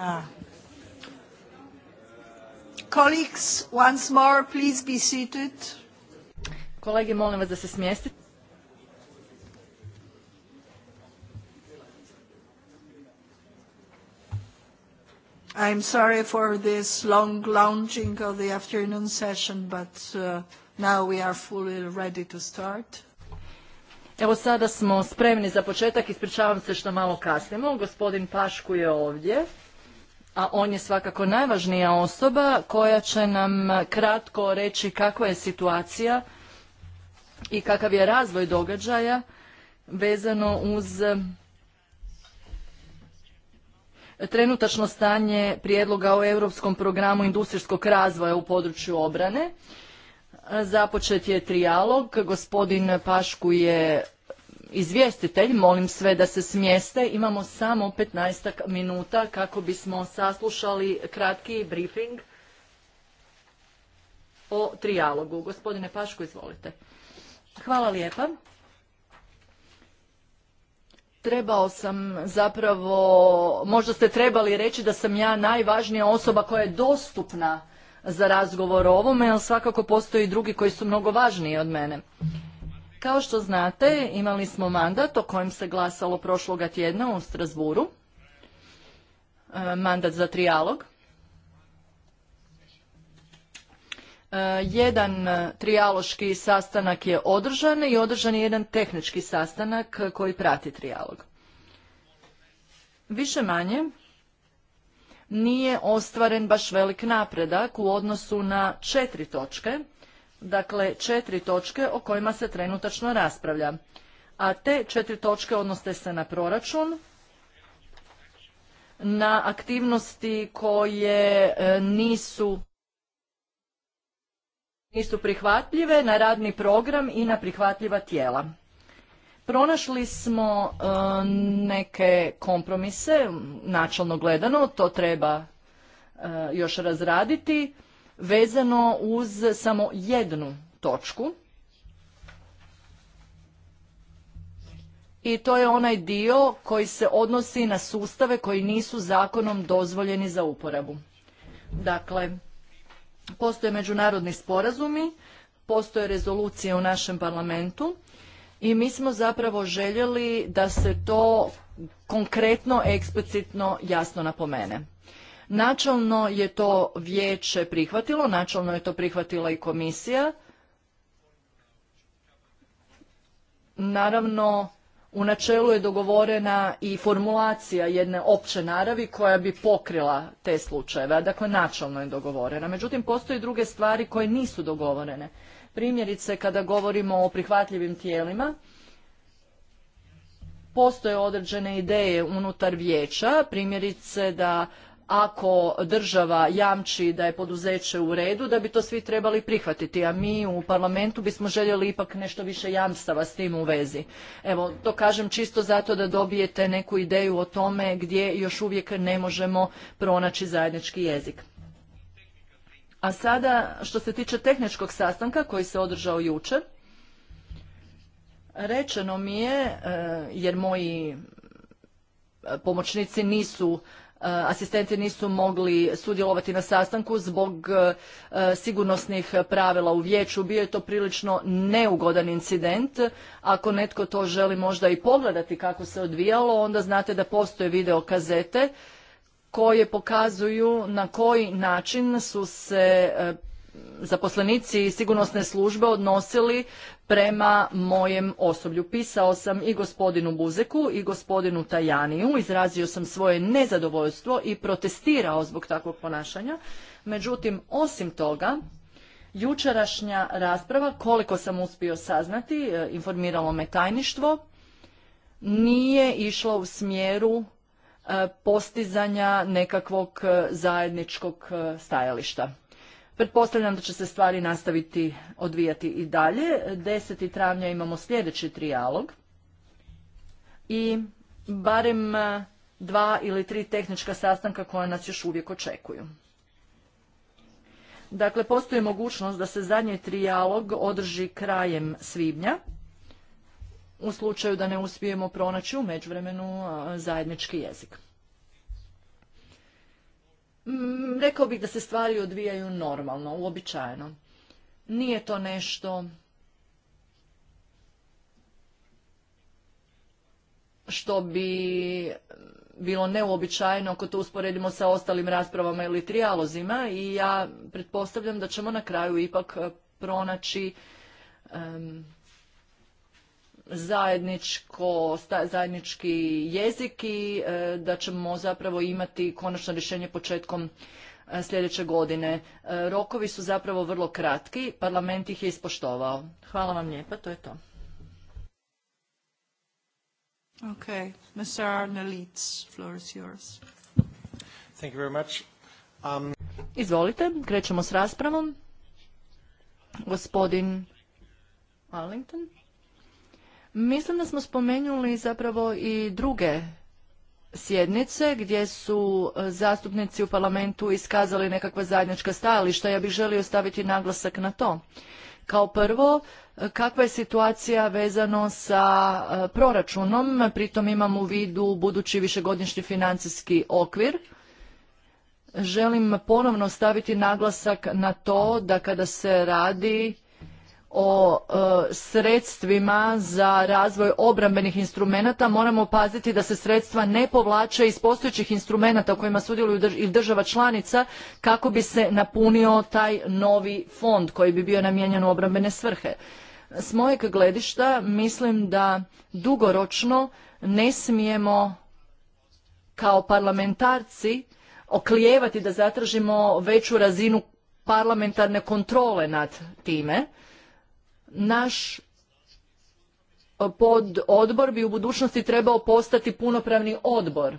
Ah. Colleagues, once more, please be seated. Kolege, molim vas da se smjestite. I'm sorry for this long lounging of the afternoon session, but uh, now we are fully ready to start. Evo sada smo spremni za početak, ispričavam se što malo kasnimo. Gospodin Pašku je ovdje a on je svakako najvažnija osoba koja će nam kratko reći kakva je situacija i kakav je razvoj događaja vezano uz trenutačno stanje prijedloga o europskom programu industrijskog razvoja u području obrane. Započet je trijalog, gospodin Pašku je izvjestitelj, molim sve da se smjeste, imamo samo 15 minuta kako bismo saslušali kratki briefing o trijalogu. Gospodine Paško, izvolite. Hvala lijepa. Trebao sam zapravo, možda ste trebali reći da sam ja najvažnija osoba koja je dostupna za razgovor o ovome, ali svakako postoji drugi koji su mnogo važniji od mene. Kao što znate, imali smo mandat o kojem se glasalo prošloga tjedna u Strasburu, e, mandat za trijalog. E, jedan trijaloški sastanak je održan i održan je jedan tehnički sastanak koji prati trijalog. Više manje nije ostvaren baš velik napredak u odnosu na četiri točke dakle četiri točke o kojima se trenutačno raspravlja. A te četiri točke odnose se na proračun, na aktivnosti koje e, nisu nisu prihvatljive, na radni program i na prihvatljiva tijela. Pronašli smo e, neke kompromise, načelno gledano, to treba e, još razraditi vezano uz samo jednu točku. I to je onaj dio koji se odnosi na sustave koji nisu zakonom dozvoljeni za uporabu. Dakle, postoje međunarodni sporazumi, postoje rezolucije u našem parlamentu i mi smo zapravo željeli da se to konkretno, eksplicitno, jasno napomene. Načelno je to vijeće prihvatilo, načelno je to prihvatila i komisija. Naravno, u načelu je dogovorena i formulacija jedne opće naravi koja bi pokrila te slučajeve, dakle načelno je dogovorena. Međutim, postoje druge stvari koje nisu dogovorene. Primjerice, kada govorimo o prihvatljivim tijelima, postoje određene ideje unutar vijeća, primjerice da ako država jamči da je poduzeće u redu, da bi to svi trebali prihvatiti, a mi u parlamentu bismo željeli ipak nešto više jamstava s tim u vezi. Evo, to kažem čisto zato da dobijete neku ideju o tome gdje još uvijek ne možemo pronaći zajednički jezik. A sada, što se tiče tehničkog sastanka koji se održao jučer, rečeno mi je, e, jer moji e, pomoćnici nisu Eh, asistenti nisu mogli sudjelovati na sastanku zbog eh, sigurnosnih pravila u vijeću. Bio je to prilično neugodan incident. Ako netko to želi možda i pogledati kako se odvijalo, onda znate da postoje video kazete koje pokazuju na koji način su se eh, zaposlenici sigurnosne službe odnosili prema mojem osoblju. Pisao sam i gospodinu Buzeku i gospodinu Tajaniju, izrazio sam svoje nezadovoljstvo i protestirao zbog takvog ponašanja. Međutim, osim toga, jučerašnja rasprava, koliko sam uspio saznati, e, informiralo me tajništvo, nije išla u smjeru e, postizanja nekakvog e, zajedničkog stajališta. Pretpostavljam da će se stvari nastaviti odvijati i dalje. 10. travnja imamo sljedeći trijalog i barem e, dva ili tri tehnička sastanka koja nas još uvijek očekuju. Dakle, postoji mogućnost da se zadnji trijalog održi krajem svibnja, u slučaju da ne uspijemo pronaći u međuvremenu e, zajednički jezik. Mm, rekao bih da se stvari odvijaju normalno, uobičajeno. Nije to nešto što bi bilo neuobičajeno ako to usporedimo sa ostalim raspravama ili trijalozima i ja pretpostavljam da ćemo na kraju ipak pronaći zajedničko, zajednički jezik i e, da ćemo zapravo imati konačno rješenje početkom e, sljedeće godine. E, rokovi su zapravo vrlo kratki, parlament ih je ispoštovao. Hvala vam lijepa, to je to. ok yours. Thank you very much. Um, Izvolite, krećemo s raspravom. Gospodin Arlington. Mislim da smo spomenuli zapravo i druge sjednice gdje su e, zastupnici u parlamentu iskazali nekakva zajednička stajališta. Ja bih želio staviti naglasak na to. Kao prvo, e, kakva je situacija vezano sa e, proračunom, pritom imam u vidu budući višegodišnji financijski okvir. Želim ponovno staviti naglasak na to da kada se radi o e, sredstvima za razvoj obrambenih instrumenata moramo paziti da se sredstva ne povlače iz postojećih instrumenata u kojima sudjeluju i država članica kako bi se napunio taj novi fond koji bi bio namijenjen u obrambene svrhe. S mojeg gledišta mislim da dugoročno ne smijemo kao parlamentarci oklijevati da zatražimo veću razinu parlamentarne kontrole nad time naš pod odbor bi u budućnosti trebao postati punopravni odbor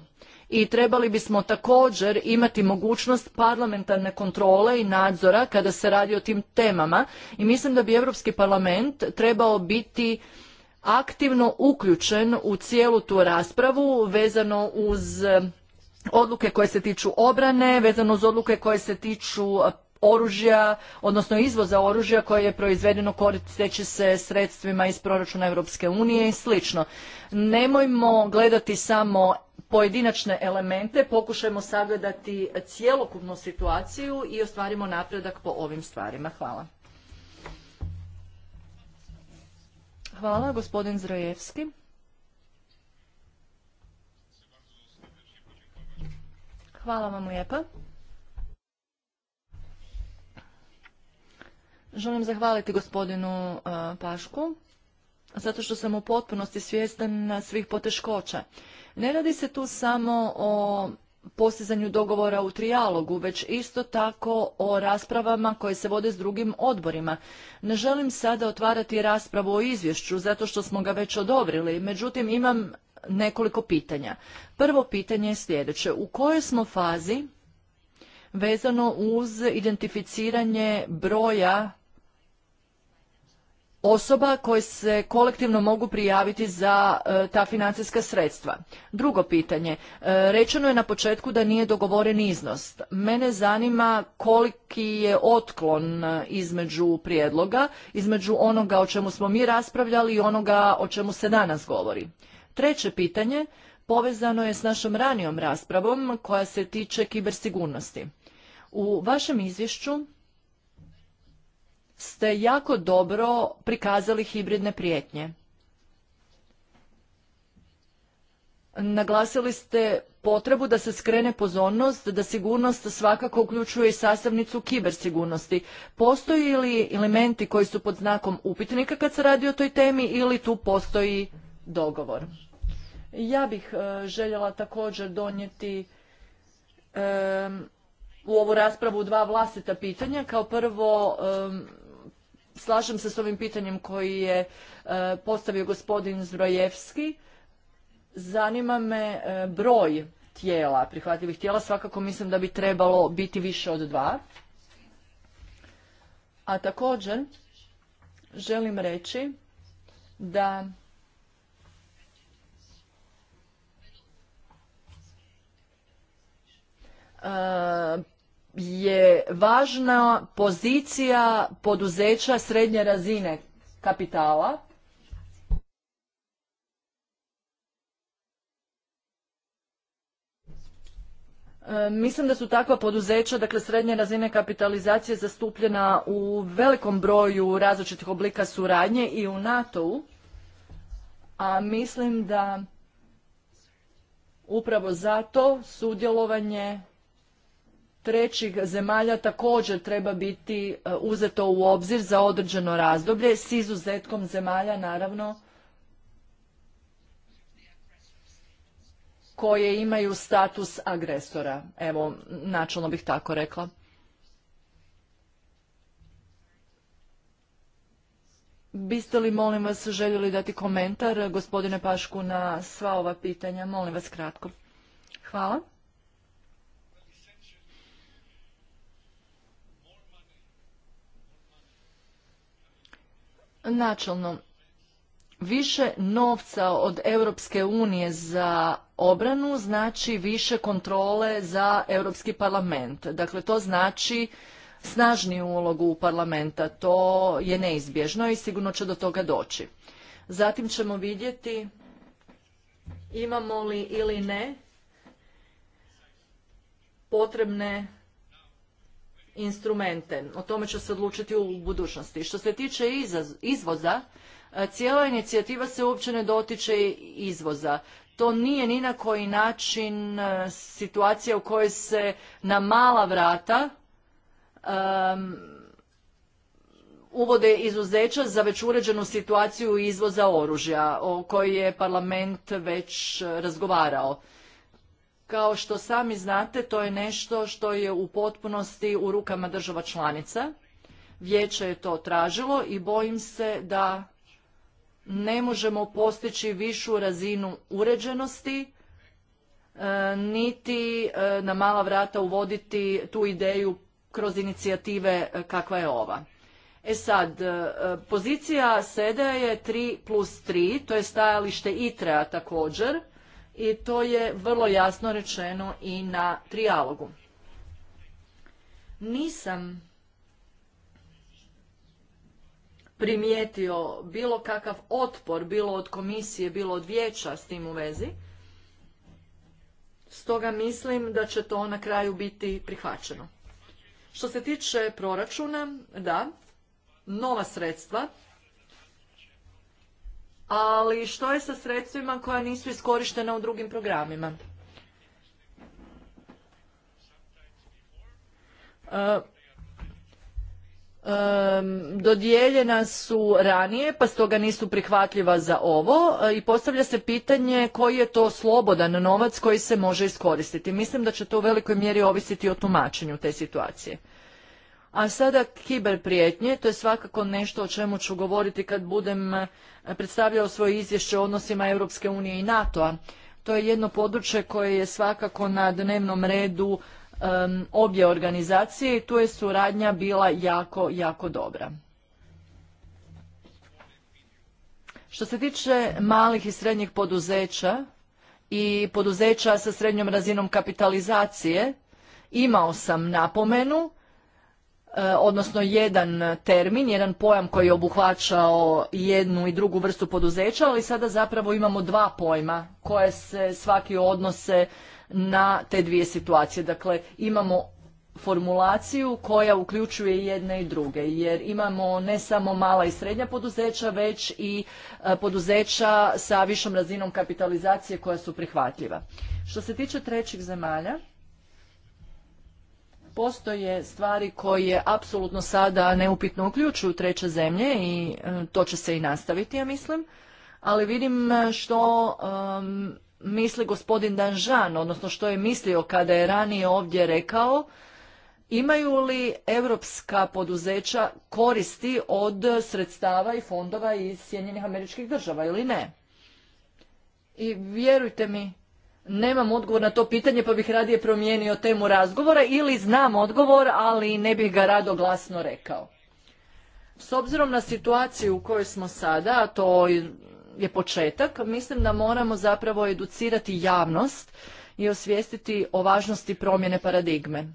i trebali bismo također imati mogućnost parlamentarne kontrole i nadzora kada se radi o tim temama i mislim da bi Europski parlament trebao biti aktivno uključen u cijelu tu raspravu vezano uz odluke koje se tiču obrane, vezano uz odluke koje se tiču oružja, odnosno izvoza oružja koje je proizvedeno koristeći se sredstvima iz proračuna Europske unije i slično. Nemojmo gledati samo pojedinačne elemente, pokušajmo sagledati cjelokupnu situaciju i ostvarimo napredak po ovim stvarima. Hvala. Hvala, gospodin Zrojevski. Hvala vam lijepa. Želim zahvaliti gospodinu e, Pašku zato što sam u potpunosti svjestan svih poteškoća. Ne radi se tu samo o postizanju dogovora u trijalogu, već isto tako o raspravama koje se vode s drugim odborima. Ne želim sada otvarati raspravu o izvješću, zato što smo ga već odobrili, međutim imam nekoliko pitanja. Prvo pitanje je sljedeće. U kojoj smo fazi vezano uz identificiranje broja osoba koje se kolektivno mogu prijaviti za e, ta financijska sredstva. Drugo pitanje, e, rečeno je na početku da nije dogovoren iznos. Mene zanima koliki je otklon e, između prijedloga, između onoga o čemu smo mi raspravljali i onoga o čemu se danas govori. Treće pitanje povezano je s našom ranijom raspravom koja se tiče kibersigurnosti. U vašem izvješću ste jako dobro prikazali hibridne prijetnje. Naglasili ste potrebu da se skrene pozornost da sigurnost svakako uključuje i sastavnicu kibersigurnosti. Postoji li elementi koji su pod znakom upitnika kad se radi o toj temi ili tu postoji dogovor? Ja bih e, željela također donijeti u ovu raspravu dva vlastita pitanja. Kao prvo, slažem se s ovim pitanjem koji je e, postavio gospodin Zbrojevski. Zanima me e, broj tijela, prihvatljivih tijela. Svakako mislim da bi trebalo biti više od dva. A također želim reći da je važna pozicija poduzeća srednje razine kapitala e, Mislim da su takva poduzeća, dakle srednje razine kapitalizacije zastupljena u velikom broju različitih oblika suradnje i u NATO-u, a mislim da upravo zato sudjelovanje trećih zemalja također treba biti e, uzeto u obzir za određeno razdoblje s izuzetkom zemalja naravno koje imaju status agresora. Evo, načelno bih tako rekla. Biste li, molim vas, željeli dati komentar, gospodine Pašku, na sva ova pitanja? Molim vas kratko. Hvala. Načelno, više novca od Europske unije za obranu znači više kontrole za Europski parlament. Dakle, to znači snažniju ulogu parlamenta. To je neizbježno i sigurno će do toga doći. Zatim ćemo vidjeti imamo li ili ne potrebne instrumente. O tome će se odlučiti u budućnosti. Što se tiče izvoza, e, cijela inicijativa se uopće ne dotiče izvoza. To nije ni na koji način e, situacija u kojoj se na mala vrata uvode izuzeća za već uređenu situaciju izvoza oružja o kojoj je parlament već e, razgovarao. Kao što sami znate, to je nešto što je u potpunosti u rukama država članica. Vijeće je to tražilo i bojim se da ne možemo postići višu razinu uređenosti, e, niti e, na mala vrata uvoditi tu ideju kroz inicijative e, kakva je ova. E sad, pozicija SEDA je 3 plus 3, to je stajalište ITRE-a također, i to je vrlo jasno rečeno i na trijalogu. Nisam primijetio bilo kakav otpor, bilo od komisije, bilo od vijeća s tim u vezi. Stoga mislim da će to na kraju biti prihvaćeno. Što se tiče proračuna, da, nova sredstva ali što je sa sredstvima koja nisu iskorištena u drugim programima? E, e, dodijeljena su ranije pa stoga nisu prihvatljiva za ovo e, i postavlja se pitanje koji je to slobodan novac koji se može iskoristiti. Mislim da će to u velikoj mjeri ovisiti o tumačenju te situacije. A sada kiber prijetnje, to je svakako nešto o čemu ću govoriti kad budem e, predstavljao svoje izvješće o odnosima Europske unije i NATO-a. To je jedno područje koje je svakako na dnevnom redu obje organizacije i tu je suradnja bila jako, jako dobra. Što se tiče malih i srednjih poduzeća i poduzeća sa srednjom razinom kapitalizacije, imao sam napomenu E, odnosno jedan termin, jedan pojam koji je obuhvaćao jednu i drugu vrstu poduzeća, ali sada zapravo imamo dva pojma koje se svaki odnose na te dvije situacije. Dakle, imamo formulaciju koja uključuje jedne i druge, jer imamo ne samo mala i srednja poduzeća, već i e, poduzeća sa višom razinom kapitalizacije koja su prihvatljiva. Što se tiče trećih zemalja, postoje stvari koje apsolutno sada neupitno uključuju treće zemlje i e, to će se i nastaviti, ja mislim. Ali vidim e, što misli gospodin Danžan, odnosno što je mislio kada je ranije ovdje rekao, imaju li europska poduzeća koristi od sredstava i fondova iz Sjedinjenih američkih država ili ne? I vjerujte mi, nemam odgovor na to pitanje pa bih radije promijenio temu razgovora ili znam odgovor ali ne bih ga rado glasno rekao. S obzirom na situaciju u kojoj smo sada, a to je početak, mislim da moramo zapravo educirati javnost i osvijestiti o važnosti promjene paradigme.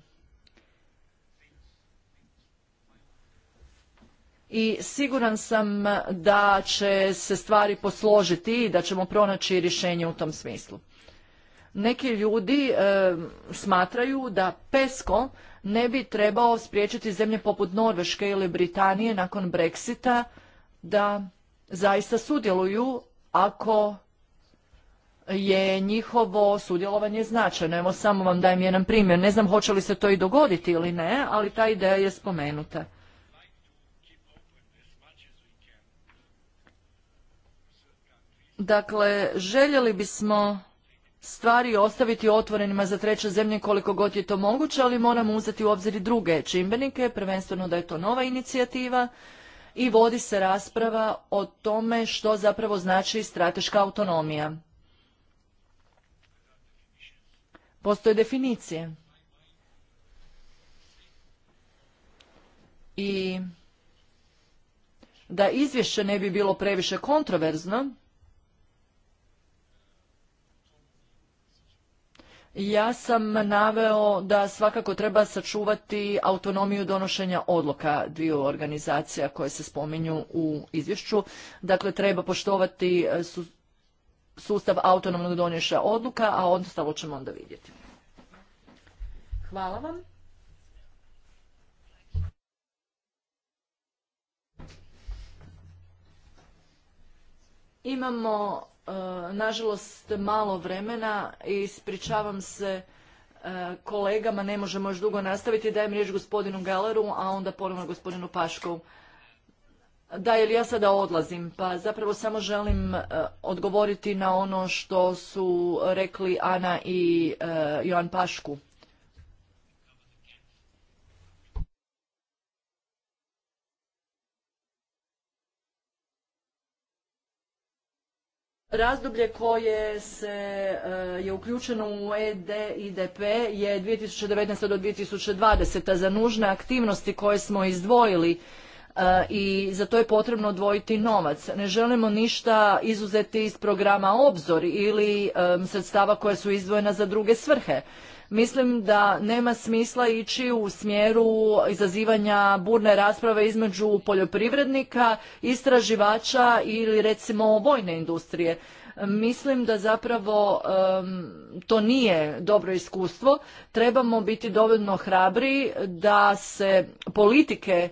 I siguran sam da će se stvari posložiti i da ćemo pronaći rješenje u tom smislu. Neki ljudi e, smatraju da PESCO ne bi trebao spriječiti zemlje poput Norveške ili Britanije nakon Brexita da zaista sudjeluju ako je njihovo sudjelovanje značajno. Evo samo vam dajem jedan primjer. Ne znam hoće li se to i dogoditi ili ne, ali ta ideja je spomenuta. Dakle, željeli bismo stvari ostaviti otvorenima za treće zemlje koliko god je to moguće, ali moramo uzeti u obzir i druge čimbenike, prvenstveno da je to nova inicijativa i vodi se rasprava o tome što zapravo znači strateška autonomija. Postoje definicije. I da izvješće ne bi bilo previše kontroverzno, Ja sam naveo da svakako treba sačuvati autonomiju donošenja odluka dviju organizacija koje se spominju u izvješću. Dakle, treba poštovati e, sustav autonomnog donošenja odluka, a ostalo ćemo onda vidjeti. Hvala vam. Imamo Eh, nažalost malo vremena i ispričavam se eh, kolegama, ne možemo još dugo nastaviti. Dajem riječ gospodinu Galeru, a onda ponovno gospodinu Paškovu. Da, jer ja sada odlazim, pa zapravo samo želim eh, odgovoriti na ono što su rekli Ana i Joan Pašku Razdoblje koje se eh, je uključeno u EDIDP je 2019. do 2020. za nužne aktivnosti koje smo izdvojili eh, i za to je potrebno odvojiti novac. Ne želimo ništa izuzeti iz programa Obzor ili eh, sredstava koja su izdvojena za druge svrhe. Mislim da nema smisla ići u smjeru izazivanja burne rasprave između poljoprivrednika, istraživača ili recimo vojne industrije. Mislim da zapravo to nije dobro iskustvo. Trebamo biti dovoljno hrabri da se politike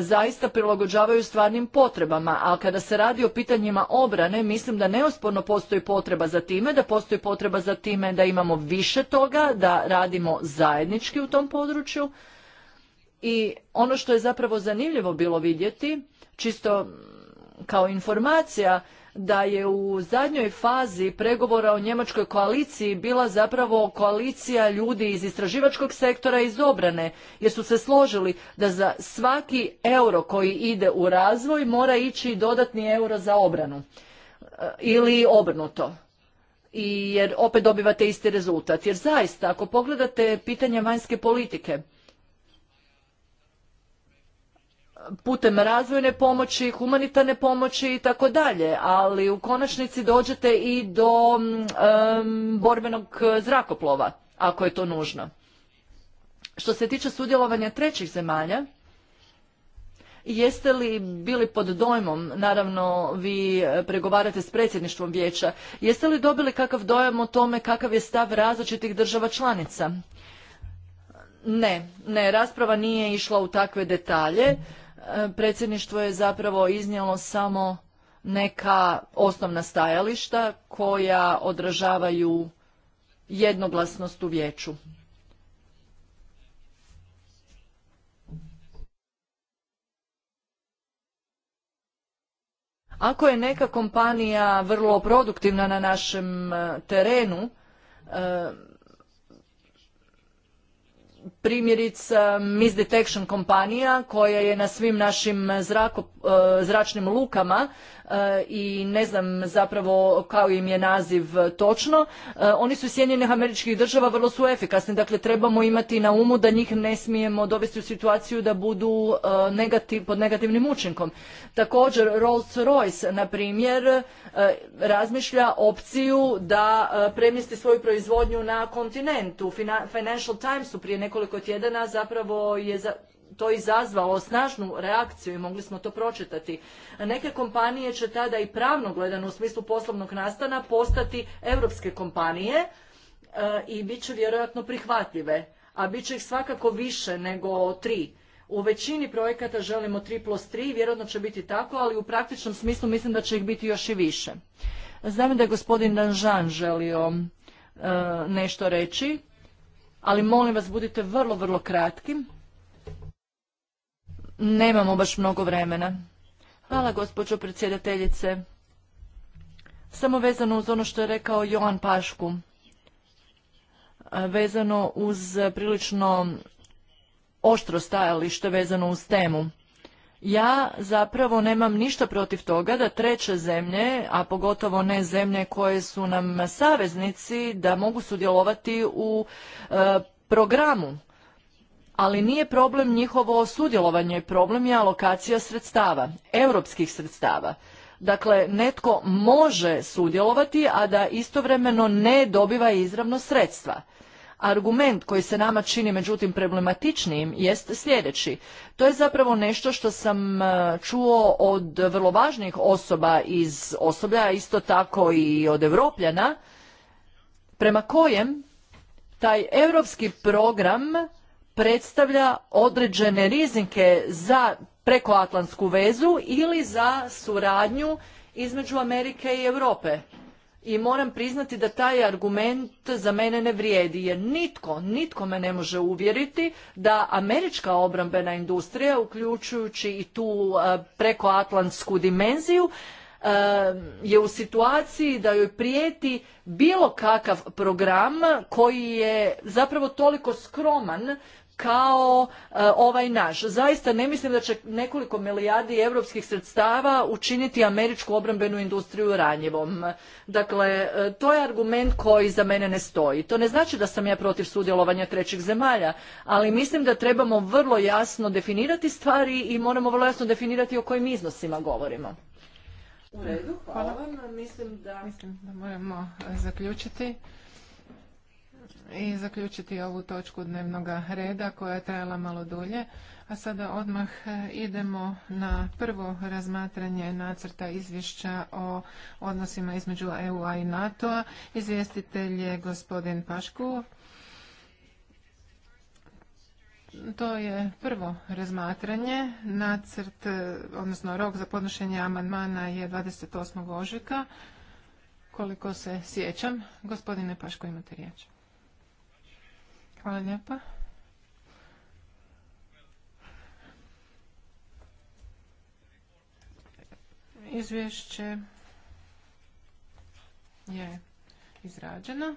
zaista prilagođavaju stvarnim potrebama, ali kada se radi o pitanjima obrane, mislim da neosporno postoji potreba za time, da postoji potreba za time da imamo više toga, da radimo zajednički u tom području. I ono što je zapravo zanimljivo bilo vidjeti, čisto kao informacija, da je u zadnjoj fazi pregovora o njemačkoj koaliciji bila zapravo koalicija ljudi iz istraživačkog sektora i iz obrane, jer su se složili da za svaki euro koji ide u razvoj mora ići dodatni euro za obranu e, ili obrnuto. I jer opet dobivate isti rezultat. Jer zaista, ako pogledate pitanje vanjske politike, putem razvojne pomoći, humanitarne pomoći i tako dalje, ali u konačnici dođete i do mm, borbenog zrakoplova, ako je to nužno. Što se tiče sudjelovanja trećih zemalja, Jeste li bili pod dojmom, naravno vi e, pregovarate s predsjedništvom vijeća, jeste li dobili kakav dojam o tome kakav je stav različitih država članica? Ne, ne, rasprava nije išla u takve detalje predsjedništvo je zapravo iznijelo samo neka osnovna stajališta koja odražavaju jednoglasnost u vijeću. Ako je neka kompanija vrlo produktivna na našem eh, terenu, eh, primjerice Miss Detection kompanija koja je na svim našim e, zračnim lukama e, i ne znam zapravo kao im je naziv točno. E, oni su Sjedinjenih američkih država, vrlo su efikasni, dakle trebamo imati na umu da njih ne smijemo dovesti u situaciju da budu pod negativnim učinkom. Također Rolls Royce, na primjer, razmišlja opciju da premjesti svoju proizvodnju na kontinentu. Financial Times su prije nekoliko nekoliko tjedana zapravo je to izazvalo snažnu reakciju i mogli smo to pročitati. Neke kompanije će tada i pravno gledano u smislu poslovnog nastana postati europske kompanije e, i bit će vjerojatno prihvatljive, a bit će ih svakako više nego tri. U većini projekata želimo tri plus vjerojatno će biti tako, ali u praktičnom smislu mislim da će ih biti još i više. Znam da je gospodin Danžan želio e, nešto reći ali molim vas budite vrlo, vrlo kratki. Nemamo baš mnogo vremena. Hvala gospođo predsjedateljice. Samo vezano uz ono što je rekao Johan Pašku. Vezano uz prilično oštro stajalište vezano uz temu. Ja zapravo nemam ništa protiv toga da treće zemlje, a pogotovo ne zemlje koje su nam saveznici, da mogu sudjelovati u e, programu. Ali nije problem njihovo sudjelovanje, problem je alokacija sredstava, europskih sredstava. Dakle, netko može sudjelovati, a da istovremeno ne dobiva izravno sredstva. Argument koji se nama čini međutim problematičnijim jest sljedeći. To je zapravo nešto što sam e, čuo od vrlo važnih osoba iz osoblja, isto tako i od Evropljana, prema kojem taj europski program predstavlja određene rizike za prekoatlantsku vezu ili za suradnju između Amerike i Europe i moram priznati da taj argument za mene ne vrijedi jer nitko, nitko me ne može uvjeriti da američka obrambena industrija uključujući i tu e, prekoatlantsku dimenziju e, je u situaciji da joj prijeti bilo kakav program koji je zapravo toliko skroman kao e, ovaj naš. Zaista ne mislim da će nekoliko milijardi europskih sredstava učiniti američku obrambenu industriju ranjivom. Dakle, e, to je argument koji za mene ne stoji. To ne znači da sam ja protiv sudjelovanja trećih zemalja, ali mislim da trebamo vrlo jasno definirati stvari i moramo vrlo jasno definirati o kojim iznosima govorimo. U redu, hvala Mislim da, mislim da moramo e, zaključiti i zaključiti ovu točku dnevnog reda koja je trajala malo dulje. A sada odmah e, idemo na prvo razmatranje nacrta izvješća o odnosima između EU-a i NATO-a. Izvjestitelj je gospodin Pašku. To je prvo razmatranje. Nacrt, e, odnosno rok za podnošenje amandmana je 28. ožujka. Koliko se sjećam, gospodine Paško imate riječ. Hvala lijepa. Izvješće je izrađeno.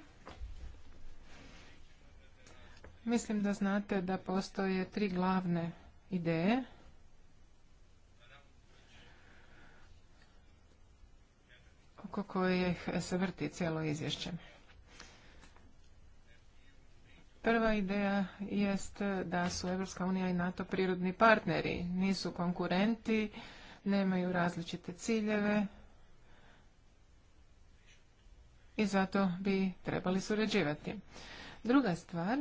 Mislim da znate da postoje tri glavne ideje. oko kojih se vrti cijelo izvješće. Prva ideja jest da su Evropska unija i NATO prirodni partneri, nisu konkurenti, nemaju različite ciljeve i zato bi trebali surađivati. Druga stvar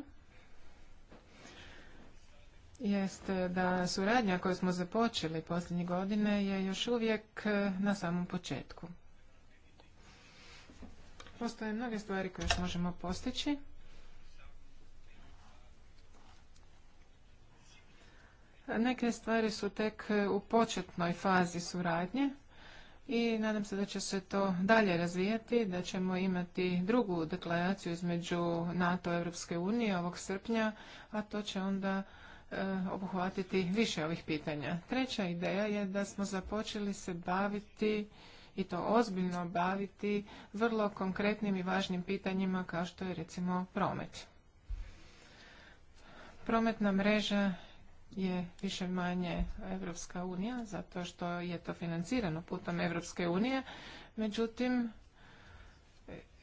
jest da suradnja koju smo započeli posljednje godine je još uvijek na samom početku. Postoje mnoge stvari koje još možemo postići. Neke stvari su tek e, u početnoj fazi suradnje i nadam se da će se to dalje razvijati, da ćemo imati drugu deklaraciju između NATO i Europske unije ovog srpnja, a to će onda e, obuhvatiti više ovih pitanja. Treća ideja je da smo započeli se baviti i to ozbiljno baviti vrlo konkretnim i važnim pitanjima kao što je recimo promet. Prometna mreža je više manje Evropska unija, zato što je to financirano putom Evropske unije. Međutim,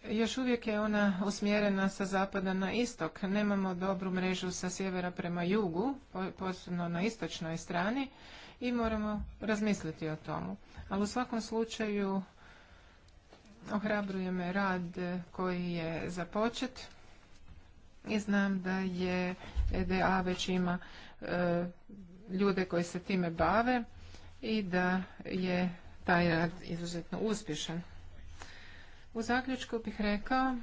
još uvijek je ona usmjerena sa zapada na istok. Nemamo dobru mrežu sa sjevera prema jugu, posebno na istočnoj strani i moramo razmisliti o tomu. Ali u svakom slučaju ohrabruje me rad koji je započet i znam da je EDA već ima E, ljude koji se time bave i da je taj rad izuzetno uspješan. U zaključku bih rekao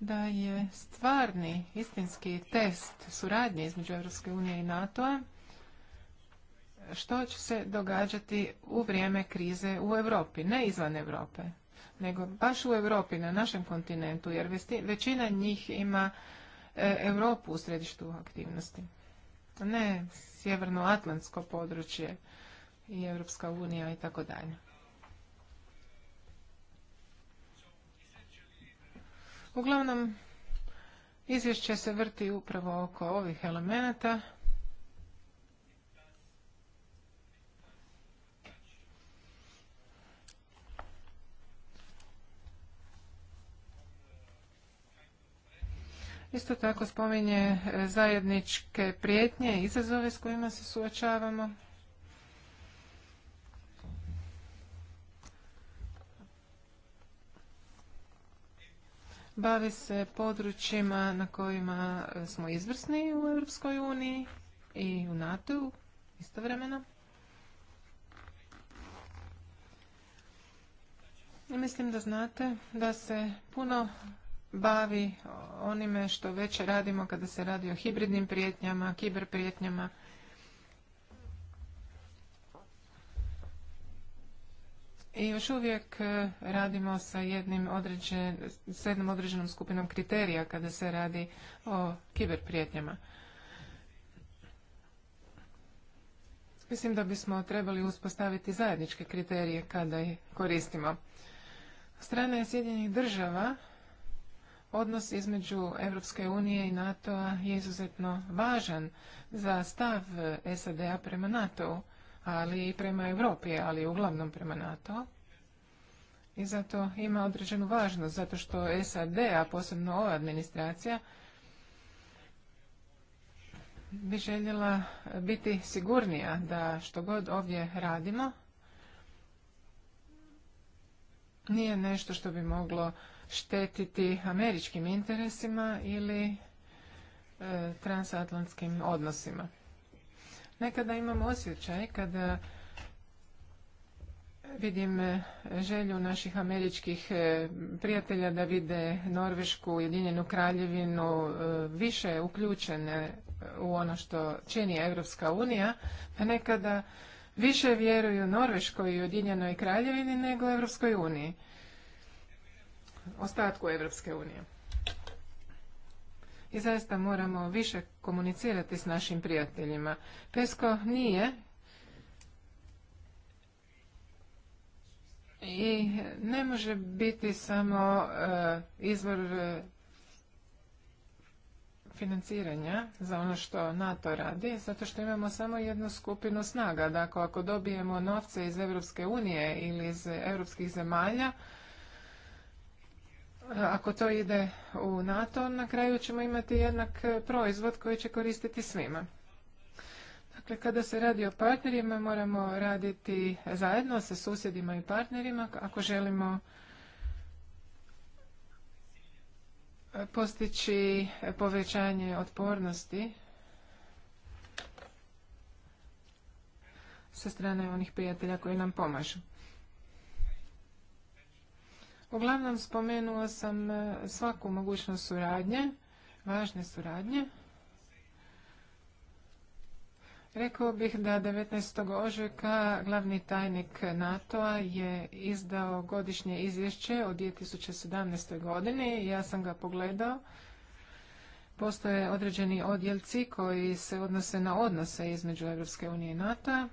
da je stvarni, istinski test suradnje između EU unije i NATO-a što će se događati u vrijeme krize u Europi, ne izvan Europe, nego baš u Europi, na našem kontinentu, jer većina njih ima E, Europu u središtu aktivnosti. Ne sjevernoatlantsko područje i Europska unija i tako dalje. Uglavnom, izvješće se vrti upravo oko ovih elemenata Isto tako spominje e, zajedničke prijetnje i izazove s kojima se suočavamo. Bavi se područjima na kojima e, smo izvrsni u Europskoj uniji i u NATO-u istovremeno. Mislim da znate da se puno bavi onime što već radimo kada se radi o hibridnim prijetnjama, kiber prijetnjama. I još uvijek e, radimo sa, jednim određen, jednom određenom skupinom kriterija kada se radi o kiber prijetnjama. Mislim da bismo trebali uspostaviti zajedničke kriterije kada je koristimo. Strana je Sjedinjenih država Odnos između Europske unije i NATO-a je izuzetno važan za stav SAD-a prema NATO-u, ali i prema Europi, ali uglavnom prema NATO-u. I zato ima određenu važnost, zato što SAD, a posebno ova administracija, bi željela biti sigurnija da što god ovdje radimo, nije nešto što bi moglo štetiti američkim interesima ili e, transatlantskim odnosima. Nekada imam osjećaj kada vidim e, želju naših američkih e, prijatelja da vide Norvešku, Ujedinjenu kraljevinu više uključene u ono što čini Evropska unija, a nekada više vjeruju Norveškoj i Ujedinjenoj kraljevini nego Evropskoj uniji ostatku Europske unije. I zaista moramo više komunicirati s našim prijateljima. Pesko nije i ne može biti samo e, izvor e, financiranja za ono što NATO radi, zato što imamo samo jednu skupinu snaga. Dakle, ako dobijemo novce iz Europske unije ili iz Evropskih zemalja, ako to ide u NATO, na kraju ćemo imati jednak e, proizvod koji će koristiti svima. Dakle, kada se radi o partnerima, moramo raditi zajedno sa susjedima i partnerima ako želimo e, postići povećanje otpornosti sa strane onih prijatelja koji nam pomažu. Uglavnom spomenuo sam e, svaku mogućnost suradnje, važne suradnje. Rekao bih da 19. ožujka glavni tajnik NATO-a je izdao godišnje izvješće o 2017. godini. Ja sam ga pogledao. Postoje određeni odjelci koji se odnose na odnose između Europske unije i NATO-a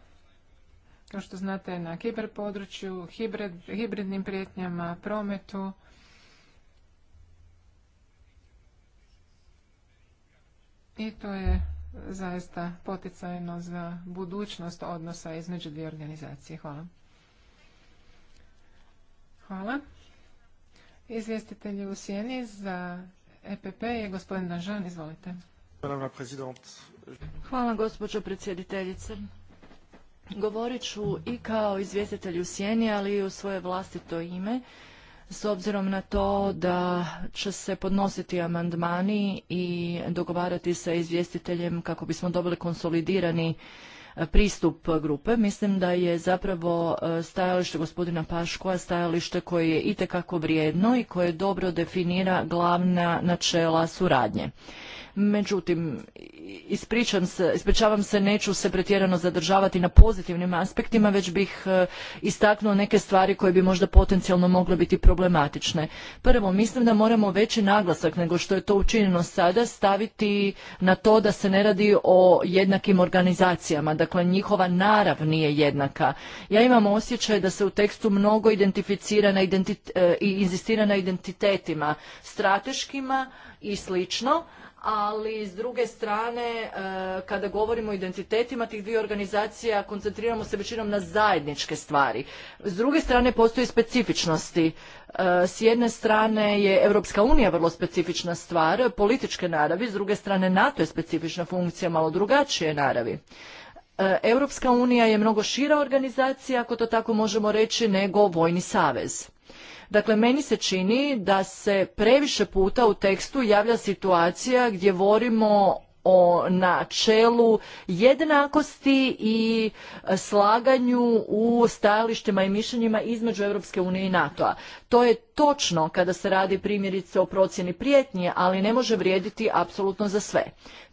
kao što znate, na kiberpodručju, hibrid, hibridnim prijetnjama, prometu. I to je zaista poticajno za budućnost odnosa između dvije organizacije. Hvala. Hvala. Izvjestitelji u sjeni za EPP je gospodin Danžan. Izvolite. Hvala gospođo predsjediteljice. Govorit ću i kao izvjestitelj u Sjeni, ali i u svoje vlastito ime, s obzirom na to da će se podnositi amandmani i dogovarati sa izvjestiteljem kako bismo dobili konsolidirani e, pristup grupe. Mislim da je zapravo e, stajalište gospodina Paškova stajalište koje je itekako vrijedno i koje dobro definira glavna načela suradnje. Međutim, ispričam se, ispričavam se, neću se pretjerano zadržavati na pozitivnim aspektima, već bih e, istaknuo neke stvari koje bi možda potencijalno mogle biti problematične. Prvo, mislim da moramo veći naglasak nego što je to učinjeno sada staviti na to da se ne radi o jednakim organizacijama, dakle njihova narav nije jednaka. Ja imam osjećaj da se u tekstu mnogo identificirana e, i inzistira na identitetima, strateškima i slično, ali s druge strane e, kada govorimo o identitetima tih dvije organizacija koncentriramo se većinom na zajedničke stvari. S druge strane postoje specifičnosti. E, s jedne strane je Europska unija vrlo specifična stvar, političke naravi, s druge strane NATO je specifična funkcija, malo drugačije naravi. Europska unija je mnogo šira organizacija, ako to tako možemo reći, nego vojni savez. Dakle, meni se čini da se previše puta u tekstu javlja situacija gdje govorimo o načelu jednakosti i slaganju u stajalištima i mišljenjima između Europske unije i NATO-a. To je točno kada se radi primjerice o procjeni prijetnje, ali ne može vrijediti apsolutno za sve.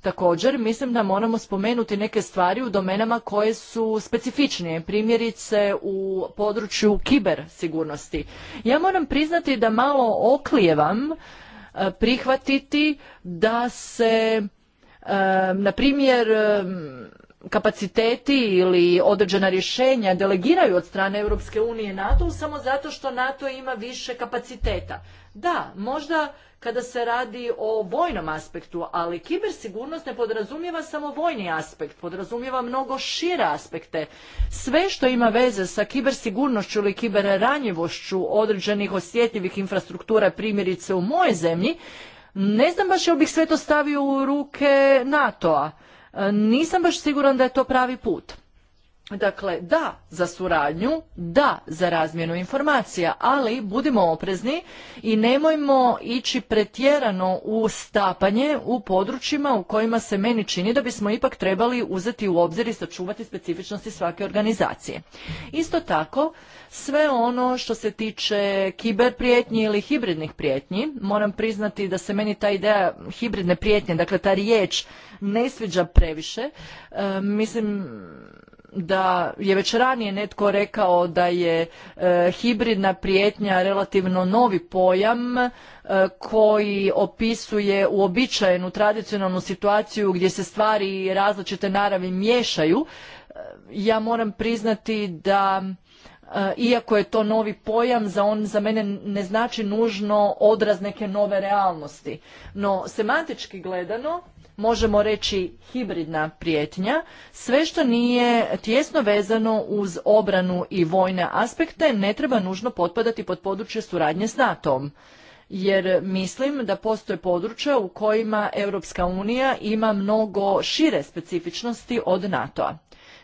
Također, mislim da moramo spomenuti neke stvari u domenama koje su specifičnije, primjerice u području kiber sigurnosti. Ja moram priznati da malo oklijevam e, prihvatiti da se na primjer kapaciteti ili određena rješenja delegiraju od strane Europske unije NATO samo zato što NATO ima više kapaciteta. Da, možda kada se radi o vojnom aspektu, ali kibersigurnost ne podrazumijeva samo vojni aspekt, podrazumijeva mnogo šire aspekte. Sve što ima veze sa kibersigurnošću ili kiberranjivošću određenih osjetljivih infrastruktura, primjerice u moje zemlji, ne znam baš jel bih sve to stavio u ruke NATO-a. E, nisam baš siguran da je to pravi put. Dakle, da za suradnju, da za razmjenu informacija, ali budimo oprezni i nemojmo ići pretjerano u stapanje u područjima u kojima se meni čini da bismo ipak trebali uzeti u obzir i sačuvati specifičnosti svake organizacije. Isto tako, sve ono što se tiče kiber prijetnji ili hibridnih prijetnji, moram priznati da se meni ta ideja hibridne prijetnje, dakle ta riječ ne sviđa previše, e, mislim da je već ranije netko rekao da je e, hibridna prijetnja relativno novi pojam e, koji opisuje uobičajenu tradicionalnu situaciju gdje se stvari različite naravi miješaju e, ja moram priznati da iako je to novi pojam, za on za mene ne znači nužno odraz neke nove realnosti. No, semantički gledano, možemo reći hibridna prijetnja, sve što nije tjesno vezano uz obranu i vojne aspekte ne treba nužno potpadati pod područje suradnje s NATO-om jer mislim da postoje područja u kojima Europska unija ima mnogo šire specifičnosti od NATO-a.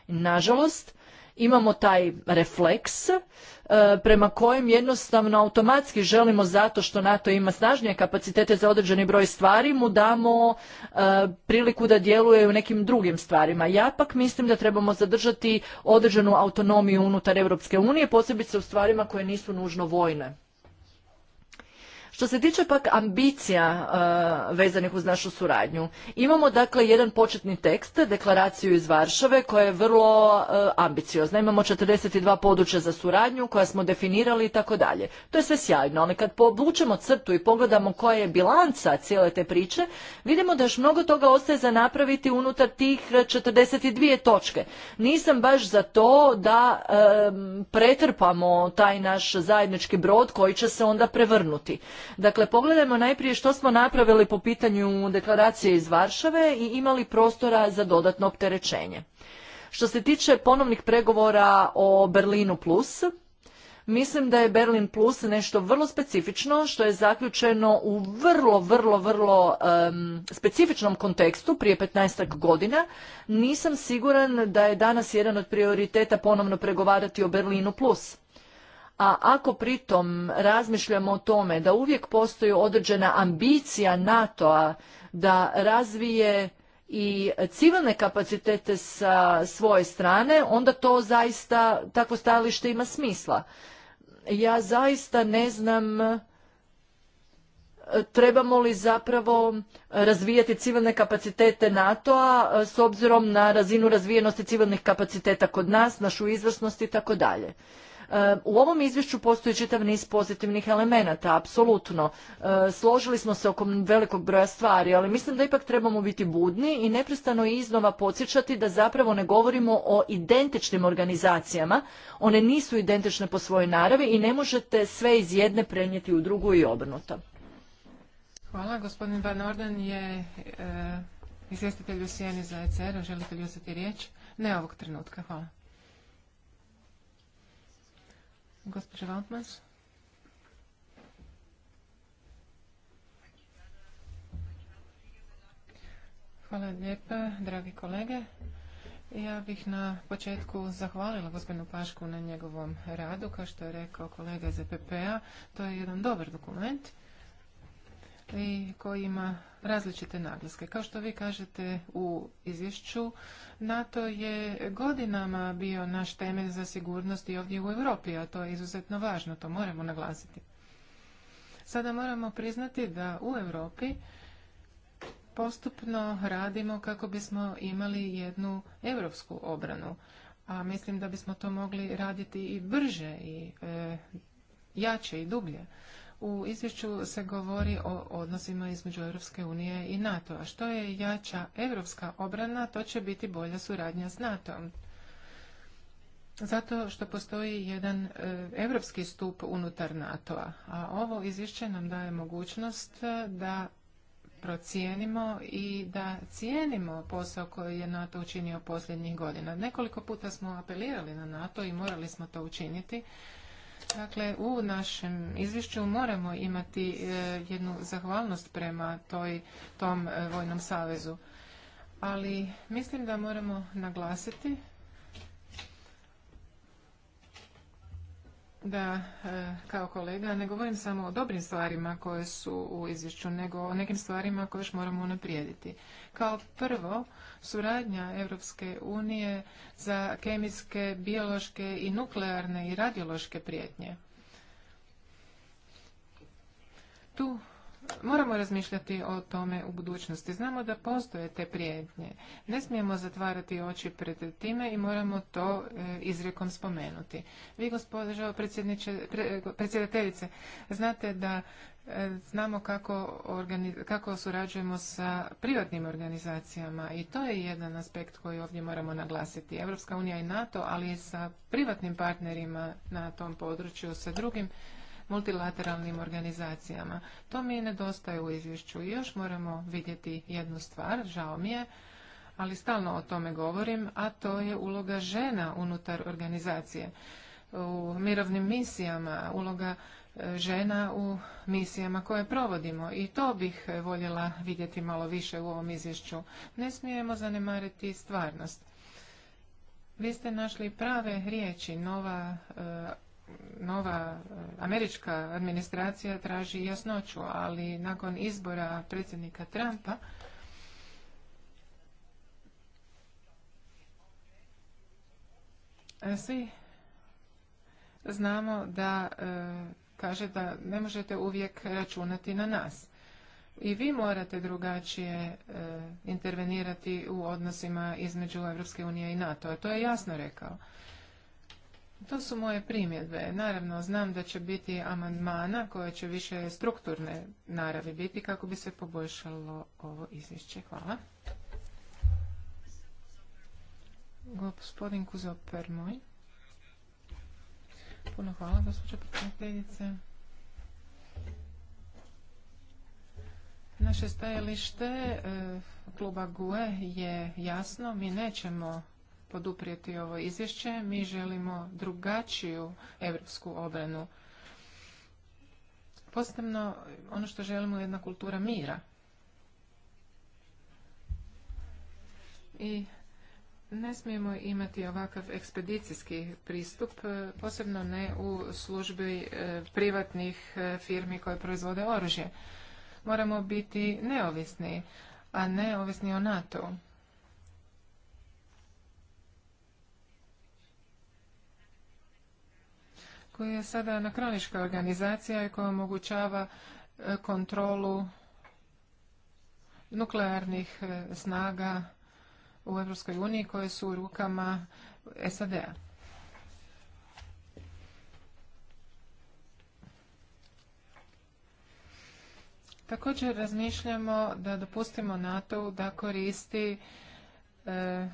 Nažalost, imamo taj refleks E, prema kojem jednostavno automatski želimo zato što NATO ima snažnije kapacitete za određeni broj stvari mu damo e, priliku da djeluje u nekim drugim stvarima. Ja pak mislim da trebamo zadržati određenu autonomiju unutar Europske unije, posebice u stvarima koje nisu nužno vojne. Što se tiče pak ambicija e, vezanih uz našu suradnju, imamo dakle jedan početni tekst, deklaraciju iz Varšave koja je vrlo e, ambiciozna. Imamo 42 područja za suradnju koja smo definirali i tako dalje. To je sve sjajno, ali kad povučemo crtu i pogledamo koja je bilanca cijele te priče, vidimo da još mnogo toga ostaje za napraviti unutar tih 42 točke. Nisam baš za to da e, pretrpamo taj naš zajednički brod koji će se onda prevrnuti. Dakle, pogledajmo najprije što smo napravili po pitanju deklaracije iz Varšave i imali prostora za dodatno opterećenje. Što se tiče ponovnih pregovora o Berlinu Plus, Mislim da je Berlin Plus nešto vrlo specifično što je zaključeno u vrlo, vrlo, vrlo specifičnom kontekstu prije 15 godina. Nisam siguran da je danas jedan od prioriteta ponovno pregovarati o Berlinu Plus a ako pritom razmišljamo o tome da uvijek postoji određena ambicija NATO-a da razvije i civilne kapacitete sa svoje strane, onda to zaista, takvo stajalište ima smisla. Ja zaista ne znam e, trebamo li zapravo razvijati civilne kapacitete NATO-a e, s obzirom na razinu razvijenosti civilnih kapaciteta kod nas, našu izvrsnost i tako dalje. E, u ovom izvješću postoji čitav niz pozitivnih elemenata, apsolutno. E, složili smo se oko velikog broja stvari, ali mislim da ipak trebamo biti budni i neprestano iznova podsjećati da zapravo ne govorimo o identičnim organizacijama. One nisu identične po svojoj naravi i ne možete sve iz jedne prenijeti u drugu i obrnuto. Hvala. Gospodin Van Orden je e, izvjestitelj u Sijeni za ECR. Želite li uzeti riječ? Ne ovog trenutka. Hvala. Gospođa Valtmans. Hvala lijepa, dragi kolege. Ja bih na početku zahvalila gospodinu Pašku na njegovom radu. Kao što je rekao kolega iz EPP-a, to je jedan dobar dokument i koji ima različite naglaske. Kao što vi kažete u izvješću, NATO je godinama bio naš temelj za sigurnost i ovdje u Europi, a to je izuzetno važno, to moramo naglasiti. Sada moramo priznati da u Europi postupno radimo kako bismo imali jednu europsku obranu, a mislim da bismo to mogli raditi i brže i e, jače i dublje. U izvješću se govori o odnosima između Europske unije i NATO. A što je jača europska obrana, to će biti bolja suradnja s nato Zato što postoji jedan europski stup unutar NATO-a. A ovo izvješće nam daje mogućnost e, da procijenimo i da cijenimo posao koji je NATO učinio posljednjih godina. Nekoliko puta smo apelirali na NATO i morali smo to učiniti Dakle, u našem izvješću moramo imati e, jednu zahvalnost prema toj, tom e, Vojnom savezu. Ali mislim da moramo naglasiti da e, kao kolega ne govorim samo o dobrim stvarima koje su u izvješću, nego o nekim stvarima koje još moramo unaprijediti. Kao prvo, Suradnja Europske unije za kemijske, biološke i nuklearne i radiološke prijetnje. Tu moramo razmišljati o tome u budućnosti. Znamo da postoje te prijetnje. Ne smijemo zatvarati oči pred time i moramo to e, izrekom spomenuti. Vi, gospođo predsjedateljice, znate da znamo kako, kako surađujemo sa privatnim organizacijama i to je jedan aspekt koji ovdje moramo naglasiti. Europska unija i NATO, ali i sa privatnim partnerima na tom području, sa drugim multilateralnim organizacijama. To mi nedostaje u izvješću. I još moramo vidjeti jednu stvar, žao mi je, ali stalno o tome govorim, a to je uloga žena unutar organizacije. U mirovnim misijama uloga žena u misijama koje provodimo i to bih voljela vidjeti malo više u ovom izvješću. Ne smijemo zanemariti stvarnost. Vi ste našli prave riječi, nova e, nova e, američka administracija traži jasnoću, ali nakon izbora predsjednika Trumpa e, svi znamo da kaže da ne možete uvijek računati na nas. I vi morate drugačije e, intervenirati u odnosima između Europske unije i NATO-a. To je jasno rekao. To su moje primjedbe. Naravno, znam da će biti amandmana koje će više strukturne naravi biti kako bi se poboljšalo ovo izvješće. Hvala. Gospodin Kuzoper moj. Puno hvala, gospođo Naše stajalište e, kluba GUE je jasno. Mi nećemo poduprijeti ovo izvješće. Mi želimo drugačiju evropsku obranu. Posebno ono što želimo je jedna kultura mira. I ne smijemo imati ovakav ekspedicijski pristup, e, posebno ne u službi e, privatnih e, firmi koje proizvode oružje. Moramo biti neovisni, a ne ovisni o NATO-u. koji je sada kronička organizacija i koja omogućava kontrolu nuklearnih snaga u Europskoj uniji koje su u rukama SAD-a. Također razmišljamo da dopustimo NATO da koristi e,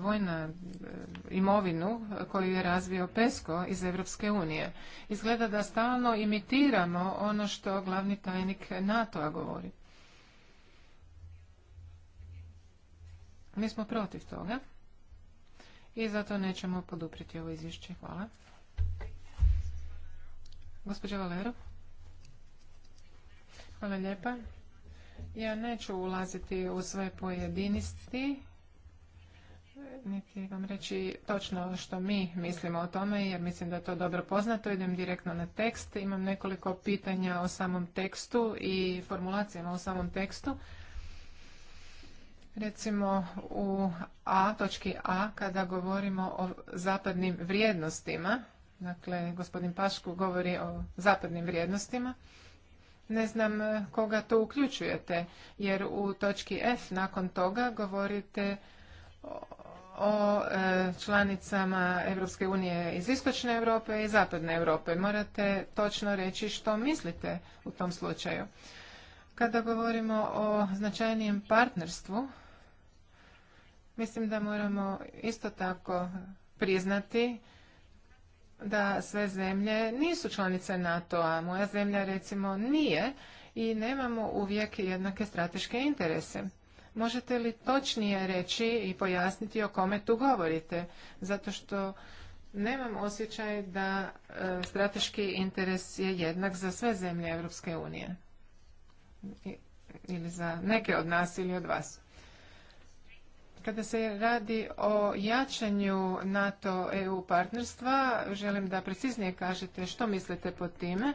vojna, e, imovinu koju je razvio PESCO iz Europske unije. Izgleda da stalno imitiramo ono što glavni tajnik NATO-a govori. Mi smo protiv toga i zato nećemo poduprijeti ovo izvješće. Hvala. Gospođa Valero. Hvala lijepa. Ja neću ulaziti u sve pojedinosti, niti vam reći točno što mi mislimo o tome, jer mislim da je to dobro poznato. Idem direktno na tekst. Imam nekoliko pitanja o samom tekstu i formulacijama o samom tekstu. Recimo u A, točki A, kada govorimo o zapadnim vrijednostima, dakle gospodin Pašku govori o zapadnim vrijednostima, ne znam e, koga to uključujete, jer u točki F nakon toga govorite o e, članicama Europske unije iz istočne Europe i zapadne Europe. Morate točno reći što mislite u tom slučaju. Kada govorimo o značajnijem partnerstvu, Mislim da moramo isto tako priznati da sve zemlje nisu članice NATO-a. Moja zemlja recimo nije i nemamo uvijek jednake strateške interese. Možete li točnije reći i pojasniti o kome tu govorite? Zato što nemam osjećaj da e, strateški interes je jednak za sve zemlje Europske unije. Ili za neke od nas ili od vas. Kada se radi o jačanju NATO-EU partnerstva, želim da preciznije kažete što mislite pod time.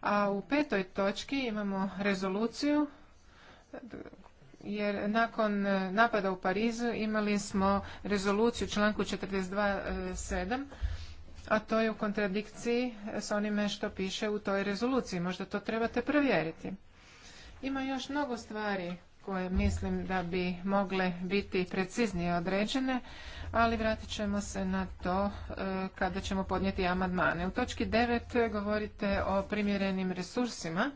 A u petoj točki imamo rezoluciju, jer nakon napada u Parizu imali smo rezoluciju članku 42.7, a to je u kontradikciji s onime što piše u toj rezoluciji. Možda to trebate provjeriti. Ima još mnogo stvari koje mislim da bi mogle biti preciznije određene, ali vratit ćemo se na to e, kada ćemo podnijeti amandmane. U točki 9 govorite o primjerenim resursima.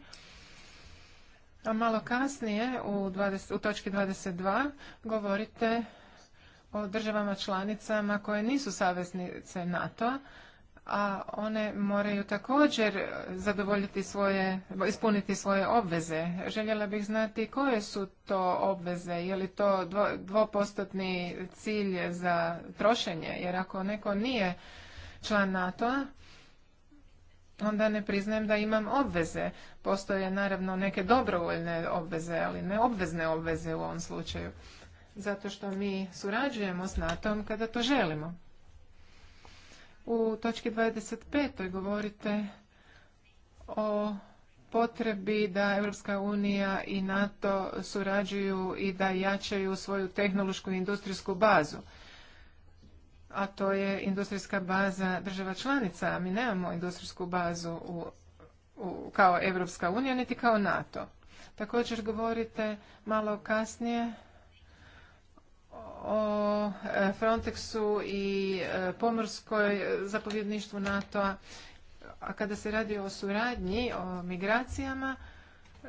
A malo kasnije, u, 20, u točki 22, govorite o državama članicama koje nisu saveznice NATO-a, a one moraju također zadovoljiti svoje, ispuniti svoje obveze. Željela bih znati koje su to obveze, je li to dvopostotni cilj za trošenje, jer ako neko nije član NATO-a, onda ne priznajem da imam obveze. Postoje naravno neke dobrovoljne obveze, ali ne obvezne obveze u ovom slučaju. Zato što mi surađujemo s NATO-om kada to želimo. U točki 25. govorite o potrebi da Europska unija i NATO surađuju i da jačaju svoju tehnološku i industrijsku bazu. A to je industrijska baza država članica, a mi nemamo industrijsku bazu u, kao Europska unija niti kao NATO. Također govorite malo kasnije o e, Frontexu i e, pomorskoj e, zapovjedništvu NATO-a, a kada se radi o suradnji, o migracijama,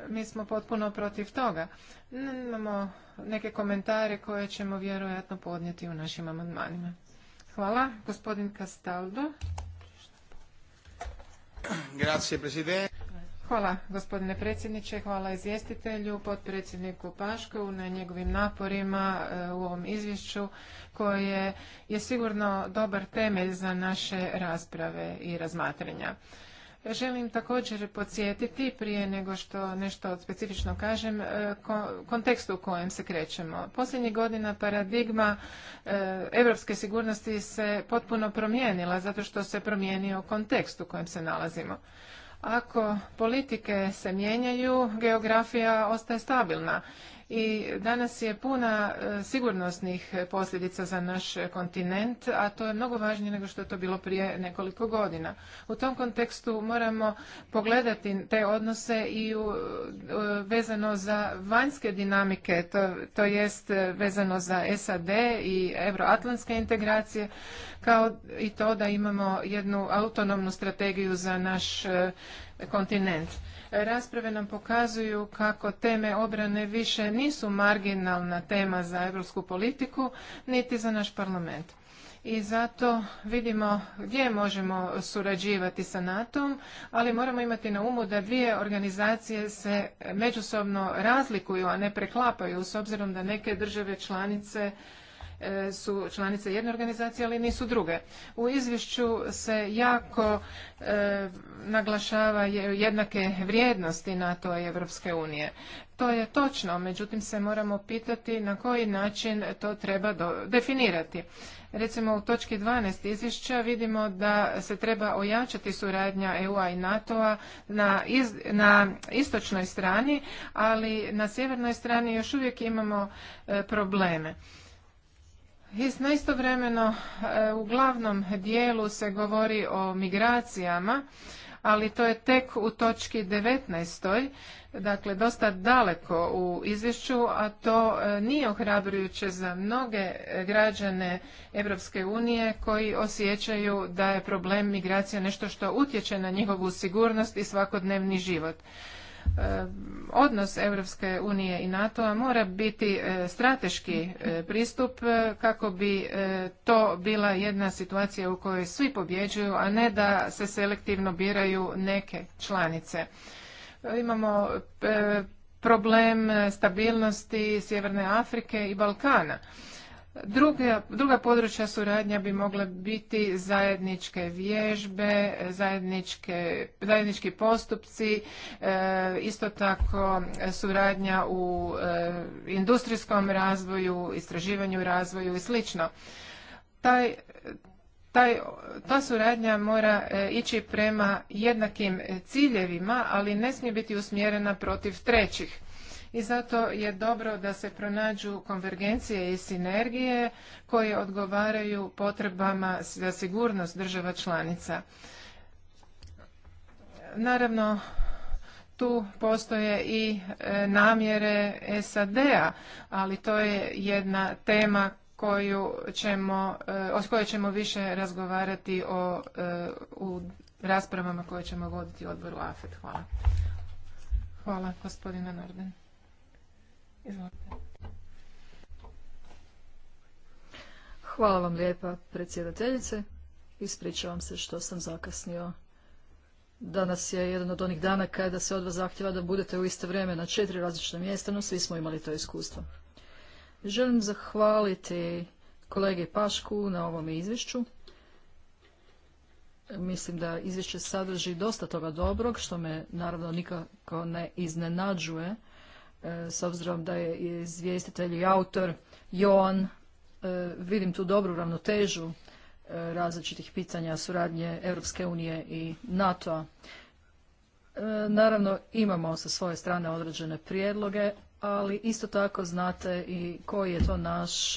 mi smo potpuno protiv toga. Imamo neke komentare koje ćemo vjerojatno podnijeti u našim amandmanima. Hvala. Gospodin Castaldo. Grazie, Hvala gospodine predsjedniče, hvala izvjestitelju, potpredsjedniku Pašku na njegovim naporima e, u ovom izvješću koje je sigurno dobar temelj za naše rasprave i razmatranja. Želim također podsjetiti prije nego što nešto specifično kažem e, kontekstu u kojem se krećemo. Posljednjih godina paradigma europske sigurnosti se potpuno promijenila zato što se promijenio kontekst u kojem se nalazimo. Ako politike se mijenjaju, geografija ostaje stabilna i danas je puna e, sigurnosnih posljedica za naš kontinent, a to je mnogo važnije nego što je to bilo prije nekoliko godina. U tom kontekstu moramo pogledati te odnose i e, vezano za vanjske dinamike, to, to jest e, vezano za SAD i euroatlantske integracije, kao i to da imamo jednu autonomnu strategiju za naš kontinent rasprave nam pokazuju kako teme obrane više nisu marginalna tema za europsku politiku niti za naš parlament i zato vidimo gdje možemo surađivati sa NATO-om, ali moramo imati na umu da dvije organizacije se međusobno razlikuju, a ne preklapaju s obzirom da neke države članice E, su članice jedne organizacije, ali nisu druge. U izvješću se jako e, naglašava jednake vrijednosti NATO i Europske unije. To je točno, međutim se moramo pitati na koji način to treba definirati. Recimo u točki 12 izvješća vidimo da se treba ojačati suradnja EU-a i NATO-a na, istočnoj strani, ali na sjevernoj strani još uvijek imamo e, probleme. Istovremeno eh, u glavnom dijelu se govori o migracijama, ali to je tek u točki 19. Dakle, dosta daleko u izvješću, a to eh, nije ohrabrujuće za mnoge građane Europske unije koji osjećaju da je problem migracija nešto što utječe na njihovu sigurnost i svakodnevni život odnos Europske unije i NATO-a mora biti e, strateški e, pristup e, kako bi to bila jedna situacija u kojoj svi pobjeđuju, a ne da se selektivno biraju neke članice. Imamo problem stabilnosti Sjeverne Afrike i Balkana. Druga, druga područja suradnja bi mogle biti zajedničke vježbe, zajedničke, zajednički postupci, e, isto tako suradnja u e, industrijskom razvoju, istraživanju razvoju i slično. Taj, taj, ta suradnja mora e, ići prema jednakim ciljevima, ali ne smije biti usmjerena protiv trećih i zato je dobro da se pronađu konvergencije i sinergije koje odgovaraju potrebama za sigurnost država članica. Naravno, tu postoje i e, namjere SAD-a, ali to je jedna tema koju ćemo, e, o kojoj ćemo više razgovarati o, e, u raspravama koje ćemo voditi u odboru AFED. Hvala. Hvala, gospodine Norden. Izvolite. Hvala vam lijepa, predsjedateljice. Ispričavam se što sam zakasnio. Danas je jedan od onih dana kada se od vas zahtjeva da budete u isto vrijeme na četiri različita mjesta, no svi smo imali to iskustvo. Želim zahvaliti kolege Pašku na ovom izvješću. Mislim da izvješće sadrži dosta toga dobrog, što me naravno nikako ne iznenađuje, E, s obzirom da je izvjestitelj i autor Joan, e, vidim tu dobru ravnotežu e, različitih pitanja suradnje Europske unije i NATO-a. Naravno, imamo sa svoje strane određene prijedloge, ali isto tako znate i koji je to naš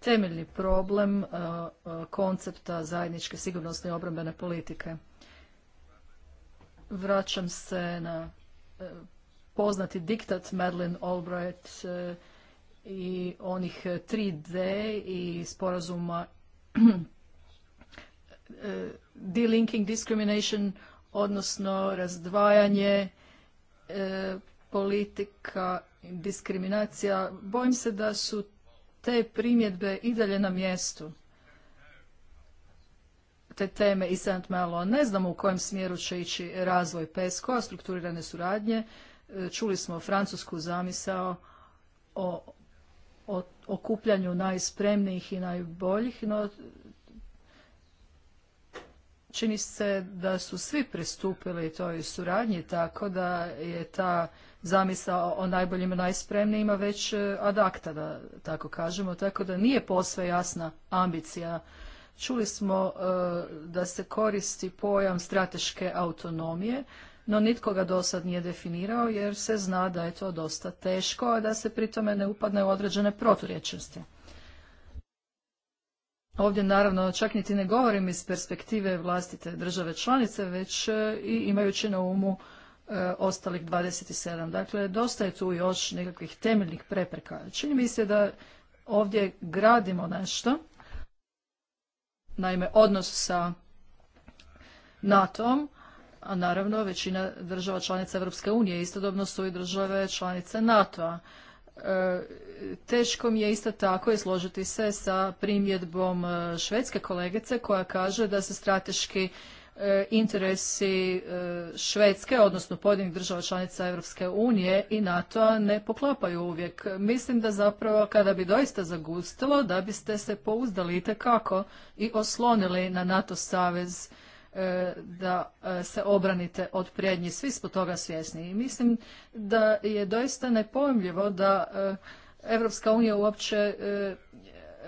temeljni problem koncepta zajedničke sigurnosne i obrambene politike. Vraćam se na poznati diktat Madeleine Albright eh, i onih 3D eh, i sporazuma eh, delinking discrimination, odnosno razdvajanje politika diskriminacija. Bojim se da su te primjedbe i dalje na mjestu te teme i St. Malo. Ne znamo u kojem smjeru će ići razvoj PESCO-a, strukturirane suradnje, Čuli smo francusku zamisao o okupljanju najspremnijih i najboljih, no čini se da su svi pristupili toj suradnji tako da je ta zamisao o najboljim i najspremnijima već e, ad acta, da tako kažemo, tako da nije posve jasna ambicija. Čuli smo e, da se koristi pojam strateške autonomije, no nitko ga dosad nije definirao jer se zna da je to dosta teško, a da se pritome ne upadne u određene proturječnosti. Ovdje naravno čak niti ne govorim iz perspektive vlastite države članice, već e, i imajući na umu e, ostalih 27. Dakle, dosta je tu još nekakvih temeljnih prepreka. Čini mi se da ovdje gradimo nešto, naime odnos sa NATO-om, a naravno većina država članica Europske unije, istodobno su i države članice NATO-a. E, teško mi je isto tako i složiti se sa primjedbom e, švedske kolegice koja kaže da se strateški e, interesi Švedske, odnosno pojedinih država članica Europske unije i NATO-a ne poklapaju uvijek. Mislim da zapravo kada bi doista zagustilo, da biste se pouzdali itekako i oslonili na NATO savez E, da e, se obranite od prijednji. Svi smo toga svjesni i mislim da je doista nepojmljivo da e, Evropska unija uopće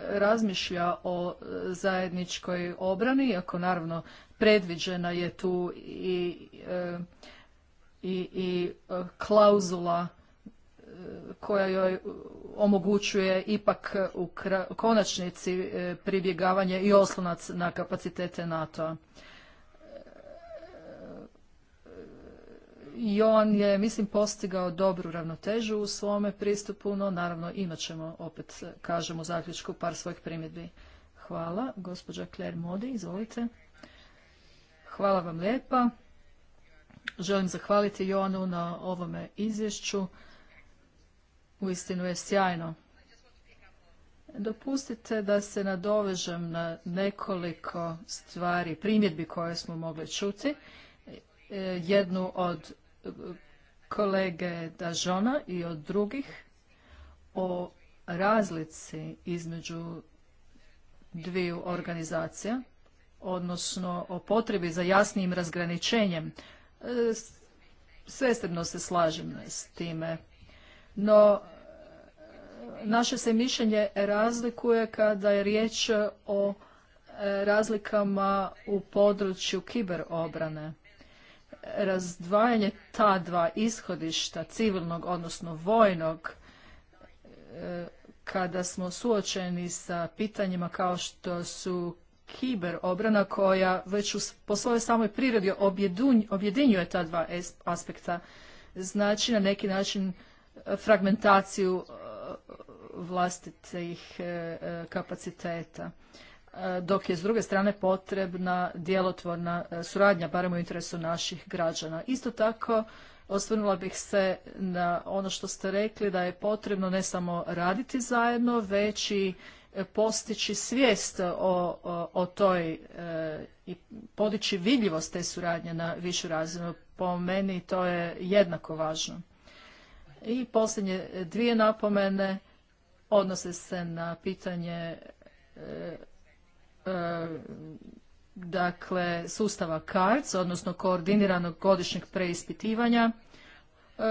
razmišlja o zajedničkoj obrani, iako naravno predviđena je tu i, i, i klauzula koja joj omogućuje ipak u konačnici pribjegavanje i oslonac na kapacitete NATO-a. i on je, mislim, postigao dobru ravnotežu u svome pristupu, no naravno imat ćemo, opet kažem u zaključku, par svojih primjedbi. Hvala. Gospođa Claire Modi, izvolite. Hvala vam lijepa. Želim zahvaliti Ionu na ovome izvješću. Uistinu je sjajno. Dopustite da se nadovežem na nekoliko stvari, primjedbi koje smo mogli čuti. E, jednu od kolege Dažona i od drugih o razlici između dviju organizacija, odnosno o potrebi za jasnijim razgraničenjem. E, Svestebno se slažem s time. No, e, naše se mišljenje razlikuje kada je riječ o e, razlikama u području kiberobrane razdvajanje ta dva ishodišta civilnog odnosno vojnog e, kada smo suočeni sa pitanjima kao što su kiber obrana koja već po svojoj samoj prirodi objedinjuje ta dva aspekta znači na neki način e, fragmentaciju e, vlastitih kapaciteta dok je s druge strane potrebna djelotvorna e, suradnja, barem u interesu naših građana. Isto tako, osvrnula bih se na ono što ste rekli da je potrebno ne samo raditi zajedno, već i e, postići svijest o, o, toj e, i podići vidljivost te suradnje na višu razinu. Po meni to je jednako važno. I posljednje dvije napomene odnose se na pitanje E, dakle sustava CARDS, odnosno koordiniranog godišnjeg preispitivanja e,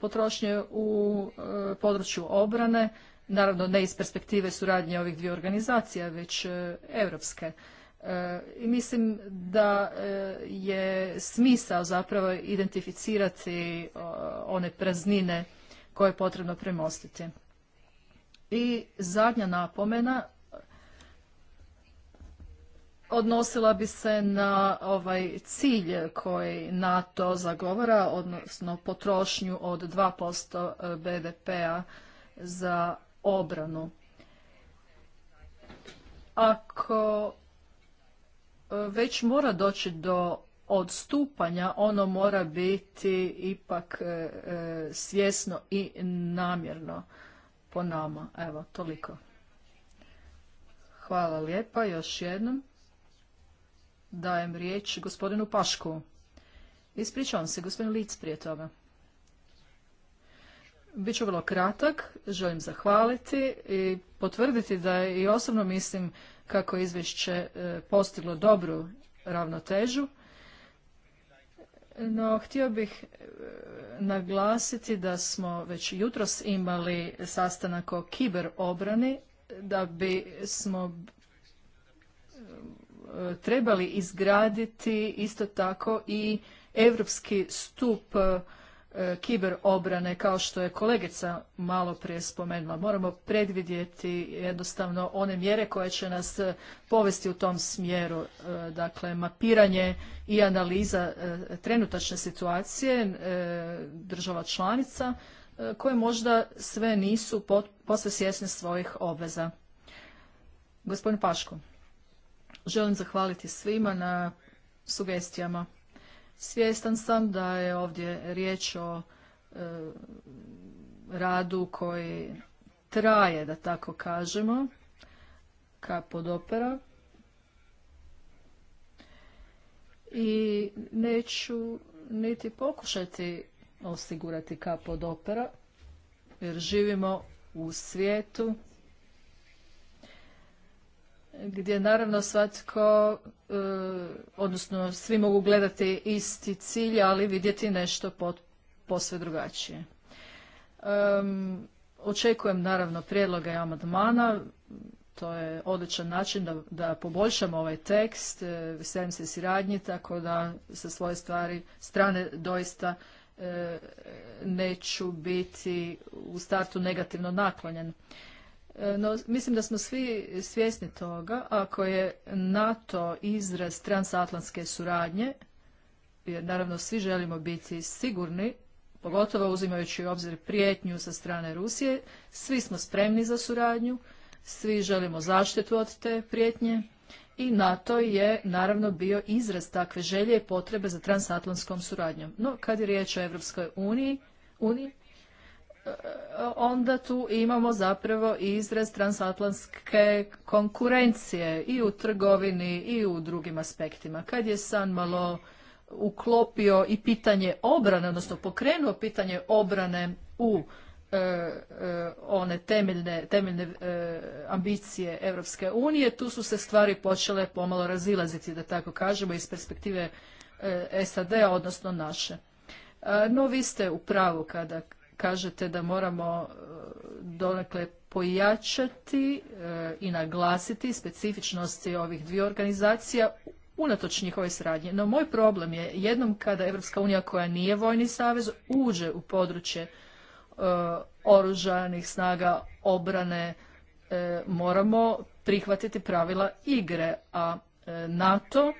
potrošnje u e, području obrane, naravno ne iz perspektive suradnje ovih dvije organizacija, već europske. I mislim da je smisao zapravo identificirati one praznine koje je potrebno premostiti. I zadnja napomena odnosila bi se na ovaj cilj koji NATO zagovara, odnosno potrošnju od 2% BDP-a za obranu. Ako e, već mora doći do odstupanja, ono mora biti ipak e, e, svjesno i namjerno po nama. Evo, toliko. Hvala lijepa još jednom. Dajem riječ gospodinu Pašku. Ispričavam se, gospodin Lic prije toga. Biću vrlo kratak, želim zahvaliti i potvrditi da i osobno mislim kako je izvješće e, postiglo dobru ravnotežu. No, htio bih e, naglasiti da smo već jutros imali sastanak o kiberobrani, da bi smo trebali izgraditi isto tako i europski stup e, kiber obrane kao što je kolegica malo prije spomenula. Moramo predvidjeti jednostavno one mjere koje će nas e, povesti u tom smjeru. E, dakle, mapiranje i analiza trenutačne situacije država članica koje možda sve nisu posve svjesne svojih obveza. Gospodin Paško. Želim zahvaliti svima na sugestijama. Svjestan sam da je ovdje riječ o e, radu koji traje, da tako kažemo, ka pod opera. I neću niti pokušati osigurati ka pod opera, jer živimo u svijetu gdje naravno svatko, e, odnosno svi mogu gledati isti cilj, ali vidjeti nešto posve drugačije. očekujem naravno prijedloga i amandmana, to je odličan način da, da poboljšamo ovaj tekst, e, veselim se siradnji, tako da sa svoje stvari, strane doista e, neću biti u startu negativno naklonjen. E, no, mislim da smo svi svjesni toga, ako je NATO izraz transatlantske suradnje, jer naravno svi želimo biti sigurni, pogotovo uzimajući u obzir prijetnju sa strane Rusije, svi smo spremni za suradnju, svi želimo zaštitu od te prijetnje i NATO je naravno bio izraz takve želje i potrebe za transatlantskom suradnjom. No, kad je riječ o Europskoj uniji, uniji onda tu imamo zapravo izraz transatlantske konkurencije i u trgovini i u drugim aspektima. Kad je San malo uklopio i pitanje obrane, odnosno pokrenuo pitanje obrane u e, e, one temeljne, temeljne e, ambicije Europske unije, tu su se stvari počele pomalo razilaziti, da tako kažemo, iz perspektive SAD-a, odnosno naše. No, vi ste u pravu kada kažete da moramo e, donekle pojačati e, i naglasiti specifičnosti ovih dvije organizacija unatoč njihove sradnje. No moj problem je jednom kada Evropska unija koja nije vojni savez uđe u područje e, oružanih snaga obrane moramo prihvatiti pravila igre, a NATO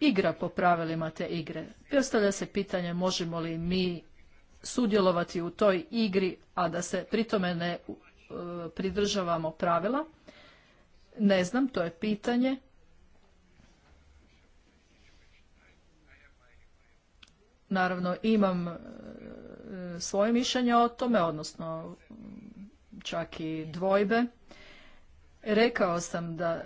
igra po pravilima te igre. Postavlja se pitanje možemo li mi sudjelovati u toj igri, a da se pritome ne e, pridržavamo pravila? Ne znam, to je pitanje. Naravno, imam e, svoje mišljenje o tome, odnosno čak i dvojbe. Rekao sam da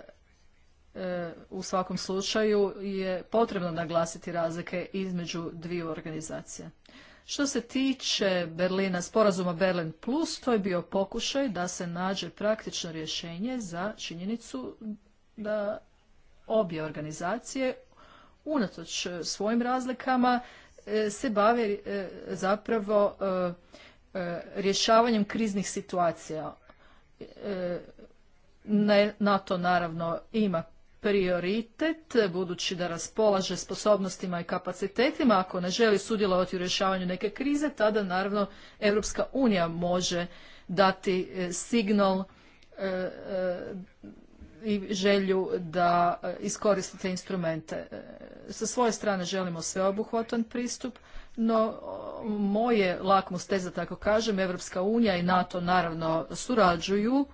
e, u svakom slučaju je potrebno naglasiti razlike između dviju organizacija. Što se tiče Berlina, sporazuma Berlin Plus, to je bio pokušaj da se nađe praktično rješenje za činjenicu da obje organizacije unatoč svojim razlikama e, se bave e, zapravo e, rješavanjem kriznih situacija. NATO naravno ima prioritet, budući da raspolaže sposobnostima i kapacitetima, ako ne želi sudjelovati u rješavanju neke krize, tada naravno Europska unija može dati e, signal e, e, i želju da iskoristite instrumente. Sa svoje strane želimo sveobuhvatan pristup, no moje lakmus teza, tako kažem, Evropska unija i NATO naravno surađuju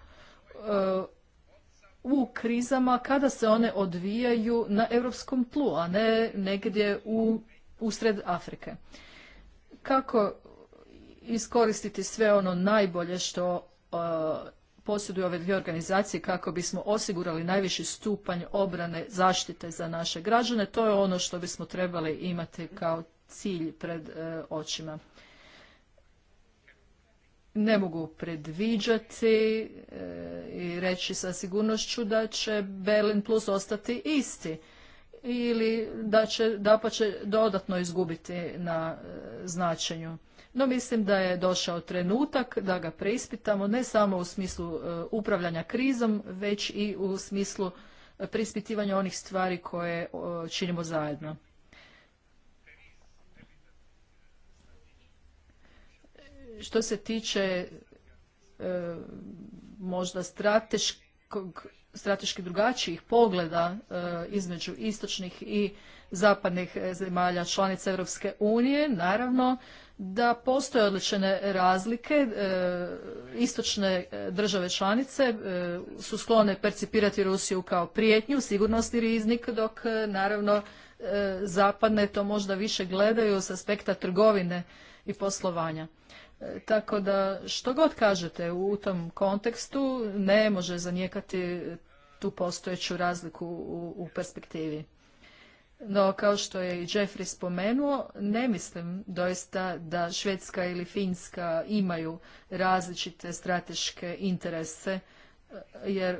u krizama kada se one odvijaju na europskom tlu, a ne negdje u, sred Afrike. Kako iskoristiti sve ono najbolje što posjeduje posjeduju ove dvije organizacije kako bismo osigurali najviši stupanj obrane zaštite za naše građane. To je ono što bismo trebali imati kao cilj pred e, očima ne mogu predviđati e, i reći sa sigurnošću da će Berlin plus ostati isti ili da će da pa će dodatno izgubiti na e, značenju. No mislim da je došao trenutak da ga preispitamo ne samo u smislu e, upravljanja krizom, već i u smislu preispitivanja onih stvari koje činimo zajedno. Što se tiče e, možda strateškog, strateški drugačijih pogleda e, između istočnih i zapadnih e, zemalja članica Europske unije, naravno da postoje odličene razlike. istočne države članice su sklone percipirati Rusiju kao prijetnju, sigurnosni riznik, dok naravno zapadne to možda više gledaju s aspekta trgovine i poslovanja. Tako da što god kažete u tom kontekstu ne može zanijekati tu postojeću razliku u, perspektivi. No, kao što je i Jeffrey spomenuo, ne mislim doista da Švedska ili Finska imaju različite strateške interese, jer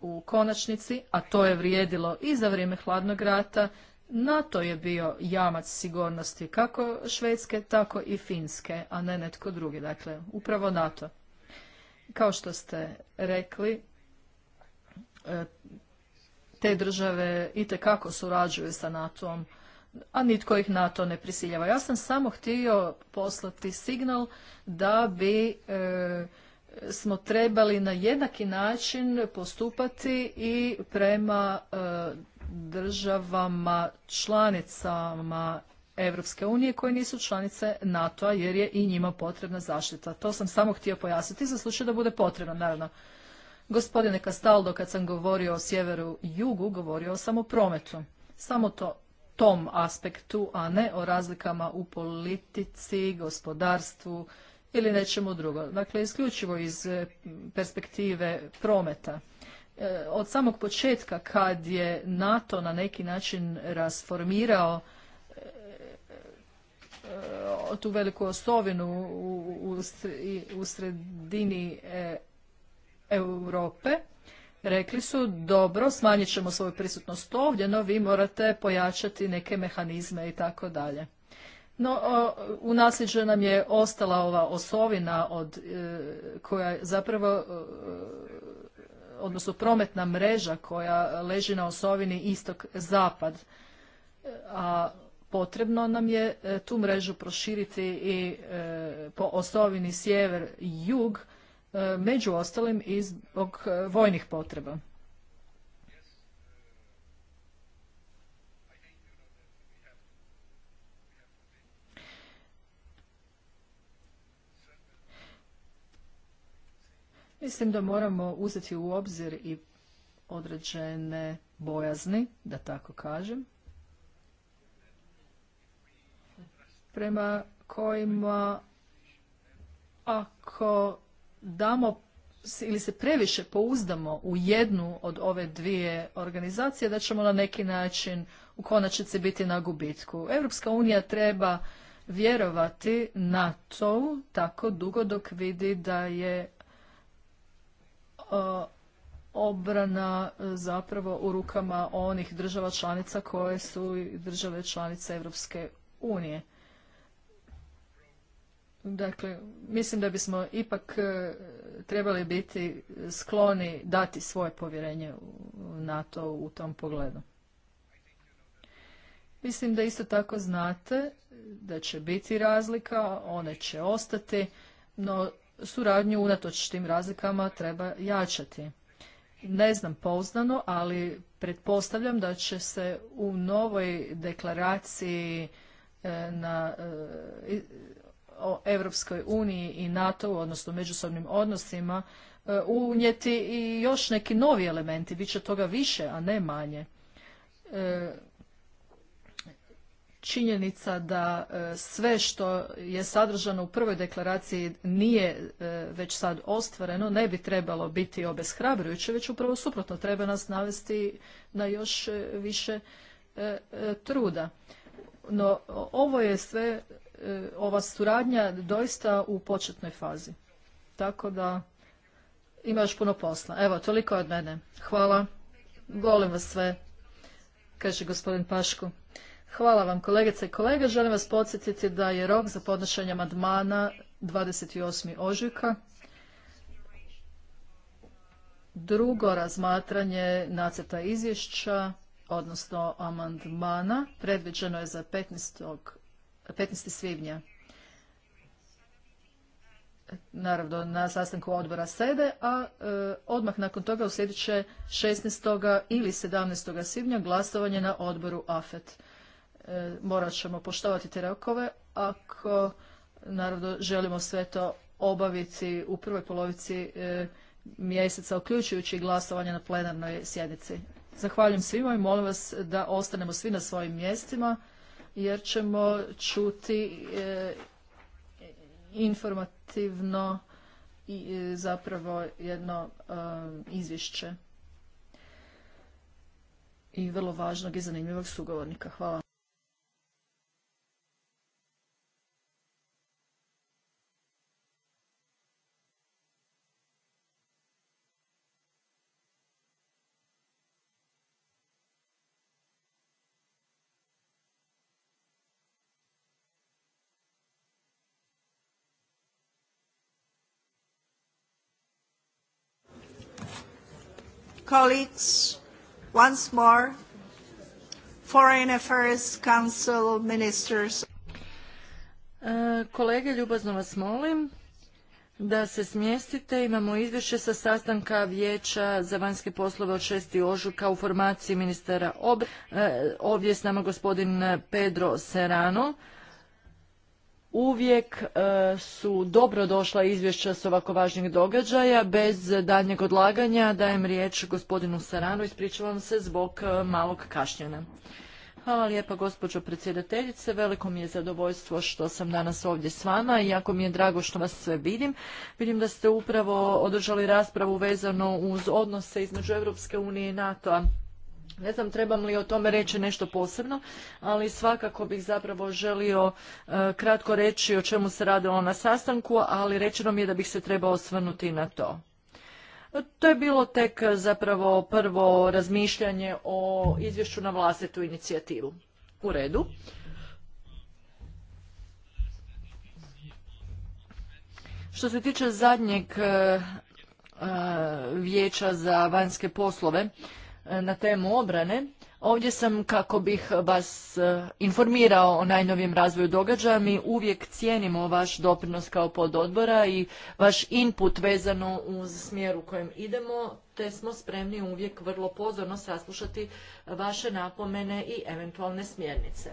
u konačnici, a to je vrijedilo i za vrijeme hladnog rata NATO je bio jamac sigurnosti kako Švedske, tako i Finske, a ne netko drugi, dakle, upravo NATO. Kao što ste rekli, e, te države itekako surađuju sa NATO-om, a nitko ih NATO ne prisiljava. Ja sam samo htio poslati signal da bi e, smo trebali na jednaki način postupati i prema e, državama članicama Evropske unije koje nisu članice NATO-a jer je i njima potrebna zaštita. To sam samo htio pojasniti za slučaj da bude potrebno, naravno. Gospodine Castaldo, kad sam govorio o sjeveru i jugu, govorio sam o prometu. Samo to, tom aspektu, a ne o razlikama u politici, gospodarstvu ili nečemu drugom. Dakle, isključivo iz perspektive prometa. E, od samog početka kad je NATO na neki način rasformirao e, e, tu veliku osovinu u sredini Europe, rekli su dobro, smanjit ćemo svoju prisutnost ovdje, no vi morate pojačati neke mehanizme i tako dalje. No, u nasljeđu nam je ostala ova osovina od, koja zapravo odnosno prometna mreža koja leži na osovini istok-zapad. E, a potrebno nam je e, tu mrežu proširiti i e, po osovini sjever-jug, među ostalim i zbog vojnih potreba. Mislim da moramo uzeti u obzir i određene bojazni, da tako kažem, prema kojima ako damo ili se previše pouzdamo u jednu od ove dvije organizacije, da ćemo na neki način u konačnici biti na gubitku. Europska unija treba vjerovati NATO tako dugo dok vidi da je E, obrana e, zapravo u rukama onih država članica koje su države članice Europske unije. Dakle, mislim da bismo ipak e, trebali biti skloni dati svoje povjerenje u NATO u tom pogledu. Mislim da isto tako znate da će biti razlika, one će ostati, no suradnju unatoč tim razlikama treba jačati. Ne znam pouzdano, ali pretpostavljam da će se u novoj deklaraciji e, na e, o Europskoj uniji i NATO, odnosno međusobnim odnosima, e, unijeti i još neki novi elementi. Biće toga više, a ne manje činjenica da e, sve što je sadržano u prvoj deklaraciji nije e, već sad ostvareno, ne bi trebalo biti obeshrabrujuće, već upravo suprotno treba nas navesti na još e, više truda. No, ovo je sve, ova suradnja doista u početnoj fazi. Tako da ima još puno posla. Evo, toliko od mene. Hvala. Volim vas sve, kaže gospodin Pašku. Hvala vam kolegice i kolege. Želim vas podsjetiti da je rok za podnošenje amandmana 28. ožujka. Drugo razmatranje nacrta izvješća, odnosno amandmana, predviđeno je za 15. 15. svibnja. Naravno, na sastanku odbora sede, a e, odmah nakon toga u sljedeće 16. ili 17. svibnja glasovanje na odboru AFET. E, morat ćemo poštovati te rokove ako naravno želimo sve to obaviti u prvoj polovici e, mjeseca, uključujući glasovanje na plenarnoj sjednici. Zahvaljujem svima i molim vas da ostanemo svi na svojim mjestima jer ćemo čuti e, informativno i zapravo jedno izvješće i vrlo važnog i zanimljivog sugovornika. Hvala. colleagues, once more, Foreign Affairs Council Ministers. E, kolege, ljubazno vas molim da se smjestite. Imamo izvješće sa sastanka Vijeća za vanjske poslove od 6. ožujka u formaciji ministara obrane. Ovdje s nama gospodin Pedro Serrano uvijek e, su dobro došla izvješća s ovako važnih događaja. Bez daljnjeg odlaganja dajem riječ gospodinu Saranu. Ispričavam se zbog e, malog kašnjena. Hvala lijepa gospođo predsjedateljice. Veliko mi je zadovoljstvo što sam danas ovdje s vama i jako mi je drago što vas sve vidim. Vidim da ste upravo održali raspravu vezano uz odnose između Europske unije i NATO-a ne znam trebam li o tome reći nešto posebno, ali svakako bih zapravo želio e, kratko reći o čemu se radilo na sastanku, ali rečeno mi je da bih se trebao osvrnuti na to. To je bilo tek e, zapravo prvo razmišljanje o izvješću na vlastitu inicijativu. U redu. Što se tiče zadnjeg e, vijeća za vanjske poslove, na temu obrane. Ovdje sam kako bih vas e, informirao o najnovijem razvoju događaja. Mi uvijek cijenimo vaš doprinos kao pododbora i vaš input vezano uz smjer u kojem idemo, te smo spremni uvijek vrlo pozorno saslušati vaše napomene i eventualne smjernice.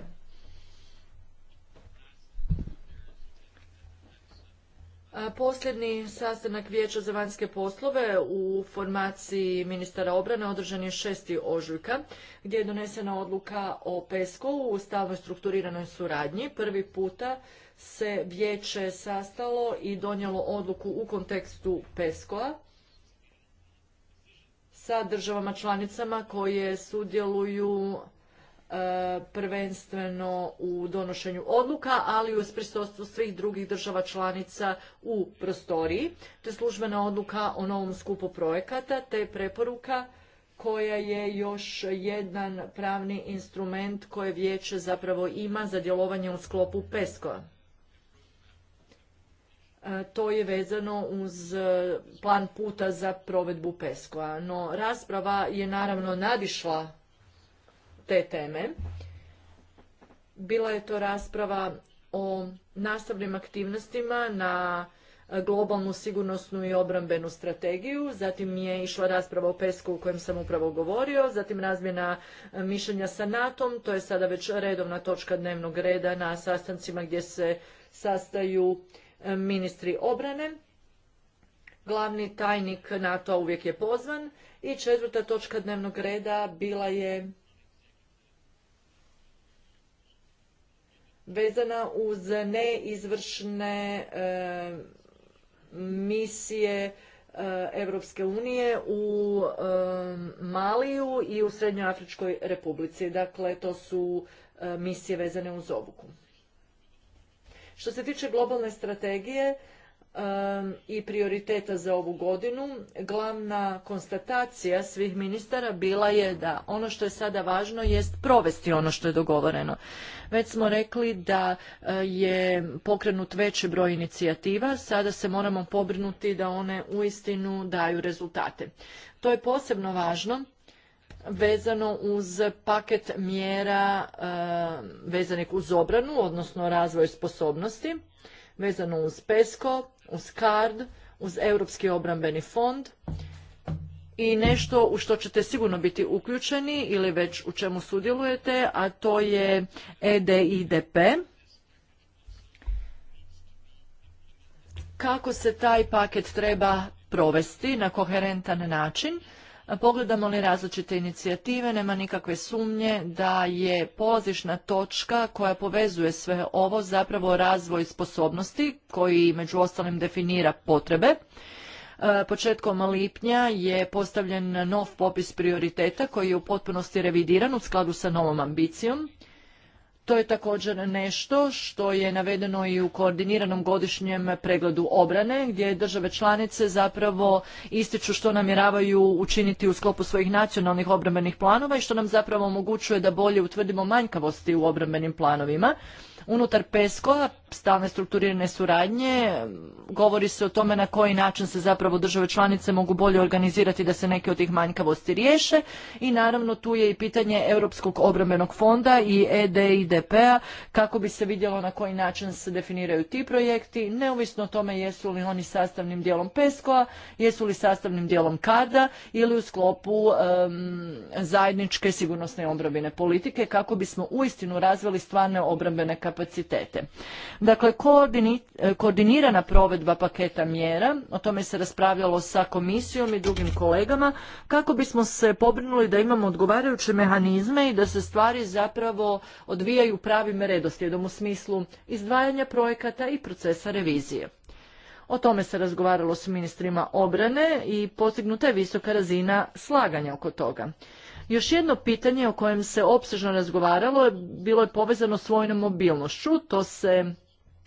E, posljednji sastanak Vijeća za vanjske poslove u formaciji ministara obrane održan je 6. ožujka, gdje je donesena odluka o PESCO u stalnoj strukturiranoj suradnji. Prvi puta se Vijeće sastalo i donijelo odluku u kontekstu PESCO-a sa državama članicama koje sudjeluju E, prvenstveno u donošenju odluka, ali i uz prisutstvo svih drugih država članica u prostoriji. te službena odluka o novom skupu projekata, te preporuka koja je još jedan pravni instrument koje vijeće zapravo ima za djelovanje u sklopu PESCO. E, to je vezano uz plan puta za provedbu PESCO-a. No, rasprava je naravno nadišla te teme. Bila je to rasprava o nastavnim aktivnostima na globalnu sigurnosnu i obrambenu strategiju, zatim je išla rasprava o pesco o kojem sam upravo govorio, zatim razmjena e, mišljenja sa NATO-om, to je sada već redovna točka dnevnog reda na sastancima gdje se sastaju e, ministri obrane. Glavni tajnik NATO-a uvijek je pozvan i četvrta točka dnevnog reda bila je vezana uz neizvršne e, misije Europske unije u e, Maliju i u Srednjoafričkoj republici. Dakle, to su e, misije vezane uz obuku. Što se tiče globalne strategije, Um, i prioriteta za ovu godinu, glavna konstatacija svih ministara bila je da ono što je sada važno jest provesti ono što je dogovoreno. Već smo rekli da uh, je pokrenut veći broj inicijativa, sada se moramo pobrinuti da one uistinu daju rezultate. To je posebno važno vezano uz paket mjera uh, vezanih uz obranu, odnosno razvoj sposobnosti vezano uz PESCO, uz CARD, uz Europski obrambeni fond i nešto u što ćete sigurno biti uključeni ili već u čemu sudjelujete, a to je EDIDP. Kako se taj paket treba provesti na koherentan način? Pogledamo li različite inicijative, nema nikakve sumnje da je polazišna točka koja povezuje sve ovo zapravo razvoj sposobnosti koji među ostalim definira potrebe. E, početkom lipnja je postavljen nov popis prioriteta koji je u potpunosti revidiran u skladu sa novom ambicijom. To je također nešto što je navedeno i u koordiniranom godišnjem pregledu obrane, gdje države članice zapravo ističu što namjeravaju učiniti u sklopu svojih nacionalnih obrambenih planova i što nam zapravo omogućuje da bolje utvrdimo manjkavosti u obrambenim planovima Unutar PESCO-a, stalne strukturirane suradnje, govori se o tome na koji način se zapravo države članice mogu bolje organizirati da se neke od tih manjkavosti riješe i naravno tu je i pitanje Europskog obrambenog fonda i EDIDP-a kako bi se vidjelo na koji način se definiraju ti projekti, neovisno o tome jesu li oni sastavnim dijelom PESCO-a, jesu li sastavnim dijelom KADA ili u sklopu zajedničke sigurnosne obrambene politike kako bismo uistinu razvili stvarne obrambene kapacitete. Dakle, e, koordinirana provedba paketa mjera, o tome se raspravljalo sa komisijom i drugim kolegama, kako bismo se pobrinuli da imamo odgovarajuće mehanizme i da se stvari zapravo odvijaju pravim redoslijedom u smislu izdvajanja projekata i procesa revizije. O tome se razgovaralo s ministrima obrane i postignuta je visoka razina slaganja oko toga. Još jedno pitanje o kojem se opsežno razgovaralo bilo je povezano s vojnom mobilnošću. To se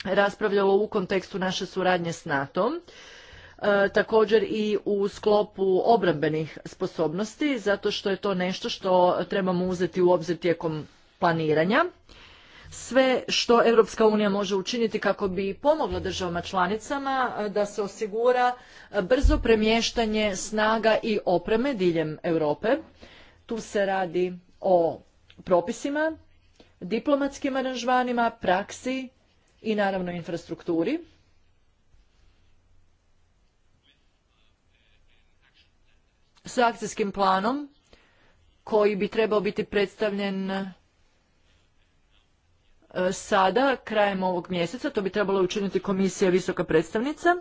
raspravljalo u kontekstu naše suradnje s nato e, također i u sklopu obrambenih sposobnosti, zato što je to nešto što trebamo uzeti u obzir tijekom planiranja. Sve što Europska unija može učiniti kako bi pomogla državama članicama e, da se osigura brzo premještanje snaga i opreme diljem Europe tu se radi o propisima, diplomatskim aranžmanima, praksi i naravno infrastrukturi. S akcijskim planom koji bi trebao biti predstavljen e, sada, krajem ovog mjeseca, to bi trebalo učiniti komisija visoka predstavnica.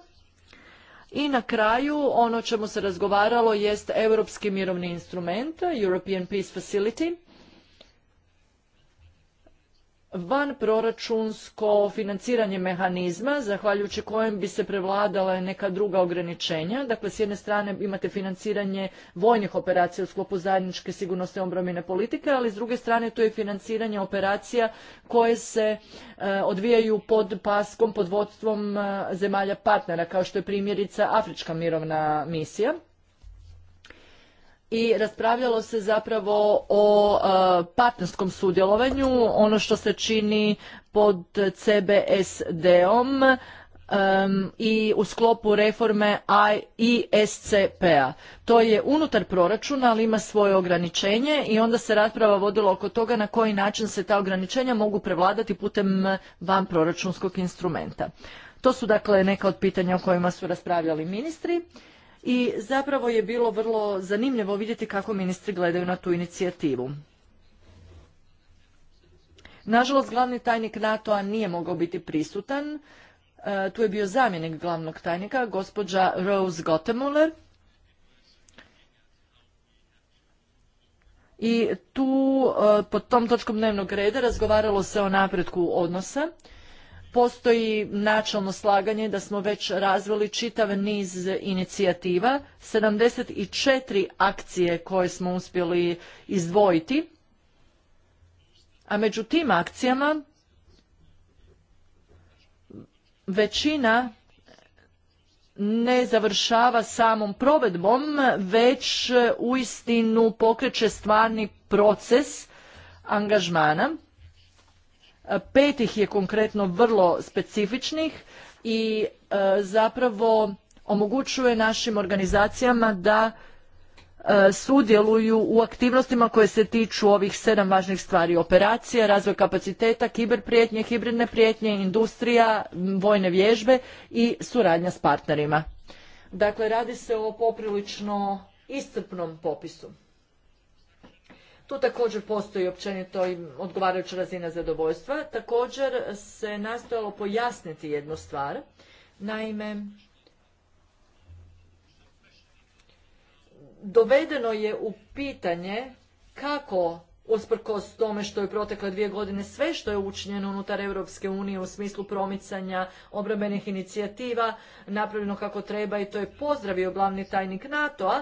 I na kraju ono čemu se razgovaralo jest europski mirovni instrument, European Peace Facility van proračunsko financiranje mehanizma zahvaljujući kojem bi se prevladala neka druga ograničenja. Dakle, s jedne strane imate financiranje vojnih operacija u sklopu zajedničke sigurnosne obrambene politike, ali s druge strane to je financiranje operacija koje se e, odvijaju pod paskom, pod vodstvom e, zemalja partnera, kao što je primjerica Afrička mirovna misija i raspravljalo se zapravo o e, partnerskom sudjelovanju, ono što se čini pod CBSD-om i u sklopu reforme ISCP-a. To je unutar proračuna, ali ima svoje ograničenje i onda se rasprava vodila oko toga na koji način se ta ograničenja mogu prevladati putem van proračunskog instrumenta. To su dakle neka od pitanja o kojima su raspravljali ministri i zapravo je bilo vrlo zanimljivo vidjeti kako ministri gledaju na tu inicijativu. Nažalost, glavni tajnik NATO-a nije mogao biti prisutan. E, tu je bio zamjenik glavnog tajnika, gospođa Rose Gottemuller. I tu, e, pod tom točkom dnevnog reda, razgovaralo se o napretku odnosa. Postoji načelno slaganje da smo već razvili čitav niz inicijativa, 74 akcije koje smo uspjeli izdvojiti, a među tim akcijama većina ne završava samom provedbom, već uistinu pokreće stvarni proces angažmana Pet ih je konkretno vrlo specifičnih i e, zapravo omogućuje našim organizacijama da e, sudjeluju u aktivnostima koje se tiču ovih sedam važnih stvari. Operacije, razvoj kapaciteta, kiberprijetnje, hibridne prijetnje, industrija, vojne vježbe i suradnja s partnerima. Dakle, radi se o poprilično iscrpnom popisu. Tu također postoji općenito i odgovarajuća razina zadovoljstva. Također se nastojalo pojasniti jednu stvar. Naime, dovedeno je u pitanje kako usprkos tome što je protekle dvije godine sve što je učinjeno unutar Europske unije u smislu promicanja obrambenih inicijativa napravljeno kako treba i to je pozdravio glavni tajnik NATO-a,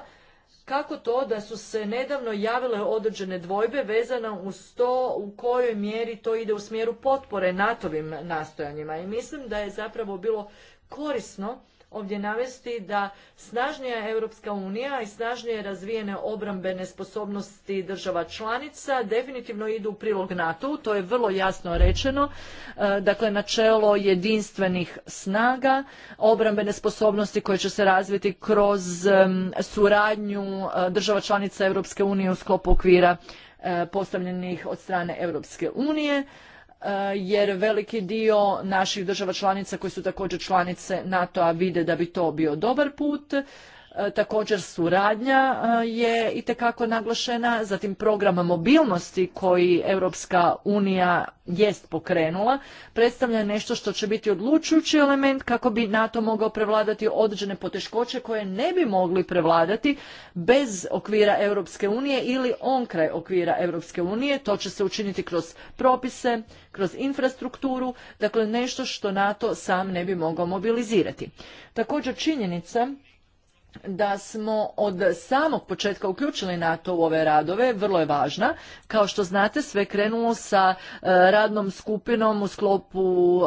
kako to da su se nedavno javile određene dvojbe vezano uz to u kojoj mjeri to ide u smjeru potpore NATO-vim nastojanjima. I mislim da je zapravo bilo korisno ovdje navesti da snažnija Europska unija i snažnije razvijene obrambene sposobnosti država članica definitivno idu u prilog NATO-u, to je vrlo jasno rečeno, e, dakle načelo jedinstvenih snaga, obrambene sposobnosti koje će se razviti kroz suradnju e, država članica Europske unije u sklopu okvira e, postavljenih od strane Europske unije E, jer veliki dio naših država članica koji su također članice NATO-a vide da bi to bio dobar put E, također suradnja e, je itekako naglašena, zatim program mobilnosti koji Europska unija jest pokrenula, predstavlja nešto što će biti odlučujući element kako bi NATO mogao prevladati određene poteškoće koje ne bi mogli prevladati bez okvira Europske unije ili onkraj okvira Europske unije. To će se učiniti kroz propise, kroz infrastrukturu, dakle nešto što NATO sam ne bi mogao mobilizirati. Također činjenica da smo od samog početka uključili NATO u ove radove, vrlo je važna. Kao što znate, sve krenulo sa e, radnom skupinom u sklopu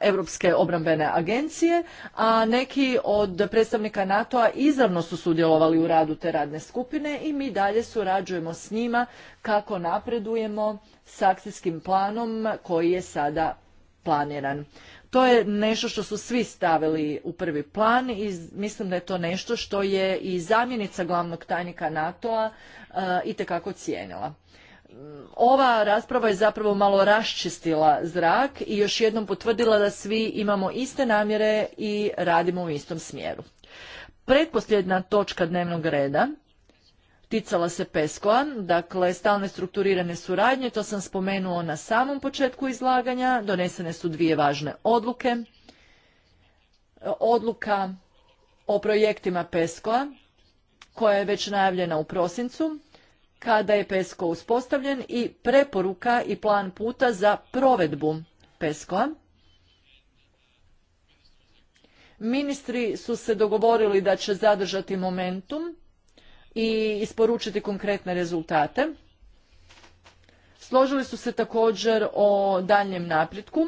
Europske obrambene agencije, a neki od predstavnika NATO-a izravno su sudjelovali u radu te radne skupine i mi dalje surađujemo s njima kako napredujemo s akcijskim planom koji je sada planiran. To je nešto što su svi stavili u prvi plan i mislim da je to nešto što je i zamjenica glavnog tajnika NATO-a te eh, itekako cijenila. Mm, ova rasprava je zapravo malo raščistila zrak i još jednom potvrdila da svi imamo iste namjere i radimo u istom smjeru. Pretposljedna točka dnevnog reda ticala se PESCO-a, dakle stalne strukturirane suradnje, to sam spomenuo na samom početku izlaganja, donesene su dvije važne odluke. Odluka o projektima PESCO-a, koja je već najavljena u prosincu, kada je PESCO uspostavljen i preporuka i plan puta za provedbu PESCO-a. Ministri su se dogovorili da će zadržati momentum i isporučiti konkretne rezultate. Složili su se također o daljem napretku.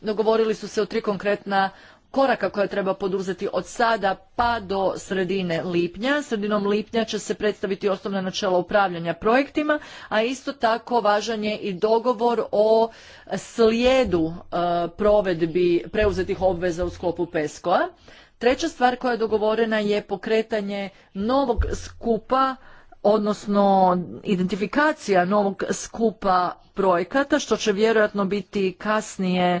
Dogovorili su se o tri konkretna koraka koje treba poduzeti od sada pa do sredine lipnja. Sredinom lipnja će se predstaviti osnovna načela upravljanja projektima, a isto tako važan je i dogovor o slijedu e, provedbi preuzetih obveza u sklopu PESCO-a. Treća stvar koja je dogovorena je pokretanje novog skupa odnosno identifikacija novog skupa projekata što će vjerojatno biti kasnije e,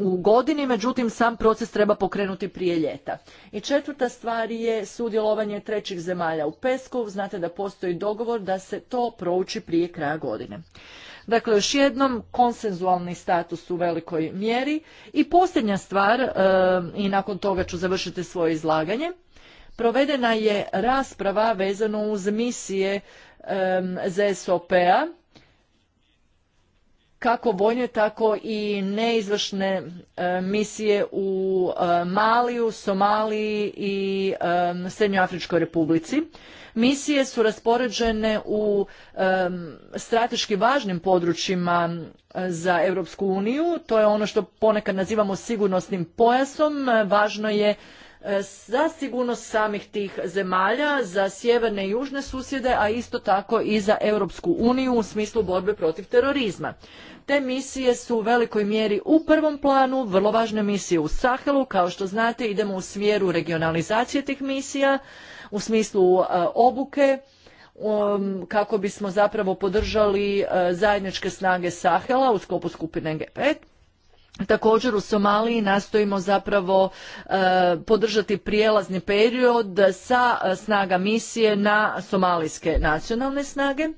u godini, međutim sam proces treba pokrenuti prije ljeta. I četvrta stvar je sudjelovanje trećih zemalja u Peskov. Znate da postoji dogovor da se to prouči prije kraja godine. Dakle, još jednom, konsenzualni status u velikoj mjeri. I posljednja stvar, e, i nakon toga ću završiti svoje izlaganje, provedena je rasprava vezano uz misije ZSOP-a, kako vojne, tako i neizvršne misije u Maliju, Somaliji i Srednjoj Srednjoafričkoj republici. Misije su raspoređene u strateški važnim područjima za Europsku uniju. To je ono što ponekad nazivamo sigurnosnim pojasom. Važno je E, za sigurnost samih tih zemalja, za sjeverne i južne susjede, a isto tako i za Europsku uniju u smislu borbe protiv terorizma. Te misije su u velikoj mjeri u prvom planu, vrlo važne misije u Sahelu, kao što znate idemo u smjeru regionalizacije tih misija, u smislu e, obuke, um, kako bismo zapravo podržali e, zajedničke snage Sahela u sklopu skupine g Također u Somaliji nastojimo zapravo e, podržati prijelazni period sa e, snaga misije na somalijske nacionalne snage.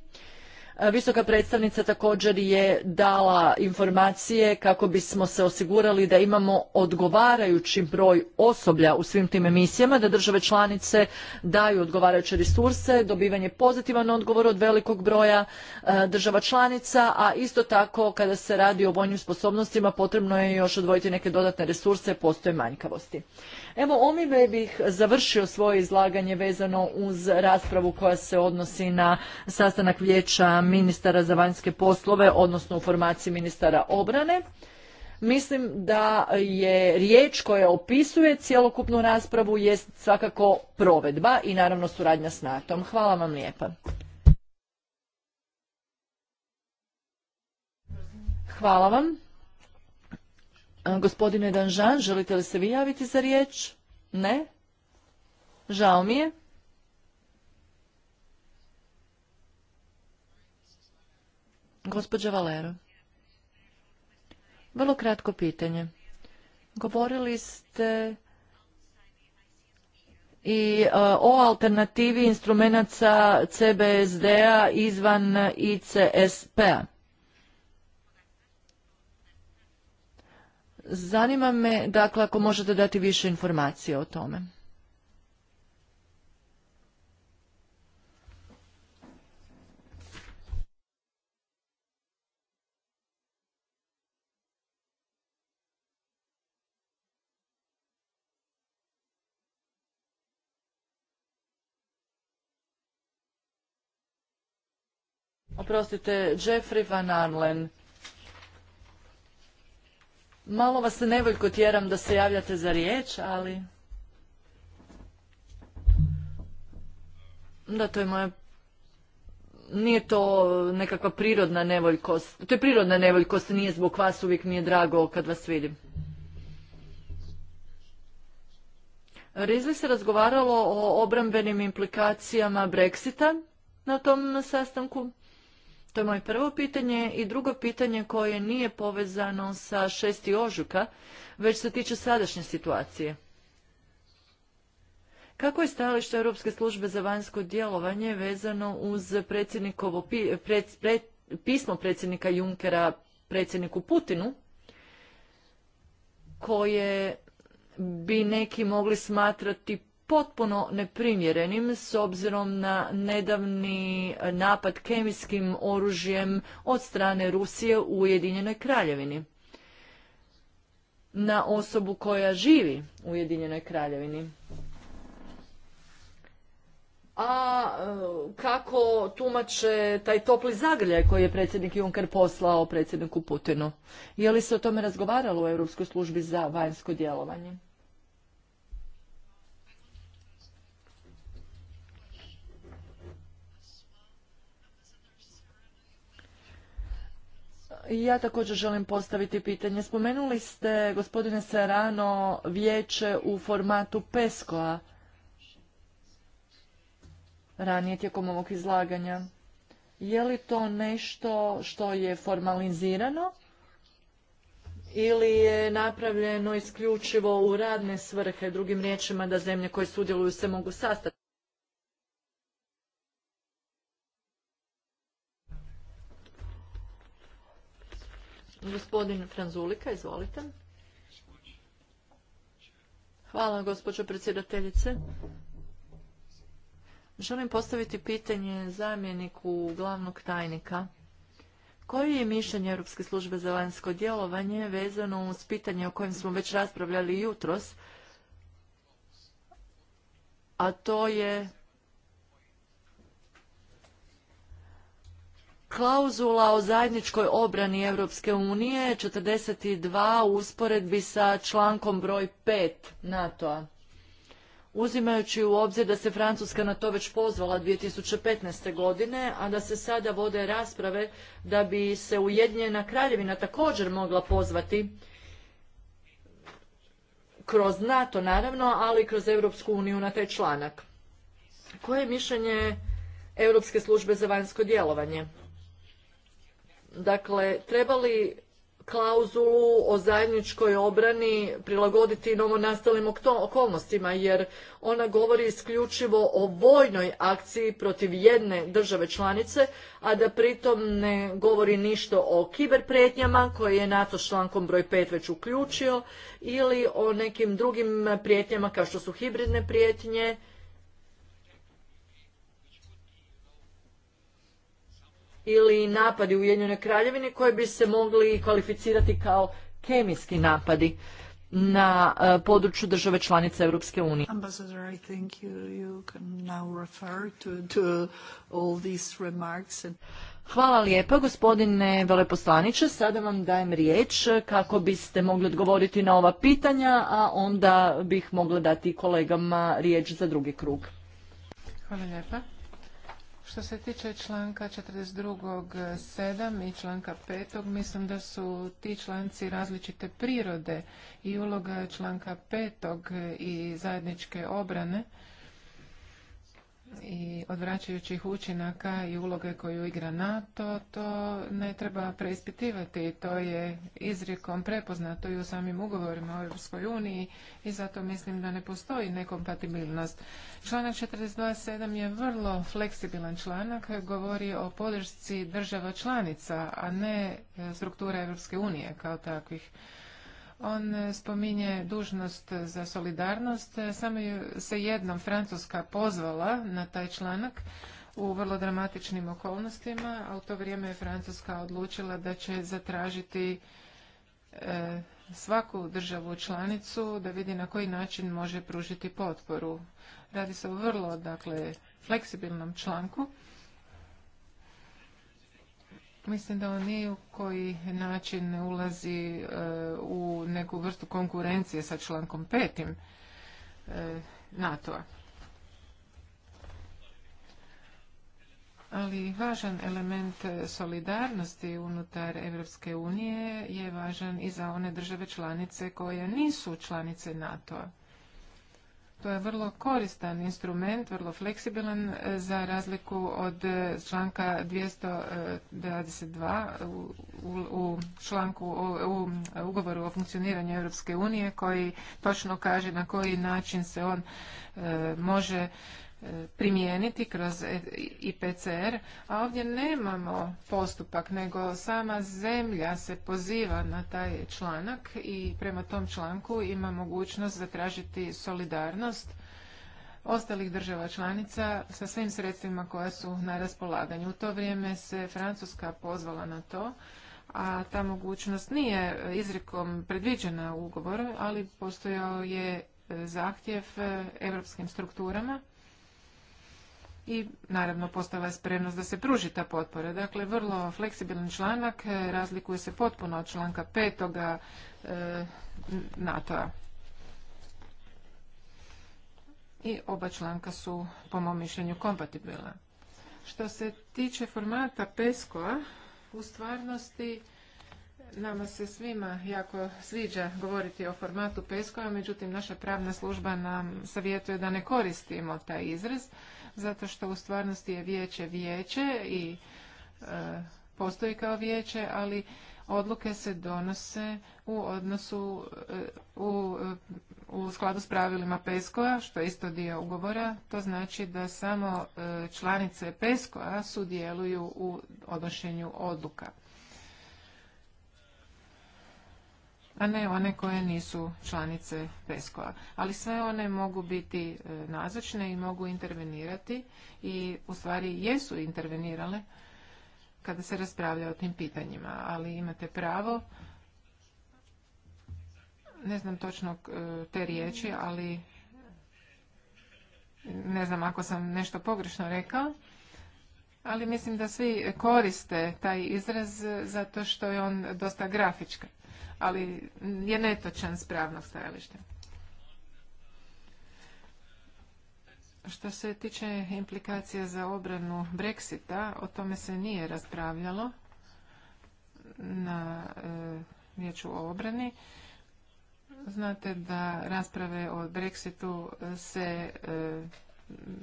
E, visoka predstavnica također je dala informacije kako bismo se osigurali da imamo odgovarajući broj osoblja u svim tim emisijama, da države članice daju odgovarajuće resurse, dobivanje pozitivan odgovor od velikog broja e, država članica, a isto tako kada se radi o vojnim sposobnostima potrebno je još odvojiti neke dodatne resurse, postoje manjkavosti. Evo ovime bih završio svoje izlaganje vezano uz raspravu koja se odnosi na sastanak vijeća ministara za vanjske poslove, odnosno u formaciji ministara obrane. Mislim da je riječ koja opisuje cjelokupnu raspravu jest svakako provedba i naravno suradnja s NATO-om. Hvala vam lijepa. Hvala vam. E, gospodine Danžan, želite li se vi javiti za riječ? Ne? Žao mi je. Gospodža Valero. Vrlo kratko pitanje. Govorili ste i e, o alternativi instrumenata CBSD-a izvan ICSP-a. Zanima me, dakle, ako možete dati više informacije o tome. Oprostite, Jeffrey Van Arlen Malo vas nevoljko tjeram da se javljate za riječ, ali... Da, to je moja... Nije to nekakva prirodna nevoljkost. To je prirodna nevoljkost, nije zbog vas, uvijek mi je drago kad vas vidim. Rizli se razgovaralo o obrambenim implikacijama Brexita na tom sastanku. To je moje prvo pitanje i drugo pitanje koje nije povezano sa 6. ožuka, već se tiče sadašnje situacije. Kako je stajalište Europske službe za vanjsko djelovanje vezano uz predsjednikovo pismo predsjednika Junkera predsjedniku Putinu, koje bi neki mogli smatrati potpuno neprimjerenim s obzirom na nedavni napad kemijskim oružjem od strane Rusije u Ujedinjenoj kraljevini na osobu koja živi u Ujedinjenoj kraljevini. A e, kako tumače taj topli zagrljaj koji je predsjednik Juncker poslao predsjedniku Putinu? Je li se o tome razgovaralo u Europskoj službi za vanjsko djelovanje? Ja također želim postaviti pitanje. Spomenuli ste, gospodine Serano, vijeće u formatu PESCO-a ranije tijekom ovog izlaganja. Je li to nešto što je formalizirano ili je napravljeno isključivo u radne svrhe, drugim riječima da zemlje koje sudjeluju se mogu sastati? Gospodin Franzulika, izvolite. Hvala, gospođo predsjedateljice. Želim postaviti pitanje zamjeniku glavnog tajnika. Koje je mišljenje Europske službe za vanjsko djelovanje vezano uz pitanje o kojem smo već raspravljali jutros, a to je Klauzula o zajedničkoj obrani Europske unije 42 u usporedbi sa člankom broj 5 NATO-a. Uzimajući u obzir da se Francuska na to već pozvala 2015. godine, a da se sada vode rasprave da bi se Ujedinjena kraljevina također mogla pozvati kroz NATO naravno, ali i kroz Europsku uniju na taj članak. Koje je mišljenje Europske službe za vanjsko djelovanje? Dakle, treba li klauzulu o zajedničkoj obrani prilagoditi novonastalim okolnostima jer ona govori isključivo o vojnoj akciji protiv jedne države članice, a da pritom ne govori ništa o kiberprijetnjama koje je NATO člankom broj 5 već uključio ili o nekim drugim prijetnjama kao što su hibridne prijetnje ili napadi u Ujedinjenoj kraljevini koji bi se mogli kvalificirati kao kemijski napadi na e, području države članice Europske unije. Hvala lijepa gospodine veleposlaniče. Sada vam dajem riječ kako biste mogli odgovoriti na ova pitanja, a onda bih mogla dati kolegama riječ za drugi krug. Hvala lijepa. Što se tiče članka 42.7 i članka 5. mislim da su ti članci različite prirode i uloga članka 5. i zajedničke obrane i odvraćajućih učinaka i uloge koju igra NATO, to ne treba preispitivati. To je izrijekom prepoznato i u samim ugovorima o Europskoj uniji i zato mislim da ne postoji nekompatibilnost. Članak 42.7 je vrlo fleksibilan članak, govori o podršci država članica, a ne e, struktura Europske unije kao takvih. On e, spominje dužnost za solidarnost. E, samo se jednom Francuska pozvala na taj članak u vrlo dramatičnim okolnostima, a u to vrijeme je Francuska odlučila da će zatražiti e, svaku državu članicu da vidi na koji način može pružiti potporu. Radi se o vrlo dakle, fleksibilnom članku Mislim da on nije u koji način ulazi e, u neku vrstu konkurencije sa člankom petim e, NATO-a. Ali važan element solidarnosti unutar Europske unije je važan i za one države članice koje nisu članice NATO-a. To je vrlo koristan instrument, vrlo fleksibilan e, za razliku od e, članka 222 e, u, u članku u, ugovoru o funkcioniranju Europske unije koji točno kaže na koji način se on može primijeniti kroz IPCR, a ovdje nemamo postupak, nego sama zemlja se poziva na taj članak i prema tom članku ima mogućnost zatražiti solidarnost ostalih država članica sa svim sredstvima koja su na raspolaganju. U to vrijeme se Francuska pozvala na to, a ta mogućnost nije izrekom predviđena u ugovoru, ali postojao je e, zahtjev e, europskim strukturama i naravno postala je spremnost da se pruži ta potpora. Dakle, vrlo fleksibilan članak, e, razlikuje se potpuno od članka petoga e, NATO-a. I oba članka su, po mom mišljenju, kompatibilna. Što se tiče formata PESCO-a, u stvarnosti Nama se svima jako sviđa govoriti o formatu PESCO-a, međutim naša pravna služba nam savjetuje da ne koristimo taj izraz zato što u stvarnosti je vijeće vijeće i e, postoji kao vijeće, ali odluke se donose u odnosu e, u, e, u skladu s pravilima pesco što je isto dio ugovora. To znači da samo članice PESCO-a sudjeluju u odnošenju odluka. a ne one koje nisu članice PESCO-a. Ali sve one mogu biti e, nazočne i mogu intervenirati i u stvari jesu intervenirale kada se raspravlja o tim pitanjima. Ali imate pravo, ne znam točno e, te riječi, ali ne znam ako sam nešto pogrešno rekao, ali mislim da svi koriste taj izraz zato što je on dosta grafička, ali je netočan s pravnog stajališta. Što se tiče implikacija za obranu Brexita, o tome se nije raspravljalo na e, vijeću o obrani. Znate da rasprave o Brexitu se e,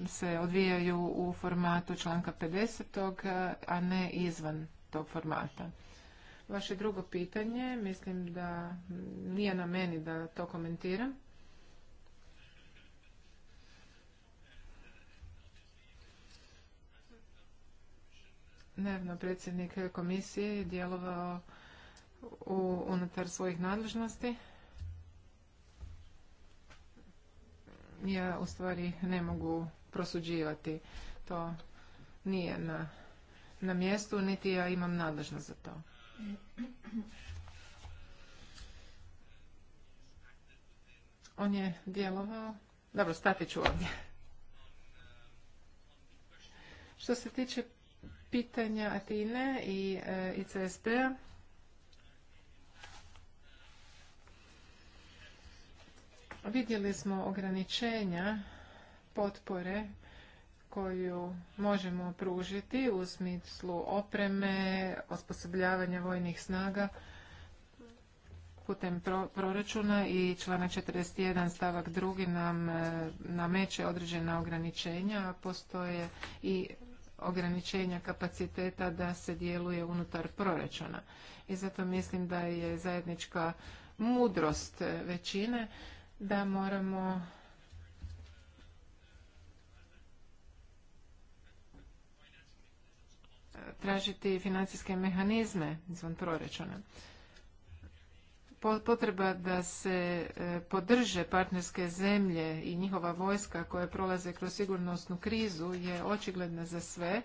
se odvijaju u formatu članka 50. a ne izvan tog formata. Vaše drugo pitanje, mislim da nije na meni da to komentiram. Naravno, predsjednik komisije je djelovao u, unutar svojih nadležnosti. Ja u stvari ne mogu prosuđivati. To nije na, na mjestu, niti ja imam nadležnost za to. On je djelovao. Dobro, stati ću ovdje. Što se tiče pitanja Atine i eh, ICSP-a, vidjeli smo ograničenja potpore koju možemo pružiti u smislu opreme, osposobljavanja vojnih snaga putem proračuna i članak 41 stavak 2 nam e, nameće određena ograničenja, a postoje i ograničenja kapaciteta da se djeluje unutar proračuna. I zato mislim da je zajednička mudrost e, većine da moramo tražiti financijske mehanizme izvan proračuna. Potreba da se e, podrže partnerske zemlje i njihova vojska koje prolaze kroz sigurnosnu krizu je očigledna za sve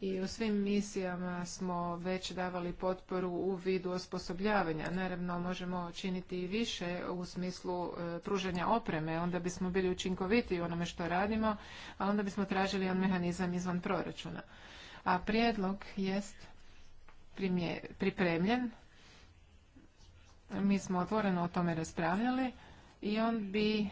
i u svim misijama smo već davali potporu u vidu osposobljavanja. Naravno, možemo činiti i više u smislu e, pružanja opreme, onda bismo bili učinkoviti u onome što radimo, a onda bismo tražili on mehanizam izvan proračuna a prijedlog jest pripremljen. Mi smo otvoreno o tome raspravljali i on bi e,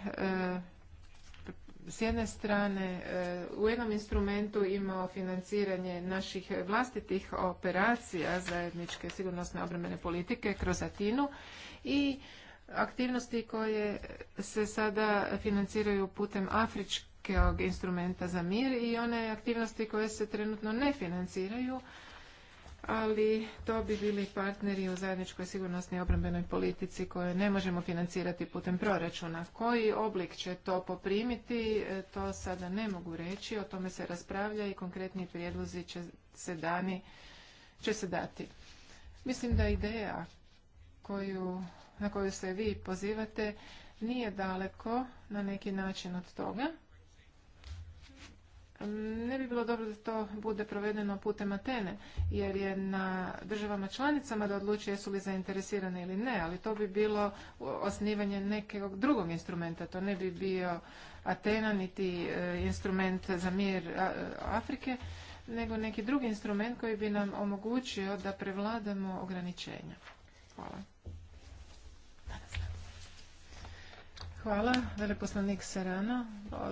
s jedne strane e, u jednom instrumentu imao financiranje naših vlastitih operacija zajedničke sigurnosne obrambene politike kroz Atinu i aktivnosti koje se sada financiraju putem afričke instrumenta za mir i one aktivnosti koje se trenutno ne financiraju, ali to bi bili partneri u zajedničkoj sigurnosnoj obrambenoj politici koje ne možemo financirati putem proračuna. Koji oblik će to poprimiti, e, to sada ne mogu reći, o tome se raspravlja i konkretni prijedlozi će se, dani, će se dati. Mislim da ideja koju, na koju se vi pozivate nije daleko na neki način od toga ne bi bilo dobro da to bude provedeno putem Atene, jer je na državama članicama da odluče jesu li zainteresirane ili ne, ali to bi bilo osnivanje nekog drugog instrumenta. To ne bi bio Atena niti e, instrument za mir Afrike, nego neki drugi instrument koji bi nam omogućio da prevladamo ograničenja. Hvala. Hvala, veleposlanik Serano.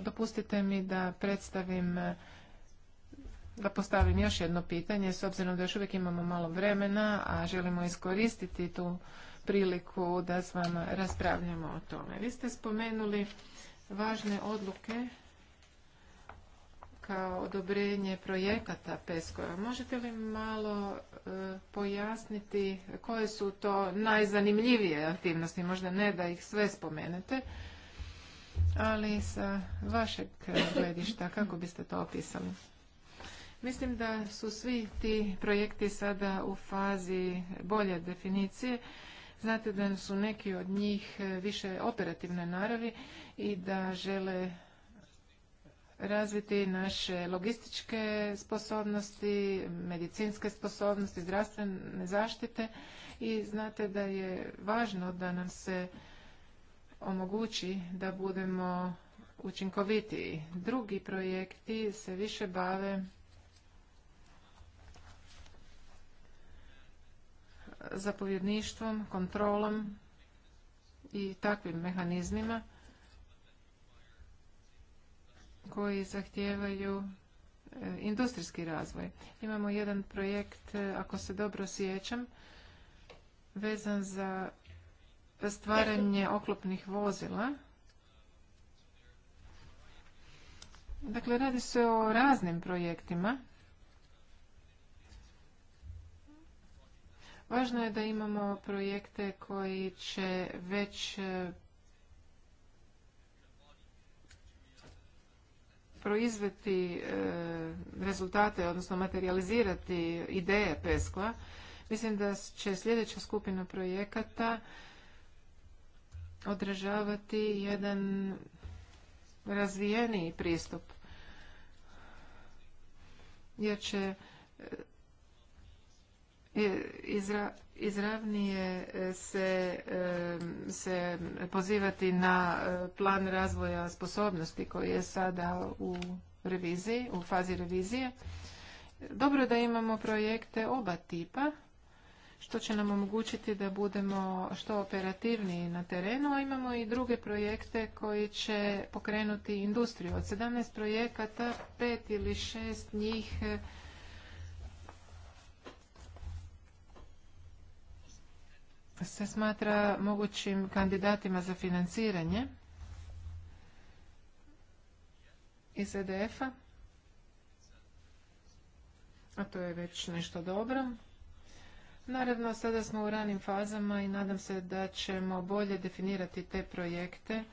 Dopustite mi da predstavim da postavim još jedno pitanje, s obzirom da još uvijek imamo malo vremena, a želimo iskoristiti tu priliku da s vama raspravljamo o tome. Vi ste spomenuli važne odluke kao odobrenje projekata pesco Možete li malo e, pojasniti koje su to najzanimljivije aktivnosti? Možda ne da ih sve spomenete, ali sa vašeg gledišta kako biste to opisali? Mislim da su svi ti projekti sada u fazi bolje definicije. Znate da su neki od njih e, više operativne naravi i da žele razviti naše logističke sposobnosti, medicinske sposobnosti, zdravstvene zaštite i znate da je važno da nam se omogući da budemo učinkoviti. Drugi projekti se više bave e, zapovjedništvom, kontrolom i takvim mehanizmima koji zahtijevaju e, industrijski razvoj. Imamo jedan projekt, e, ako se dobro sjećam, vezan za stvaranje oklopnih vozila. Dakle, radi se o raznim projektima. Važno je da imamo projekte koji će već e, proizveti e, rezultate, odnosno materializirati ideje Peskla, mislim da će sljedeća skupina projekata odražavati jedan razvijeniji pristup jer će e, izravnije e, se, e, se pozivati na e, plan razvoja sposobnosti koji je sada u reviziji, u fazi revizije. Dobro da imamo projekte oba tipa, što će nam omogućiti da budemo što operativniji na terenu, a imamo i druge projekte koji će pokrenuti industriju. Od 17 projekata, pet ili šest njih se smatra mogućim kandidatima za financiranje iz EDF-a. A to je već nešto dobro. Naravno, sada smo u ranim fazama i nadam se da ćemo bolje definirati te projekte,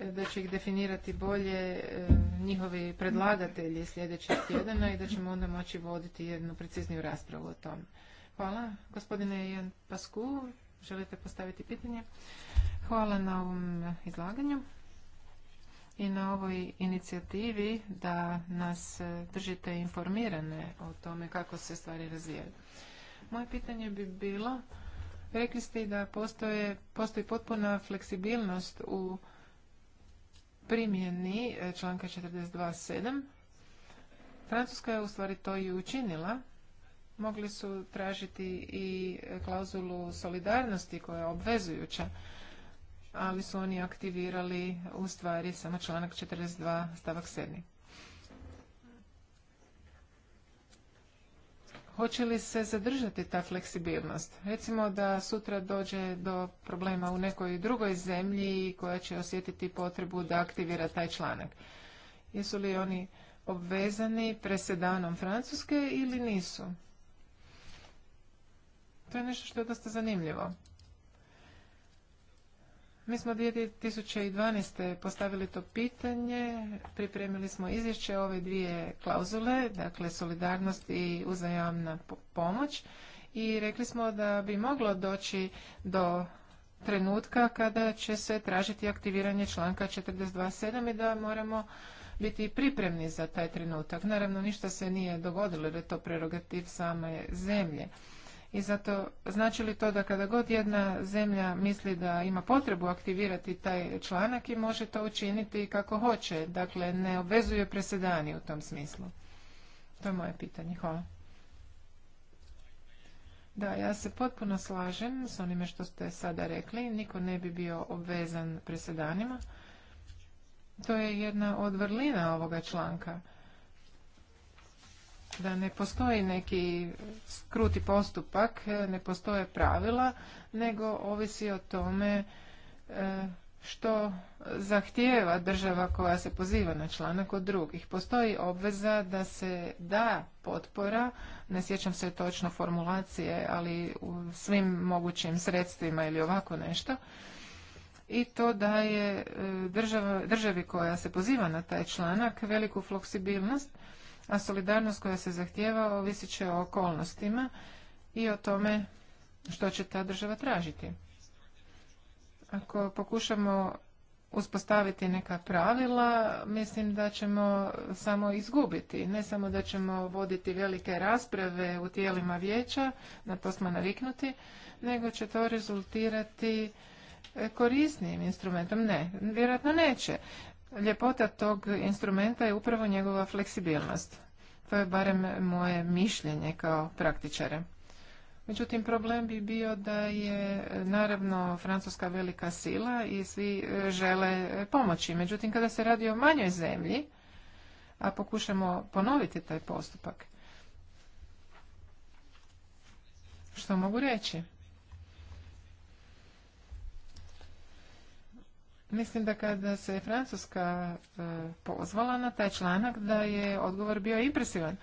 da će ih definirati bolje e, njihovi predlagatelji sljedećih tjedana i da ćemo onda moći voditi jednu precizniju raspravu o tome. Hvala. Gospodine Jan Pasku, želite postaviti pitanje? Hvala na ovom izlaganju i na ovoj inicijativi da nas držite informirane o tome kako se stvari razvijaju. Moje pitanje bi bilo, rekli ste da postoje, postoji potpuna fleksibilnost u primjeni eh, članka 42.7. Francuska je u stvari to i učinila mogli su tražiti i klauzulu solidarnosti koja je obvezujuća, ali su oni aktivirali u stvari samo članak 42 stavak 7. Hoće li se zadržati ta fleksibilnost? Recimo da sutra dođe do problema u nekoj drugoj zemlji koja će osjetiti potrebu da aktivira taj članak. Jesu li oni obvezani presedanom Francuske ili nisu? To je nešto što je dosta zanimljivo. Mi smo 2012. postavili to pitanje, pripremili smo izvješće ove dvije klauzule, dakle solidarnost i uzajamna pomoć i rekli smo da bi moglo doći do trenutka kada će se tražiti aktiviranje članka 42.7 i da moramo biti pripremni za taj trenutak. Naravno, ništa se nije dogodilo jer je to prerogativ same zemlje. I zato znači li to da kada god jedna zemlja misli da ima potrebu aktivirati taj članak i može to učiniti kako hoće, dakle ne obvezuje presedani u tom smislu. To je moje pitanje. Hvala. Da, ja se potpuno slažem s onime što ste sada rekli. Niko ne bi bio obvezan presedanima. To je jedna od vrlina ovoga članka da ne postoji neki skruti postupak, ne postoje pravila, nego ovisi o tome e, što zahtijeva država koja se poziva na članak od drugih. Postoji obveza da se da potpora, ne sjećam se točno formulacije, ali u svim mogućim sredstvima ili ovako nešto, i to daje e, državi koja se poziva na taj članak veliku fleksibilnost a solidarnost koja se zahtijeva ovisit će o okolnostima i o tome što će ta država tražiti. Ako pokušamo uspostaviti neka pravila, mislim da ćemo samo izgubiti. Ne samo da ćemo voditi velike rasprave u tijelima vijeća, na to smo naviknuti, nego će to rezultirati korisnim instrumentom. Ne, vjerojatno neće. Ljepota tog instrumenta je upravo njegova fleksibilnost. To je barem moje mišljenje kao praktičare. Međutim, problem bi bio da je naravno Francuska velika sila i svi e, žele pomoći. Međutim, kada se radi o manjoj zemlji, a pokušamo ponoviti taj postupak, što mogu reći? Mislim da kada se Francuska e, pozvala na taj članak da je odgovor bio impresivan.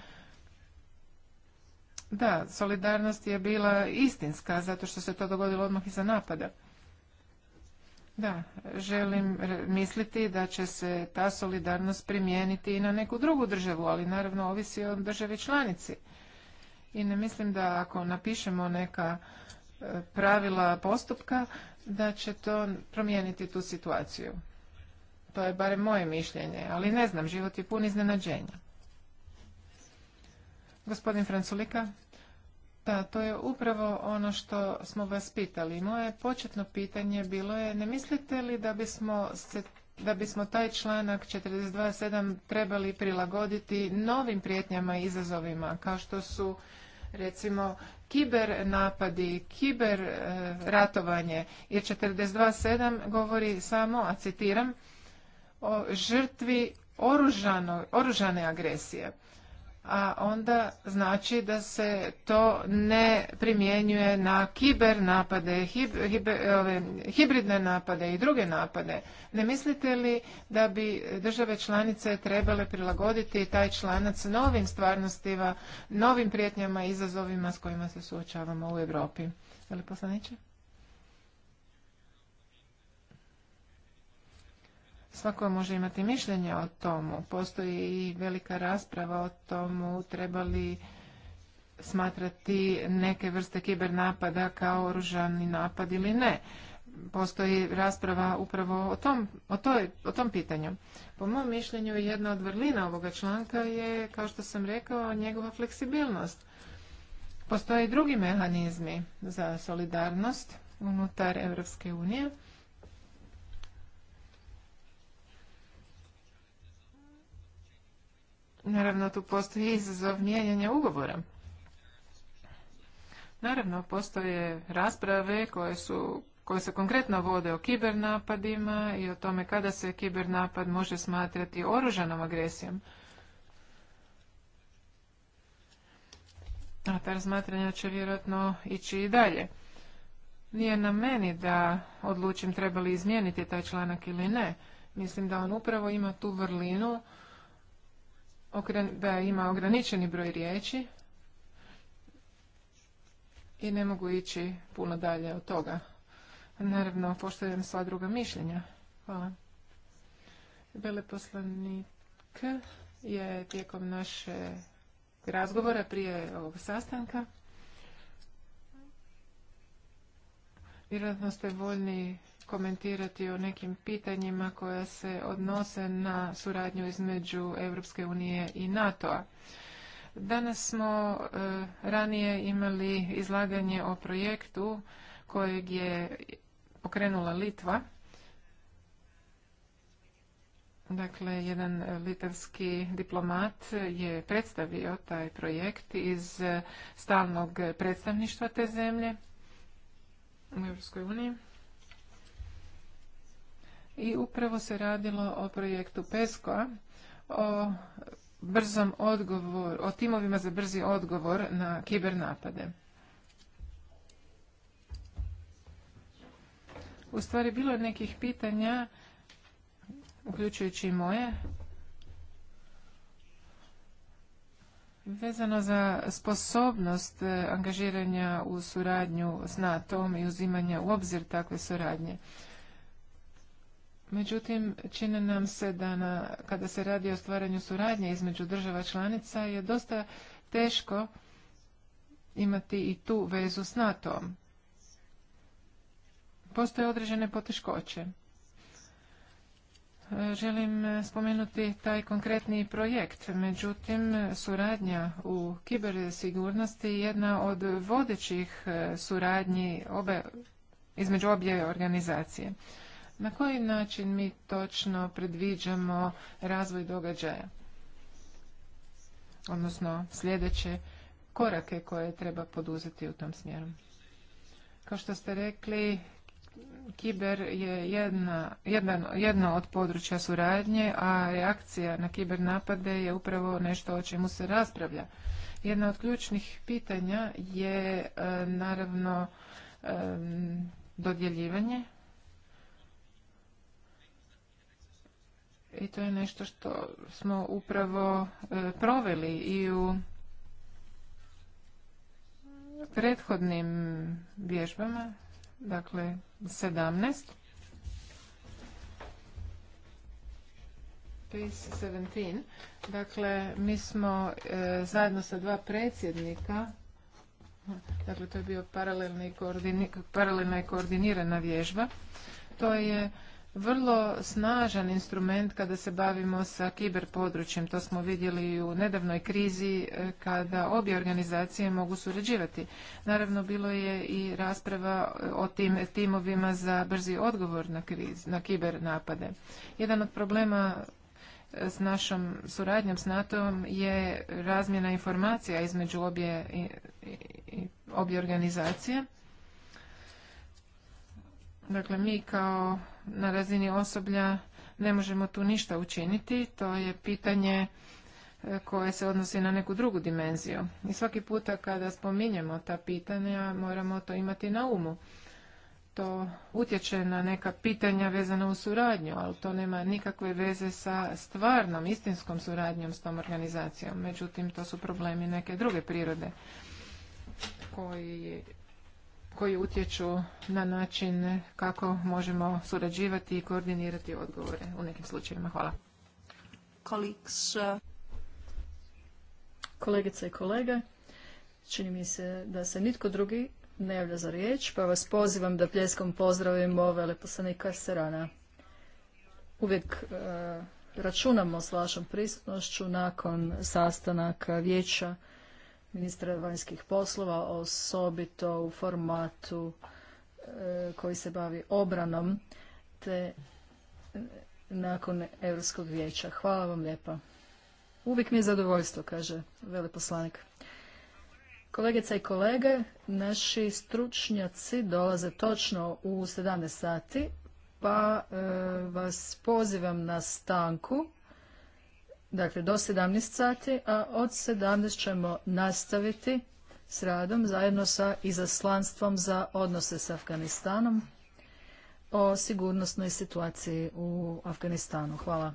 Da, solidarnost je bila istinska zato što se to dogodilo odmah iza napada. Da, želim misliti da će se ta solidarnost primijeniti i na neku drugu državu, ali naravno ovisi o državi članici. I ne mislim da ako napišemo neka pravila postupka da će to promijeniti tu situaciju. To je barem moje mišljenje, ali ne znam, život je pun iznenađenja. Gospodin Franculika, da, to je upravo ono što smo vas pitali. Moje početno pitanje bilo je, ne mislite li da bismo se da bismo taj članak 42.7 trebali prilagoditi novim prijetnjama i izazovima, kao što su recimo kiber napadi, kiber e, ratovanje, jer 42.7 govori samo, a citiram, o žrtvi oružane agresije a onda znači da se to ne primjenjuje na kiber napade, hibridne napade i druge napade. Ne mislite li da bi države članice trebale prilagoditi taj članac novim stvarnostima, novim prijetnjama i izazovima s kojima se suočavamo u Europi? Je Svako može imati mišljenje o tomu. Postoji i velika rasprava o tomu li smatrati neke vrste kibernapada kao oružani napad ili ne. Postoji rasprava upravo o tom, o, toj, o tom pitanju. Po mom mišljenju jedna od vrlina ovoga članka je, kao što sam rekao, njegova fleksibilnost. Postoje drugi mehanizmi za solidarnost unutar Europske unije Naravno, tu postoji izazov mijenjanja ugovora. Naravno, postoje rasprave koje su koje se konkretno vode o kibernapadima i o tome kada se kibernapad može smatrati oružanom agresijom. A ta razmatranja će vjerojatno ići i dalje. Nije na meni da odlučim treba li izmijeniti taj članak ili ne. Mislim da on upravo ima tu vrlinu da ima ograničeni broj riječi i ne mogu ići puno dalje od toga. Naravno, poštujem sva druga mišljenja. Hvala. Veleposlanik je tijekom naše razgovora prije ovog sastanka. Vjerojatno ste voljni komentirati o nekim pitanjima koja se odnose na suradnju između Europske unije i NATO-a. Danas smo e, ranije imali izlaganje o projektu kojeg je pokrenula Litva. Dakle, jedan litavski diplomat je predstavio taj projekt iz stalnog predstavništva te zemlje u Europskoj uniji i upravo se radilo o projektu PESCO-a, o brzom odgovor, o timovima za brzi odgovor na kibernapade. U stvari bilo je nekih pitanja, uključujući i moje, Vezano za sposobnost eh, angažiranja u suradnju s NATO-om i uzimanja u obzir takve suradnje. Međutim, čine nam se da kada se radi o stvaranju suradnje između država članica je dosta teško imati i tu vezu s NATO-om. Postoje određene poteškoće. E, želim spomenuti taj konkretni projekt, međutim suradnja u kibersigurnosti je jedna od vodećih e, suradnji obe, između obje organizacije. Na koji način mi točno predviđamo razvoj događaja? Odnosno sljedeće korake koje treba poduzeti u tom smjeru. Kao što ste rekli, kiber je jedna, jedno od područja suradnje, a reakcija na kiber napade je upravo nešto o čemu se raspravlja. Jedna od ključnih pitanja je e, naravno e, dodjeljivanje i to je nešto što smo upravo e, proveli i u prethodnim vježbama, dakle 17. PACE Dakle, mi smo e, zajedno sa dva predsjednika, dakle to je bio paralelni, paralelna i koordinirana vježba, to je vrlo snažan instrument kada se bavimo sa kiber područjem. To smo vidjeli i u nedavnoj krizi e, kada obje organizacije mogu surađivati. Naravno, bilo je i rasprava o tim timovima za brzi odgovor na, kriz, na kiber napade. Jedan od problema e, s našom suradnjom s NATO-om je razmjena informacija između obje, obje organizacije. Dakle, mi kao na razini osoblja ne možemo tu ništa učiniti. To je pitanje e, koje se odnosi na neku drugu dimenziju. I svaki puta kada spominjemo ta pitanja, moramo to imati na umu. To utječe na neka pitanja vezana u suradnju, ali to nema nikakve veze sa stvarnom, istinskom suradnjom s tom organizacijom. Međutim, to su problemi neke druge prirode koji koji utječu na način kako možemo surađivati i koordinirati odgovore u nekim slučajevima. Hvala. Uh, Kolegice i kolege, čini mi se da se nitko drugi ne javlja za riječ, pa vas pozivam da pljeskom pozdravimo veleposlanika Serana. Uvijek uh, računamo s vašom prisutnošću nakon sastanaka vijeća ministra vanjskih poslova, osobito u formatu e, koji se bavi obranom, te nakon Europskog vijeća. Hvala vam lijepa. Uvijek mi je zadovoljstvo, kaže veleposlanik. Kolegica i kolege, naši stručnjaci dolaze točno u 17 sati, pa e, vas pozivam na stanku dakle do 17 sati, a od 17 ćemo nastaviti s radom zajedno sa izaslanstvom za odnose s Afganistanom o sigurnosnoj situaciji u Afganistanu. Hvala.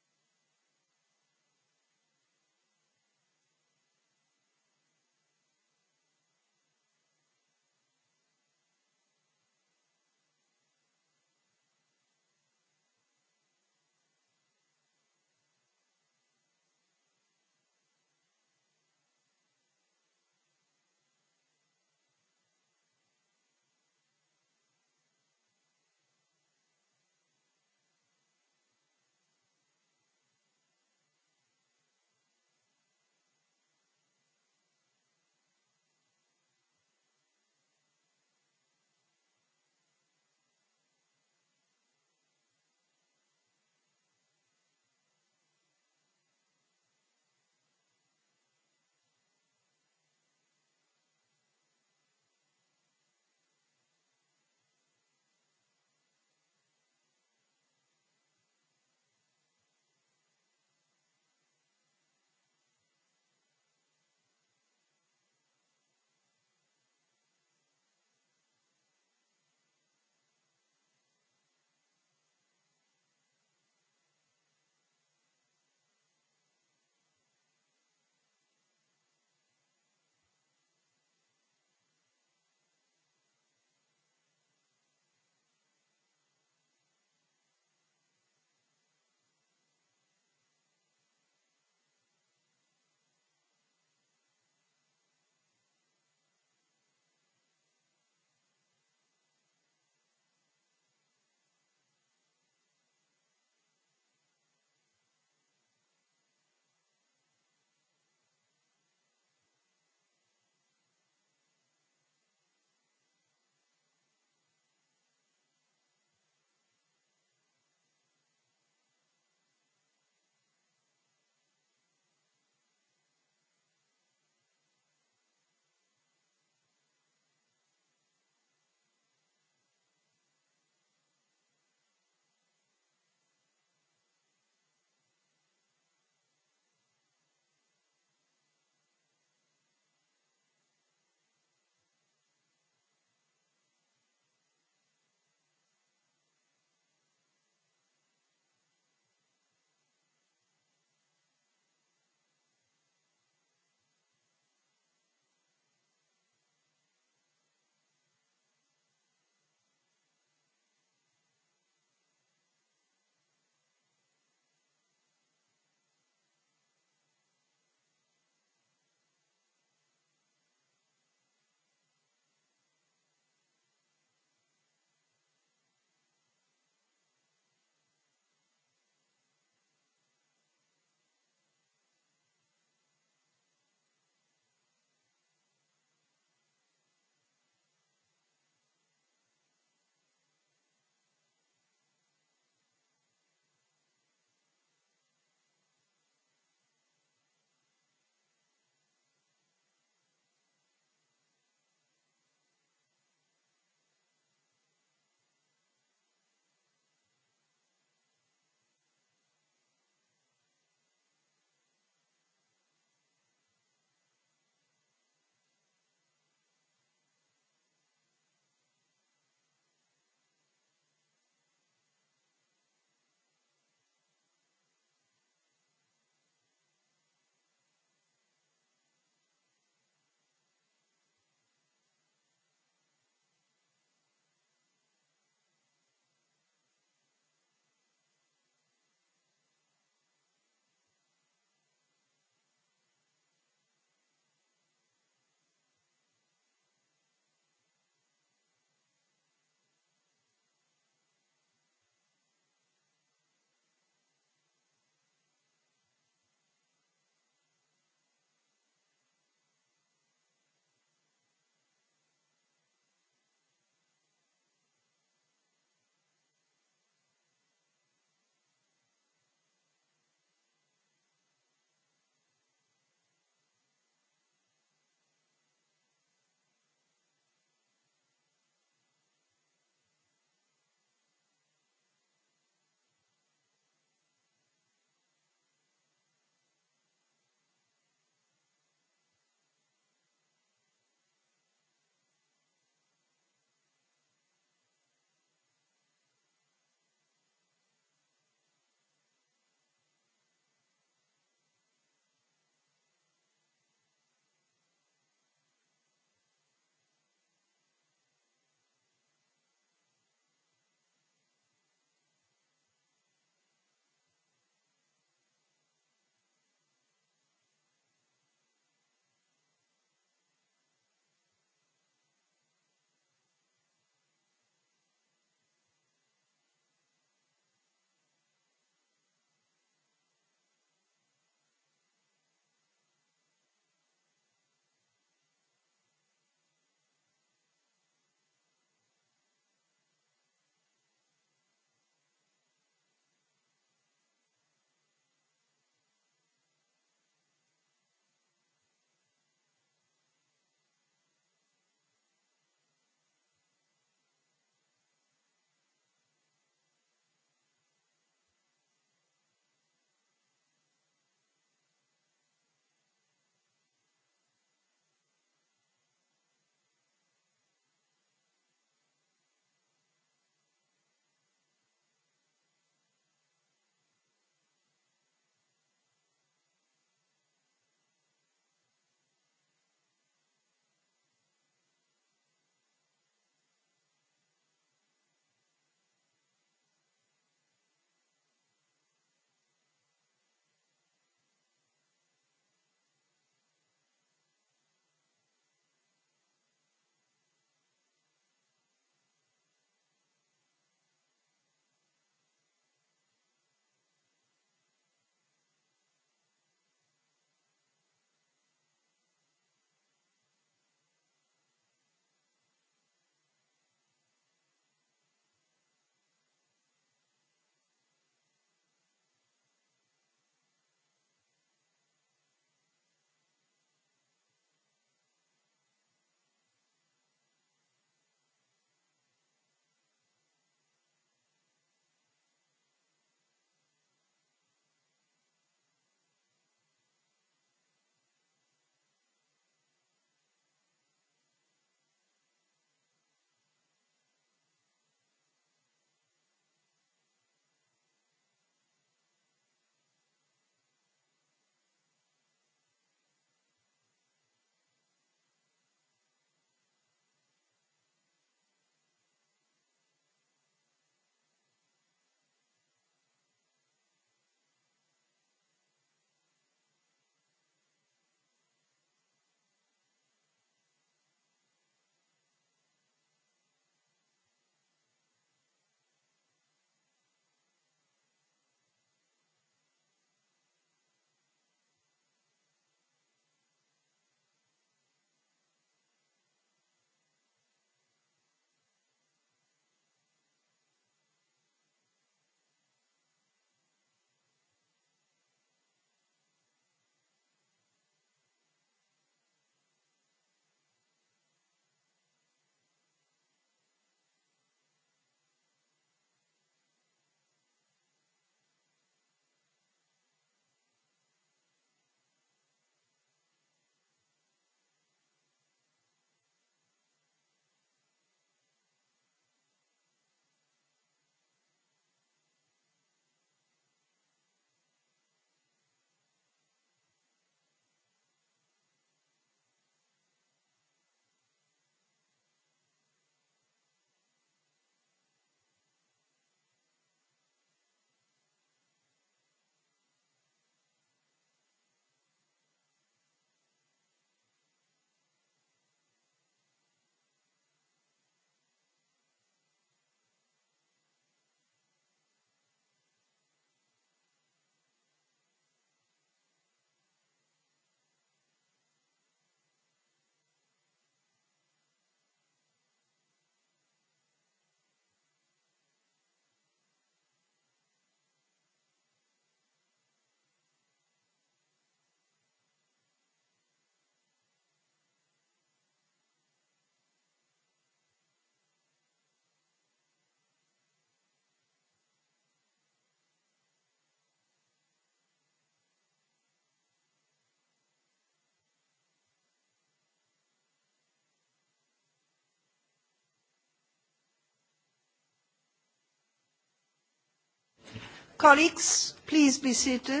Colleagues, uh,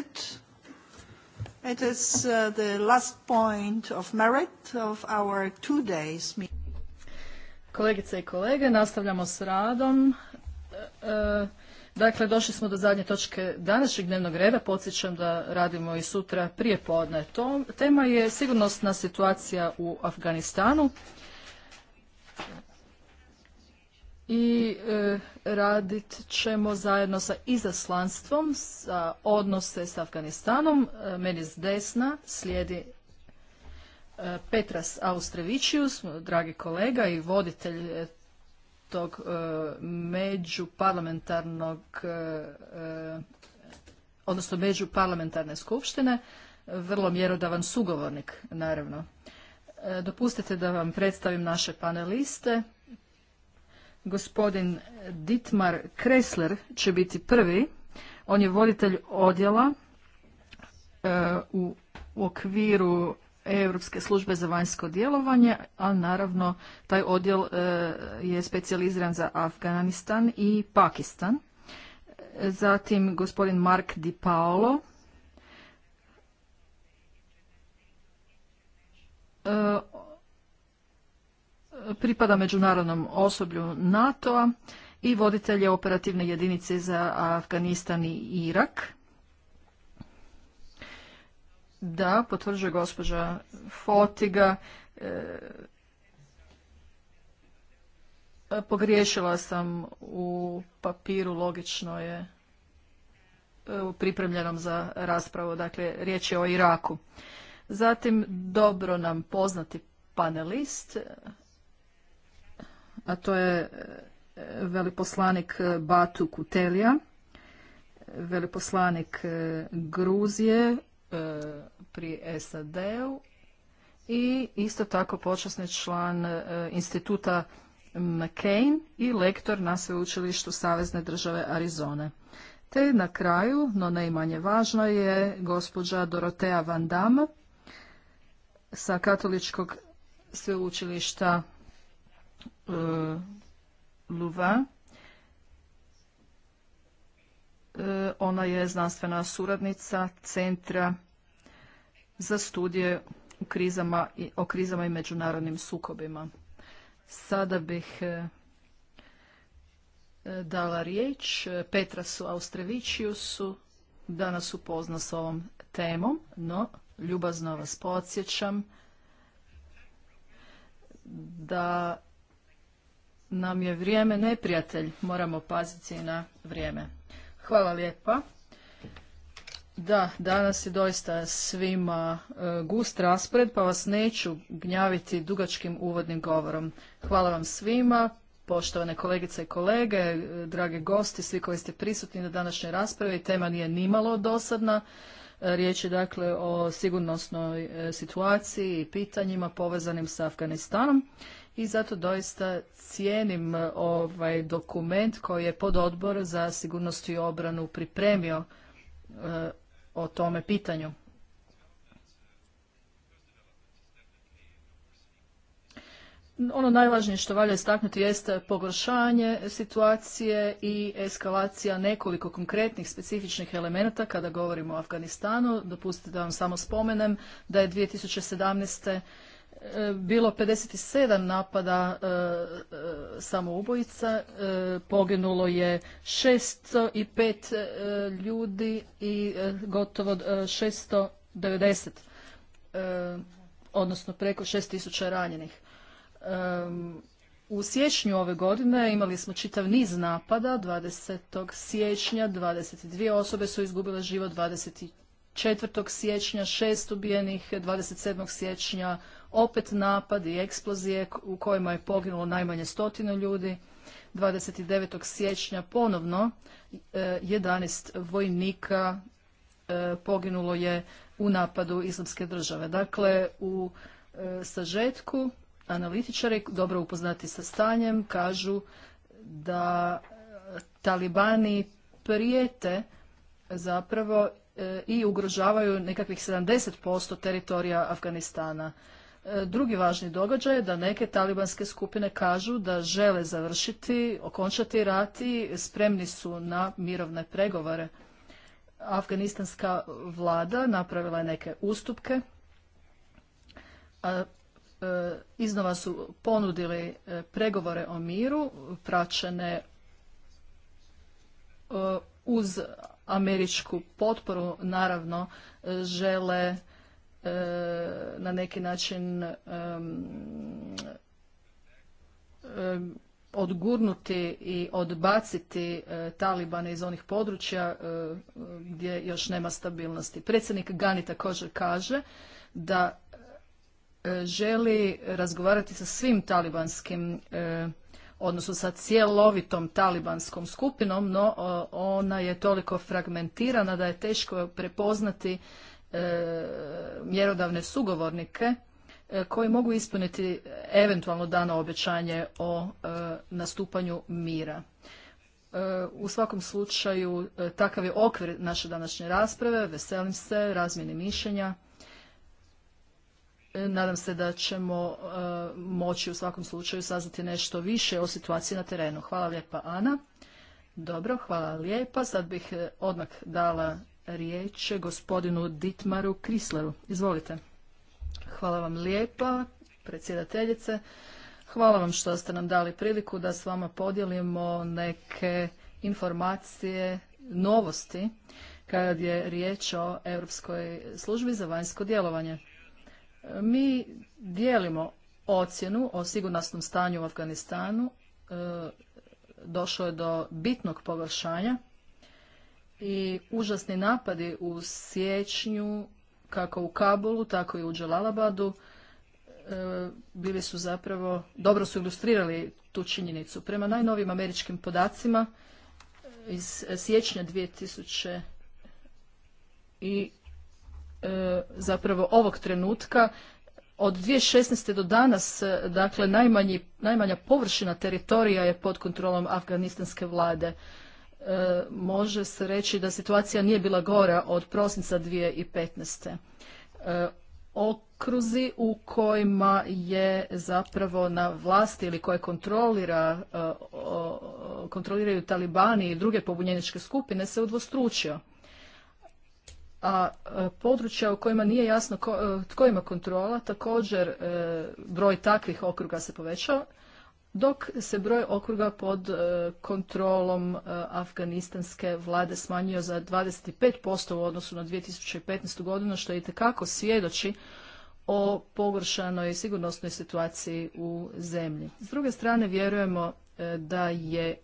point of of Kolegice i kolege, nastavljamo s radom. E, e, dakle, došli smo do zadnje točke današnjeg dnevnog reda. Podsjećam da radimo i sutra prije podne. Tema je sigurnosna situacija u Afganistanu i e, radit ćemo zajedno sa izaslanstvom za odnose s Afganistanom. E, meni s desna slijedi e, Petras Austrevičius, dragi kolega i voditelj tog međuparlamentarnog odnosno međuparlamentarne skupštine, vrlo mjerodavan sugovornik, naravno. Dopustite da vam predstavim naše paneliste. Gospodin Ditmar Kresler će biti prvi. On je voditelj odjela e, u, okviru Europske službe za vanjsko djelovanje, a naravno taj odjel e, je specijaliziran za Afganistan i Pakistan. Zatim gospodin Mark Di Paolo. E, pripada međunarodnom osoblju NATO-a i je operativne jedinice za Afganistan i Irak. Da, potvrđuje gospođa Fotiga. E, pogriješila sam u papiru, logično je e, pripremljenom za raspravu, dakle riječ je o Iraku. Zatim dobro nam poznati panelist a to je e, veliposlanik e, Batu Kutelija, veliposlanik e, Gruzije pri SAD-u i isto tako počasni član instituta McCain i lektor na sveučilištu Savezne države Arizone. Te na kraju, no ne i manje važno, je gospođa Dorotea Van Damme sa katoličkog sveučilišta E, Luva. E, ona je znanstvena suradnica Centra za studije o krizama i međunarodnim sukobima. Sada bih e, dala riječ Petrasu Austrevičiusu da nas upozna s ovom temom, no ljubazno vas podsjećam da nam je vrijeme neprijatelj. Moramo paziti na vrijeme. Hvala lijepa. Da, danas je doista svima e, gust raspored, pa vas neću gnjaviti dugačkim uvodnim govorom. Hvala vam svima, poštovane kolegice i kolege, e, drage gosti, svi koji ste prisutni na današnjoj raspravi. Tema nije nimalo dosadna. E, riječ je dakle o sigurnosnoj situaciji i pitanjima povezanim sa Afganistanom i zato doista cijenim ovaj dokument koji je pod odbor za sigurnost i obranu pripremio e, o tome pitanju. Ono najvažnije što valja istaknuti jeste pogoršanje situacije i eskalacija nekoliko konkretnih specifičnih elemenata kada govorimo o Afganistanu. Dopustite da vam samo spomenem da je 2017 bilo 57 napada e, e, samoubojica, e, poginulo je 605 ljudi i gotovo 690 odnosno preko 6000 ranjenih. U siječnju ove godine imali smo čitav niz napada, 20. siječnja 22 osobe su izgubile život, 24. siječnja 6 ubijenih, 27. siječnja opet napadi i eksplozije u kojima je poginulo najmanje stotinu ljudi. 29. siječnja ponovno 11 e, vojnika e, poginulo je u napadu islamske države. Dakle, u e, sažetku analitičari dobro upoznati sa stanjem kažu da talibani prijete zapravo i ugrožavaju nekakvih 70% teritorija Afganistana. E, drugi važni događaj je da neke talibanske skupine kažu da žele završiti, okončati rat i spremni su na mirovne pregovore. Afganistanska vlada napravila je neke ustupke, e, iznova su ponudili e, pregovore o miru, praćene uz američku potporu, naravno, žele E, na neki način odgurnuti i odbaciti e, Talibane iz onih područja e, gdje još nema stabilnosti. Predsjednik Gani također kaže da želi razgovarati sa svim talibanskim odnosno sa cjelovitom talibanskom skupinom, no ona je toliko fragmentirana da je teško prepoznati E, mjerodavne sugovornike e, koji mogu ispuniti eventualno dano obećanje o e, nastupanju mira. U svakom slučaju, takav je okvir naše današnje rasprave. Veselim se, razmjeni mišljenja. Nadam se da ćemo moći u svakom slučaju saznati nešto više o situaciji na terenu. Hvala lijepa, Ana. Dobro, hvala lijepa. Sad bih odmah dala riječ gospodinu Ditmaru Krisleru. Izvolite. Hvala vam lijepa, predsjedateljice. Hvala vam što ste nam dali priliku da s vama podijelimo neke informacije, novosti kad je riječ o Europskoj službi za vanjsko djelovanje. Mi dijelimo ocjenu o sigurnosnom stanju u Afganistanu. E, došlo je do bitnog pogoršanja i užasni napadi u siječnju kako u Kabulu, tako i u Dželalabadu e, bili su zapravo, dobro su ilustrirali tu činjenicu. Prema najnovim američkim podacima e, iz siječnja 2000 i e, zapravo ovog trenutka od 2016. do danas dakle najmanji, najmanja površina teritorija je pod kontrolom afganistanske vlade. E, može se reći da situacija nije bila gora od prosinca 2015. E, okruzi u kojima je zapravo na vlasti ili koje kontrolira, e, kontroliraju talibani i druge pobunjeničke skupine se udvostručio. A područja u kojima nije jasno tko ima kontrola, također broj takvih okruga se povećao dok se broj okruga pod e, kontrolom e, afganistanske vlade smanjio za 25% u odnosu na 2015. godinu, što i tekako svjedoči o pogoršanoj sigurnosnoj situaciji u zemlji. S druge strane, vjerujemo e, da je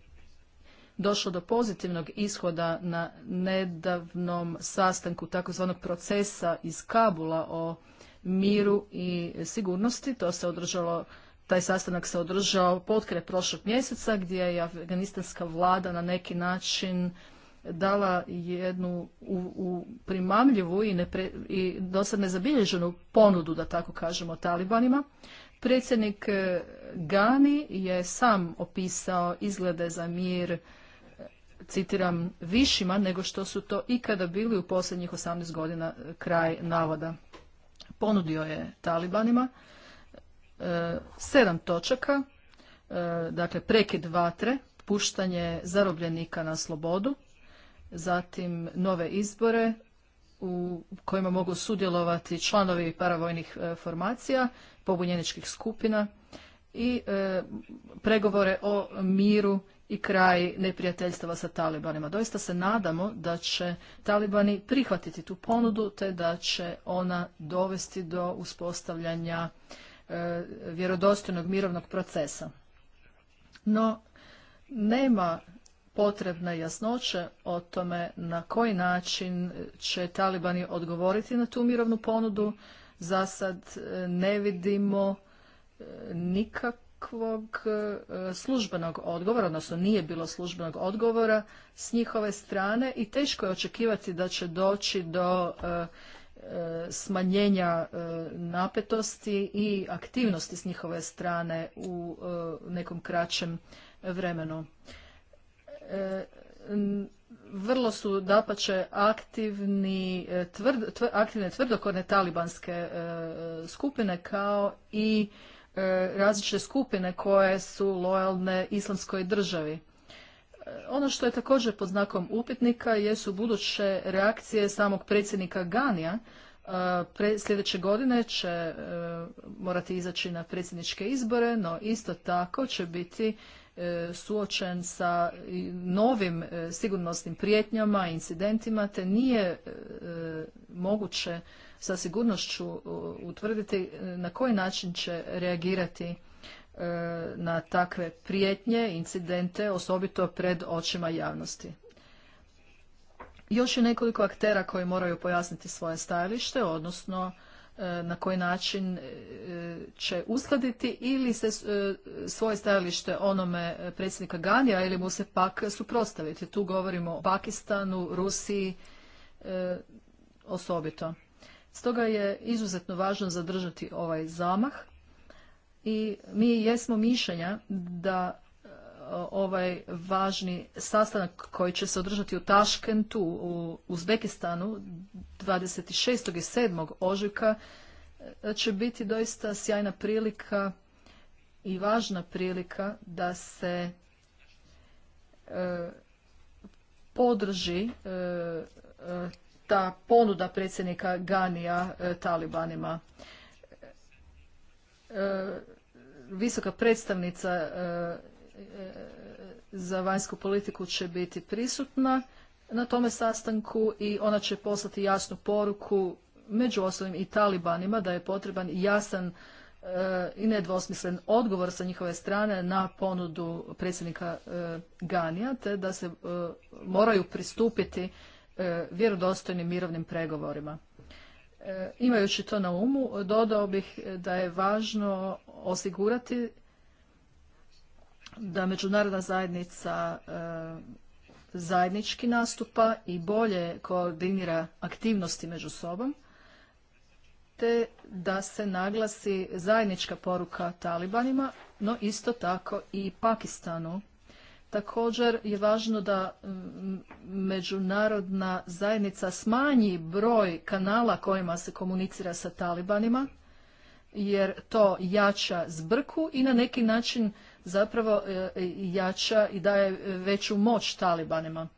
došlo do pozitivnog ishoda na nedavnom sastanku takozvanog procesa iz Kabula o miru i sigurnosti. To se održalo taj sastanak se održao potkraj prošlog mjeseca gdje je afganistanska vlada na neki način dala jednu u, u primamljivu i, i dosad nezabilježenu ponudu, da tako kažemo, talibanima. Predsjednik e, Gani je sam opisao izglede za mir, e, citiram, višima nego što su to ikada bili u posljednjih 18 godina e, kraj navoda. Ponudio je talibanima sedam točaka, e, dakle prekid vatre, puštanje zarobljenika na slobodu, zatim nove izbore u kojima mogu sudjelovati članovi paravojnih e, formacija, pobunjeničkih skupina i e, pregovore o miru i kraj neprijateljstava sa talibanima. Doista se nadamo da će talibani prihvatiti tu ponudu te da će ona dovesti do uspostavljanja E, vjerodostojnog mirovnog procesa. No, nema potrebne jasnoće o tome na koji način će talibani odgovoriti na tu mirovnu ponudu. Za sad e, ne vidimo e, nikakvog službenog odgovora, odnosno nije bilo službenog odgovora s njihove strane i teško je očekivati da će doći do smanjenja e, napetosti i aktivnosti s njihove strane u e, nekom kraćem vremenu. E, vrlo su dapače aktivni, aktivne tvrdokorne talibanske skupine kao i različite skupine koje su lojalne islamskoj državi. Ono što je također pod znakom upitnika jesu buduće reakcije samog predsjednika Ganija. E, pre, sljedeće godine će e, morati izaći na predsjedničke izbore, no isto tako će biti e, suočen sa novim sigurnosnim prijetnjama, incidentima, te nije moguće sa sigurnošću utvrditi na koji način će reagirati E, na takve prijetnje, incidente, osobito pred očima javnosti. Još je nekoliko aktera koji moraju pojasniti svoje stajalište, odnosno e, na koji način e, će uskladiti ili se svoje stajalište onome predsjednika Ganija ili mu se pak suprotstaviti. Tu govorimo o Pakistanu, Rusiji osobito. Stoga je izuzetno važno zadržati ovaj zamah i mi jesmo mišljenja da e, ovaj važni sastanak koji će se održati u Taškentu u Uzbekistanu 26. i 7. ožujka e, će biti doista sjajna prilika i važna prilika da se e, podrži ta ponuda predsjednika Ganija Talibanima visoka predstavnica e, e, za vanjsku politiku će biti prisutna na tome sastanku i ona će poslati jasnu poruku među ostalim i talibanima da je potreban jasan e, i nedvosmislen odgovor sa njihove strane na ponudu predsjednika Ganija, te da se moraju pristupiti vjerodostojnim mirovnim pregovorima. E, imajući to na umu, dodao bih da je važno osigurati da međunarodna zajednica e, zajednički nastupa i bolje koordinira aktivnosti među sobom, te da se naglasi zajednička poruka Talibanima, no isto tako i Pakistanu Također je važno da mm, međunarodna zajednica smanji broj kanala kojima se komunicira sa talibanima, jer to jača zbrku i na neki način zapravo e, jača i daje veću moć talibanima.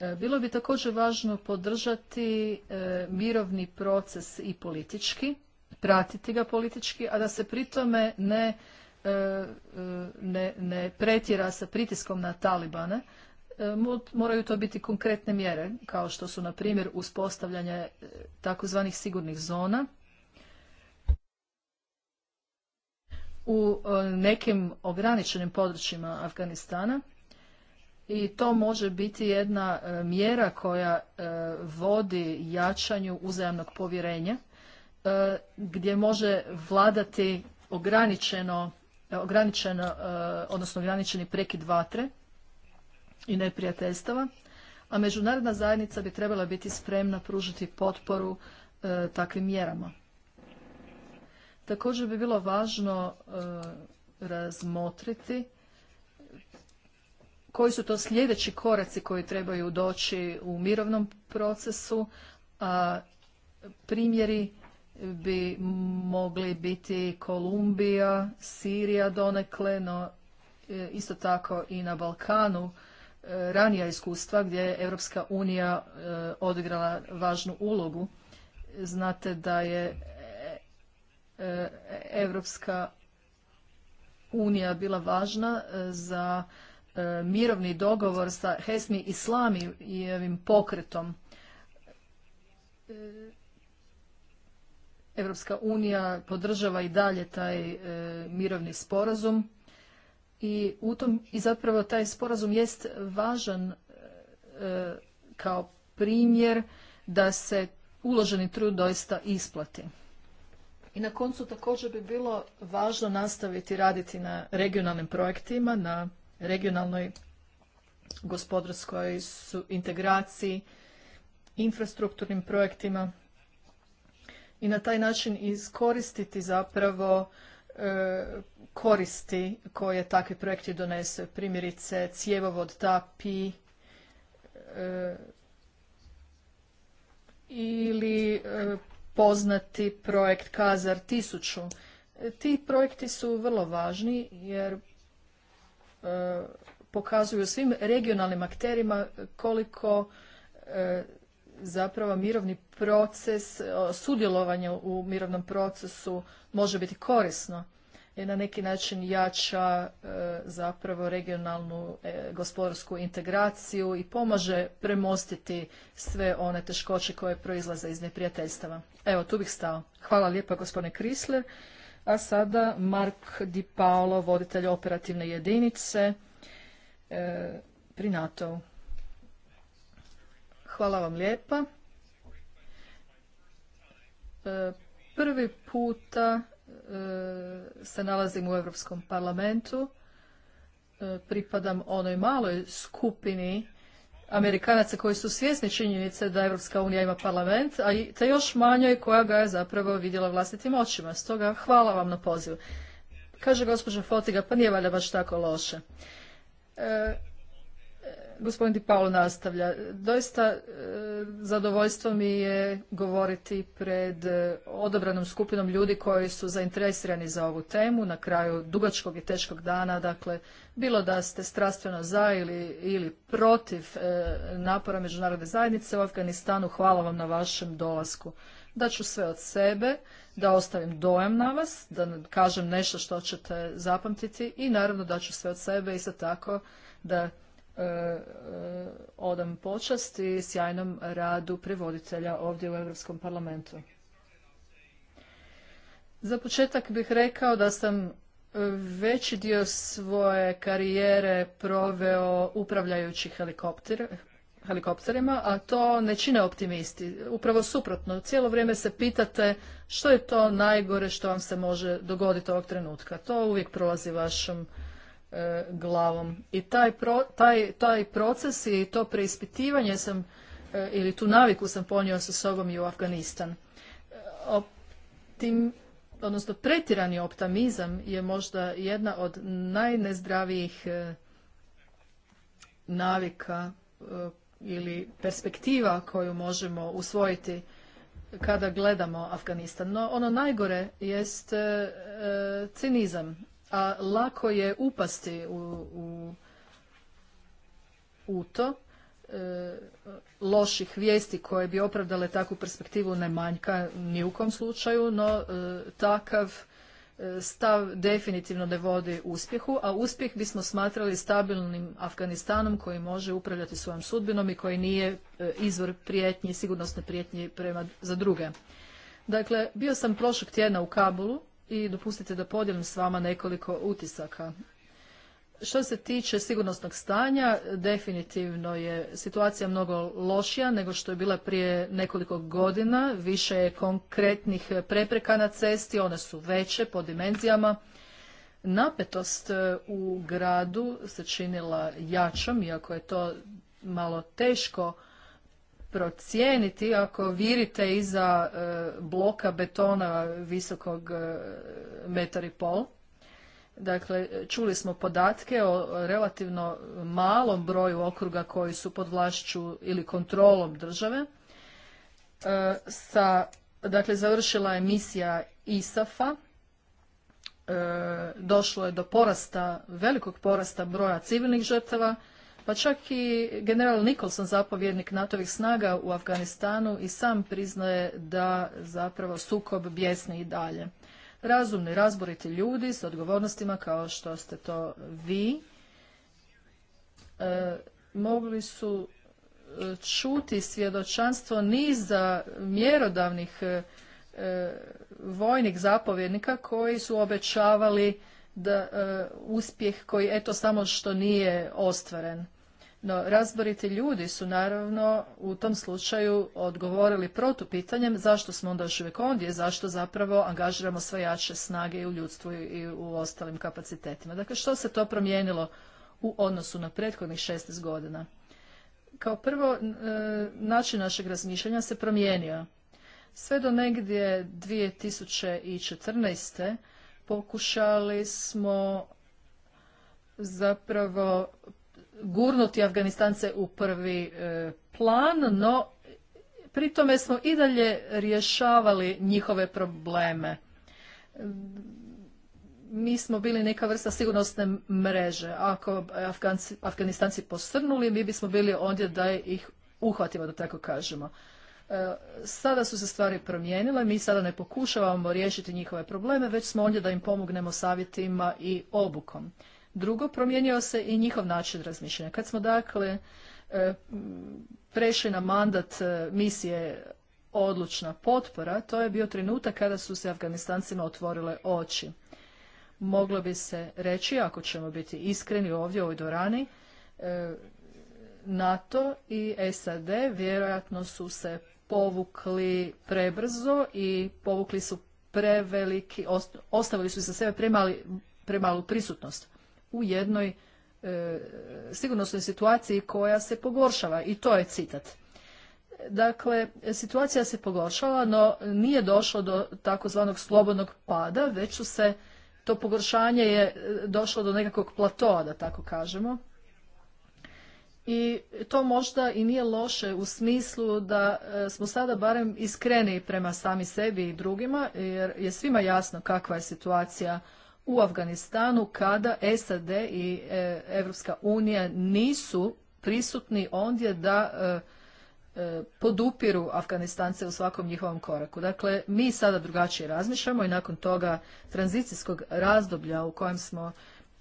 E, bilo bi također važno podržati e, mirovni proces i politički, pratiti ga politički, a da se pri tome ne E, e, ne, ne pretjera sa pritiskom na Talibane, e, moraju to biti konkretne mjere, kao što su, na primjer, uspostavljanje takozvanih sigurnih zona. U nekim ograničenim područjima Afganistana i to može biti jedna mjera koja vodi jačanju uzajamnog povjerenja, gdje može vladati ograničeno ograničena, e, odnosno ograničeni prekid vatre i neprijateljstava, a međunarodna zajednica bi trebala biti spremna pružiti potporu e, takvim mjerama. Također bi bilo važno e, razmotriti koji su to sljedeći koraci koji trebaju doći u mirovnom procesu, a primjeri bi mogli biti Kolumbija, Sirija donekle, no e, isto tako i na Balkanu e, ranija iskustva gdje je Europska unija e, odigrala važnu ulogu. Znate da je Europska unija bila važna za mirovni dogovor sa Hesmi Islami i ovim pokretom Europska unija podržava i dalje taj e, mirovni sporazum i u tom i zapravo taj sporazum jest važan e, kao primjer da se uloženi trud doista isplati. I na koncu također bi bilo važno nastaviti raditi na regionalnim projektima, na regionalnoj gospodarskoj integraciji, infrastrukturnim projektima i na taj način iskoristiti zapravo e, koristi koje takvi projekti donese. Primjerice Cijevovod TAPI e, ili e, poznati projekt Kazar 1000. Ti projekti su vrlo važni jer pokazuju svim regionalnim akterima koliko zapravo mirovni proces, e, sudjelovanje u mirovnom procesu može biti korisno i na neki način jača e, zapravo regionalnu e, gospodarsku integraciju i pomaže premostiti sve one teškoće koje proizlaze iz neprijateljstava. Evo, tu bih stao. Hvala lijepa gospodine Krisler. A sada Mark Di Paolo, voditelj operativne jedinice pri NATO-u. Hvala vam lijepa. E, prvi puta e, se nalazim u Europskom parlamentu. E, pripadam onoj maloj skupini Amerikanaca koji su svjesni činjenice da Evropska unija ima parlament, a te još manjoj koja ga je zapravo vidjela vlastitim očima. Stoga hvala vam na pozivu. Kaže gospođa Fotiga, pa nije valjda baš tako loše. Gospodin Di Paolo nastavlja. Doista e, zadovoljstvo mi je govoriti pred e, odobranom skupinom ljudi koji su zainteresirani za ovu temu na kraju dugačkog i teškog dana. Dakle, bilo da ste strastveno za ili, ili protiv e, napora međunarodne zajednice u Afganistanu, hvala vam na vašem dolasku. Da ću sve od sebe, da ostavim dojam na vas, da kažem nešto što ćete zapamtiti i naravno da ću sve od sebe isto tako da E, e, odam počast i sjajnom radu prevoditelja ovdje u Europskom parlamentu. Za početak bih rekao da sam veći dio svoje karijere proveo upravljajući helikopter, helikopterima, a to ne čine optimisti. Upravo suprotno, cijelo vrijeme se pitate što je to najgore što vam se može dogoditi ovog trenutka. To uvijek prolazi vašom E, glavom. I taj, taj, taj proces i to preispitivanje sam e, ili tu naviku sam ponio sa sobom i u Afganistan. E, Optim, odnosno pretirani optimizam je možda jedna od najnezdravijih navika ili perspektiva koju možemo usvojiti kada gledamo Afganistan. No ono najgore jest cinizam a lako je upasti u, u, u to. E, loših vijesti koje bi opravdale takvu perspektivu ne manjka ni u kom slučaju, no e, takav e, stav definitivno ne vodi uspjehu, a uspjeh bismo smatrali stabilnim Afganistanom koji može upravljati svojom sudbinom i koji nije izvor prijetnji, sigurnosne prijetnji prema za druge. Dakle, bio sam prošlog tjedna u Kabulu i dopustite da podijelim s vama nekoliko utisaka. Što se tiče sigurnosnog stanja, definitivno je situacija mnogo lošija nego što je bila prije nekoliko godina. Više je konkretnih prepreka na cesti, one su veće po dimenzijama. Napetost e, u gradu se činila jačom, iako je to malo teško procijeniti ako virite iza e, bloka betona visokog e, metar i pol. Dakle, čuli smo podatke o relativno malom broju okruga koji su pod vlašću ili kontrolom države. E, sa, dakle, završila je misija isaf Došlo je do porasta, velikog porasta broja civilnih žrtava, pa čak i general Nikolson, zapovjednik nato snaga u Afganistanu, i sam priznaje da zapravo sukob bjesni i dalje. Razumni, razboriti ljudi s odgovornostima kao što ste to vi, e, mogli su e, čuti svjedočanstvo niza mjerodavnih e, vojnih zapovjednika koji su obećavali da e, uspjeh koji eto samo što nije ostvaren. No, razboriti ljudi su naravno u tom slučaju odgovorili pitanjem zašto smo onda još uvijek ovdje, zašto zapravo angažiramo sve jače snage i u ljudstvu i u ostalim kapacitetima. Dakle, što se to promijenilo u odnosu na prethodnih 16 godina? Kao prvo, e, način našeg razmišljanja se promijenio. Sve do negdje 2014 Pokušali smo zapravo gurnuti Afganistance u prvi e, plan, no pri tome smo i dalje rješavali njihove probleme. Mi smo bili neka vrsta sigurnosne mreže. Ako Afganistanci posrnuli, mi bismo bili ondje da ih uhvatimo, da tako kažemo. E, sada su se stvari promijenile, mi sada ne pokušavamo riješiti njihove probleme, već smo ovdje da im pomognemo savjetima i obukom. Drugo, promijenio se i njihov način razmišljanja. Kad smo dakle e, prešli na mandat e, misije odlučna potpora, to je bio trenutak kada su se Afganistancima otvorile oči. Moglo bi se reći, ako ćemo biti iskreni ovdje u ovoj dorani, NATO i SAD vjerojatno su se povukli prebrzo i povukli su preveliki, ostavili su za sebe premali, premalu prisutnost u jednoj e, sigurnosnoj situaciji koja se pogoršava i to je citat. Dakle, situacija se pogoršala, no nije došlo do takozvanog slobodnog pada, već su se, to pogoršanje je e, došlo do nekakvog platoa, da tako kažemo, i to možda i nije loše u smislu da e, smo sada barem iskreni prema sami sebi i drugima, jer je svima jasno kakva je situacija u Afganistanu kada SAD i europska unija nisu prisutni ondje da e, e, podupiru Afganistance u svakom njihovom koraku. Dakle, mi sada drugačije razmišljamo i nakon toga tranzicijskog razdoblja u kojem smo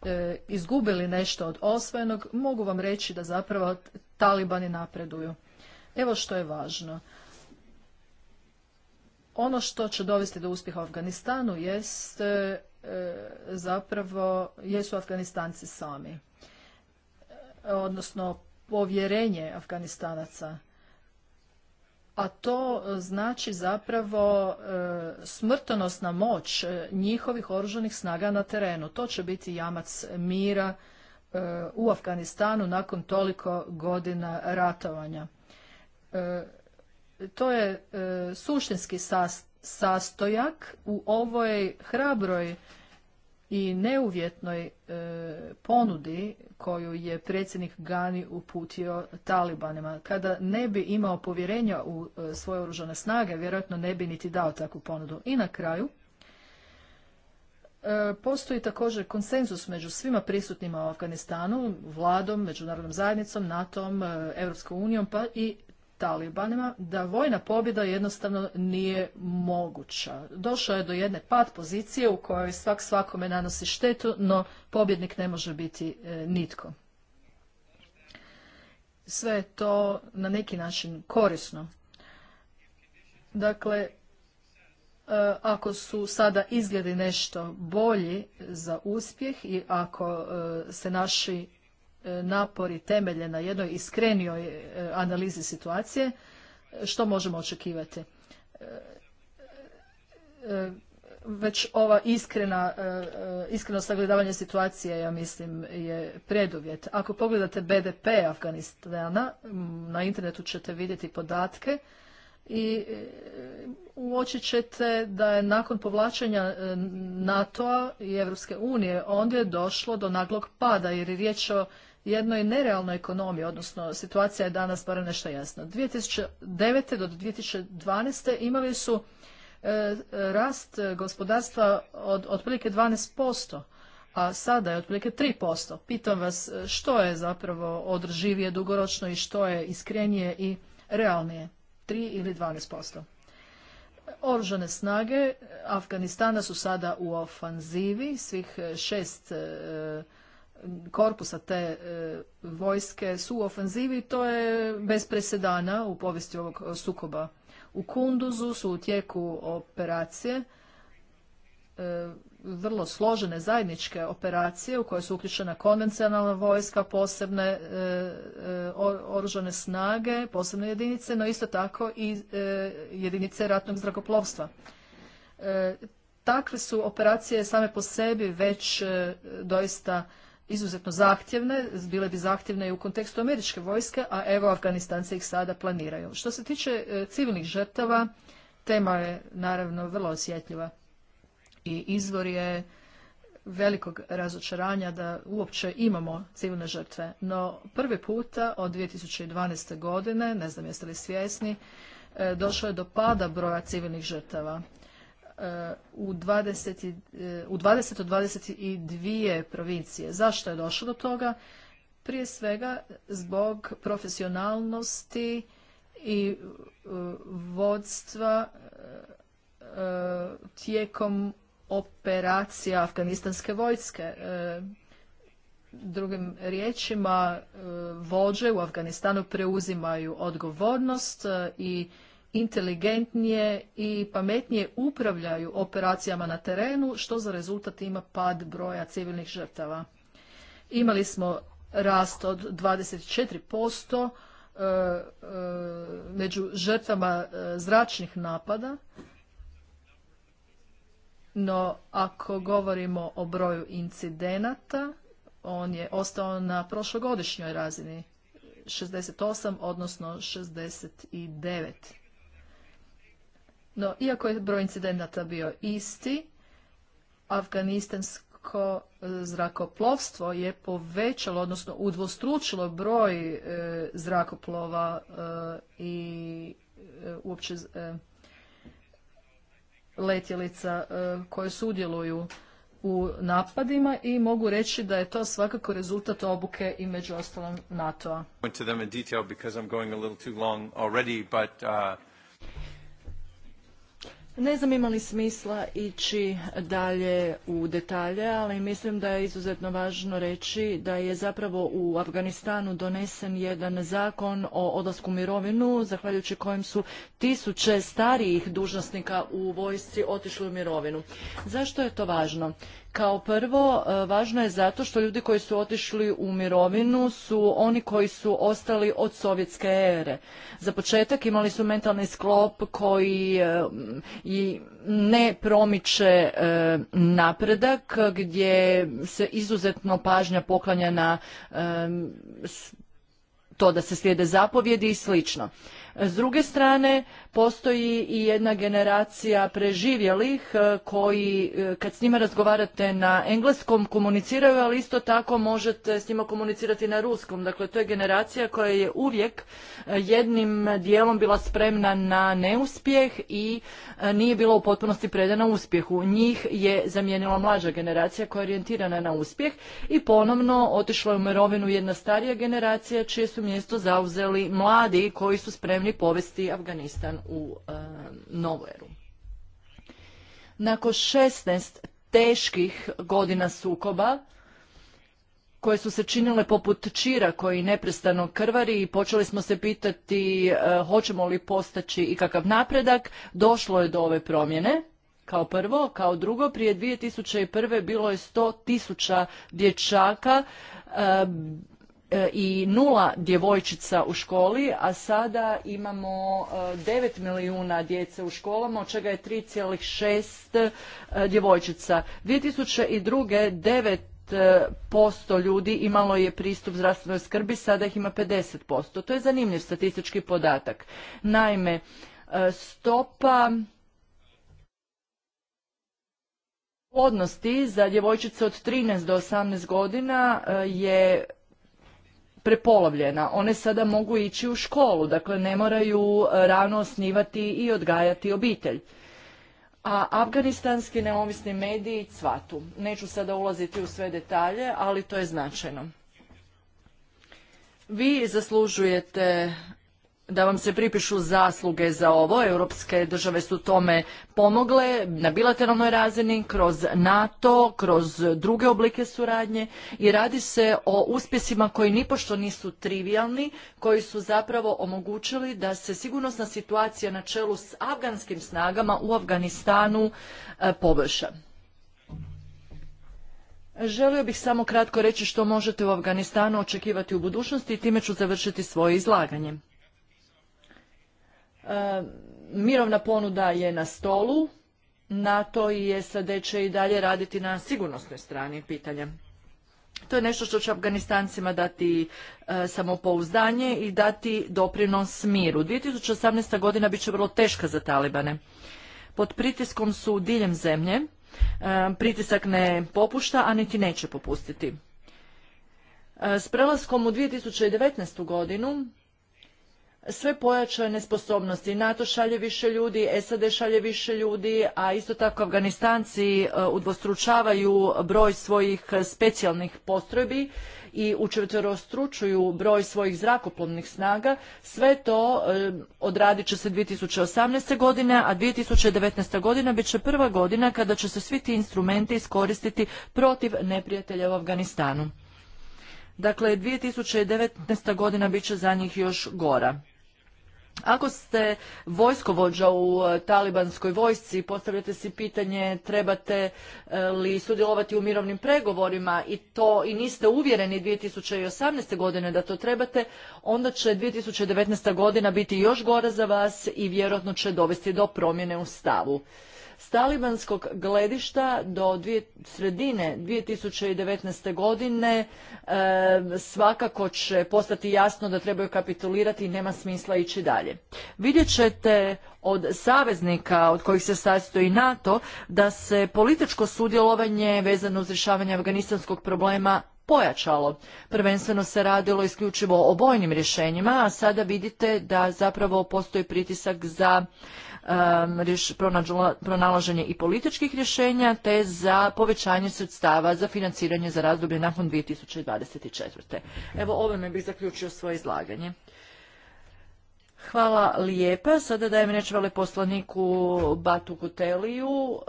E, izgubili nešto od osvojenog, mogu vam reći da zapravo talibani napreduju. Evo što je važno. Ono što će dovesti do uspjeha u Afganistanu jest e, e, zapravo jesu Afganistanci sami, odnosno povjerenje Afganistanaca a to e, znači zapravo e, smrtonosna moć e, njihovih oružanih snaga na terenu. To će biti jamac mira u Afganistanu nakon toliko godina ratovanja. to je suštinski sastojak u ovoj hrabroj i neuvjetnoj e, ponudi koju je predsjednik Gani uputio Talibanima. Kada ne bi imao povjerenja u e, svoje oružane snage, vjerojatno ne bi niti dao takvu ponudu. I na kraju, e, postoji također konsenzus među svima prisutnima u Afganistanu, vladom, međunarodnom zajednicom, NATO-om, Europskom unijom pa i talibanima da vojna pobjeda jednostavno nije moguća. Došao je do jedne pat pozicije u kojoj svak svakome nanosi štetu, no pobjednik ne može biti e, nitko. Sve je to na neki način korisno. Dakle, e, ako su sada izgledi nešto bolji za uspjeh i ako e, se naši napori temelje na jednoj iskrenijoj e, analizi situacije, e, što možemo očekivati? E, već ova iskrena, iskreno sagledavanje situacije, ja mislim, je preduvjet. Ako pogledate BDP Afganistana, na internetu ćete vidjeti podatke i uočit ćete da je nakon povlačenja NATO-a i Europske unije ondje došlo do naglog pada jer je riječ o jednoj nerealnoj ekonomiji, odnosno situacija je danas barem nešto jasna. 2009. do 2012. imali su e, rast gospodarstva od otprilike 12%, a sada je otprilike 3%. Pitam vas što je zapravo održivije dugoročno i što je iskrenije i realnije, 3 ili 12%. Oružane snage Afganistana su sada u ofanzivi svih šest e, korpusa te e, vojske su u ofenzivi, to je bez presedana u povijesti ovog sukoba. U Kunduzu su u tijeku operacije, e, vrlo složene zajedničke operacije u koje su uključena konvencionalna vojska, posebne e, oružane snage, posebne jedinice, no isto tako i jedinice ratnog zrakoplovstva. takve su operacije same po sebi već doista izuzetno zahtjevne, bile bi zahtjevne i u kontekstu američke vojske, a evo Afganistanci ih sada planiraju. Što se tiče e, civilnih žrtava, tema je naravno vrlo osjetljiva i izvor je velikog razočaranja da uopće imamo civilne žrtve. No prvi puta od 2012. godine, ne znam jeste li svjesni, e, došlo je do pada broja civilnih žrtava u 20 od 22 provincije. Zašto je došlo do toga? Prije svega zbog profesionalnosti i e, vodstva e, tijekom operacija afganistanske vojske. E, drugim riječima, vođe u Afganistanu preuzimaju odgovornost i inteligentnije i pametnije upravljaju operacijama na terenu, što za rezultat ima pad broja civilnih žrtava. Imali smo rast od 24% e, e, među žrtvama e, zračnih napada, no ako govorimo o broju incidenata, on je ostao na prošlogodišnjoj razini 68, odnosno 69. No, iako je broj incidenata bio isti, afganistansko e, zrakoplovstvo je povećalo, odnosno udvostručilo broj e, zrakoplova e, i uopće letjelica koje sudjeluju u napadima i mogu reći da je to svakako rezultat obuke i među ostalom NATO-a. Ne znam ima li smisla ići dalje u detalje, ali mislim da je izuzetno važno reći da je zapravo u Afganistanu donesen jedan zakon o odlasku mirovinu, zahvaljujući kojem su tisuće starijih dužnosnika u vojsci otišli u mirovinu. Zašto je to važno? Kao prvo, e, važno je zato što ljudi koji su otišli u mirovinu su oni koji su ostali od sovjetske ere. Za početak imali su mentalni sklop koji e, ne promiče e, napredak, gdje se izuzetno pažnja poklanja na to da se slijede zapovjedi i slično. S druge strane, postoji i jedna generacija preživjelih e, koji, e, kad s njima razgovarate na engleskom, komuniciraju, ali isto tako možete s njima komunicirati na ruskom. Dakle, to je generacija koja je uvijek e, jednim dijelom bila spremna na neuspjeh i nije bila u potpunosti predana uspjehu. Njih je zamijenila mlađa generacija koja je orijentirana na uspjeh i ponovno otišla je u mirovinu jedna starija generacija čije su mjesto zauzeli mladi koji su spremni spremni povesti Afganistan u e, eru. Nakon 16 teških godina sukoba, koje su se činile poput čira koji neprestano krvari i počeli smo se pitati e, hoćemo li postaći kakav napredak, došlo je do ove promjene. Kao prvo, kao drugo, prije 2001. bilo je sto tisuća dječaka e, E, i nula djevojčica u školi, a sada imamo 9 e, milijuna djece u školama, od čega je 3,6 e, djevojčica. 2002. 9% ljudi imalo je pristup zdravstvenoj skrbi, sada ih ima 50%. To je zanimljiv statistički podatak. Naime, stopa odnosti za djevojčice od 13 do 18 godina je prepolovljena. One sada mogu ići u školu, dakle ne moraju e, rano osnivati i odgajati obitelj. A afganistanski neovisni mediji cvatu. Neću sada ulaziti u sve detalje, ali to je značajno. Vi zaslužujete da vam se pripišu zasluge za ovo. Europske države su tome pomogle na bilateralnoj razini, kroz NATO, kroz druge oblike suradnje i radi se o uspjesima koji nipošto nisu trivialni, koji su zapravo omogućili da se sigurnosna situacija na čelu s afganskim snagama u Afganistanu e, poboljša. Želio bih samo kratko reći što možete u Afganistanu očekivati u budućnosti i time ću završiti svoje izlaganje mirovna ponuda je na stolu, NATO i SAD će i dalje raditi na sigurnosnoj strani pitanja. To je nešto što će Afganistancima dati e, samopouzdanje i dati doprinos miru. 2018. godina biće vrlo teška za Talibane. Pod pritiskom su diljem zemlje, pritisak ne popušta, a niti neće popustiti. E, s prelaskom u 2019. godinu sve pojačane nesposobnosti. NATO šalje više ljudi, SAD šalje više ljudi, a isto tako Afganistanci e, udvostručavaju broj svojih specijalnih postrojbi i učetverostručuju broj svojih zrakoplovnih snaga. Sve to e, odradit će se 2018. godine, a 2019. godina bit će prva godina kada će se svi ti instrumenti iskoristiti protiv neprijatelja u Afganistanu. Dakle, 2019. godina bit će za njih još gora. Ako ste vojskovođa u e, talibanskoj vojsci, postavljate si pitanje trebate e, li sudjelovati u mirovnim pregovorima i to i niste uvjereni 2018. godine da to trebate, onda će 2019. godina biti još gora za vas i vjerojatno će dovesti do promjene u stavu. S talibanskog gledišta do dvije, sredine 2019. godine e, svakako će postati jasno da trebaju kapitulirati i nema smisla ići dalje. Vidjet ćete od saveznika od kojih se sastoji NATO da se političko sudjelovanje vezano uz rješavanje afganistanskog problema pojačalo. Prvenstveno se radilo isključivo o bojnim rješenjima, a sada vidite da zapravo postoji pritisak za Um, pronalaženje i političkih rješenja te za povećanje sredstava za financiranje za razdoblje nakon 2024. Evo ovime bih zaključio svoje izlaganje. Hvala lijepa. Sada dajem reč veleposlaniku Batu Kuteliju, uh,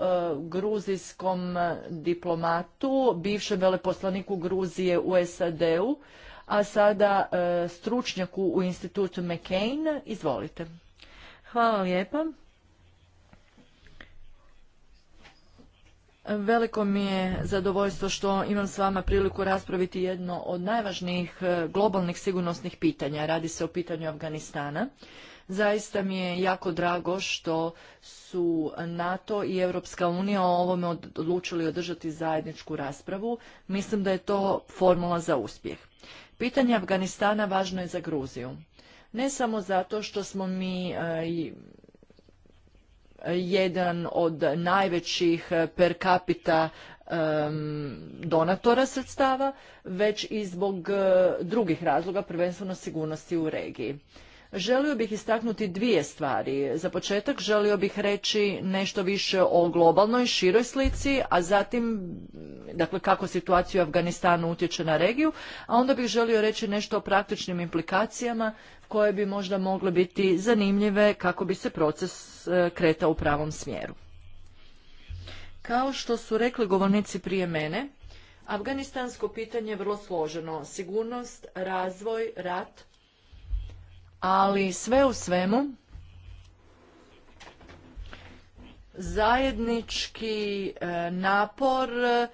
gruzijskom diplomatu, bivšem veleposlaniku Gruzije u SAD-u, a sada uh, stručnjaku u institutu McCain. Izvolite. Hvala lijepa. Veliko mi je zadovoljstvo što imam s vama priliku raspraviti jedno od najvažnijih e, globalnih sigurnosnih pitanja. Radi se o pitanju Afganistana. Zaista mi je jako drago što su NATO i Europska unija o ovome odlučili održati zajedničku raspravu. Mislim da je to formula za uspjeh. Pitanje Afganistana važno je za Gruziju. Ne samo zato što smo mi e, jedan od najvećih per capita donatora sredstava, već i zbog eh, drugih razloga, prvenstveno sigurnosti u regiji. Želio bih istaknuti dvije stvari. Za početak želio bih reći nešto više o globalnoj, široj slici, a zatim dakle, kako situacija u Afganistanu utječe na regiju, a onda bih želio reći nešto o praktičnim implikacijama koje bi možda mogle biti zanimljive kako bi se proces e, kretao u pravom smjeru. Kao što su rekli govornici prije mene, afganistansko pitanje je vrlo složeno. Sigurnost, razvoj, rat, ali sve u svemu zajednički e, napor e,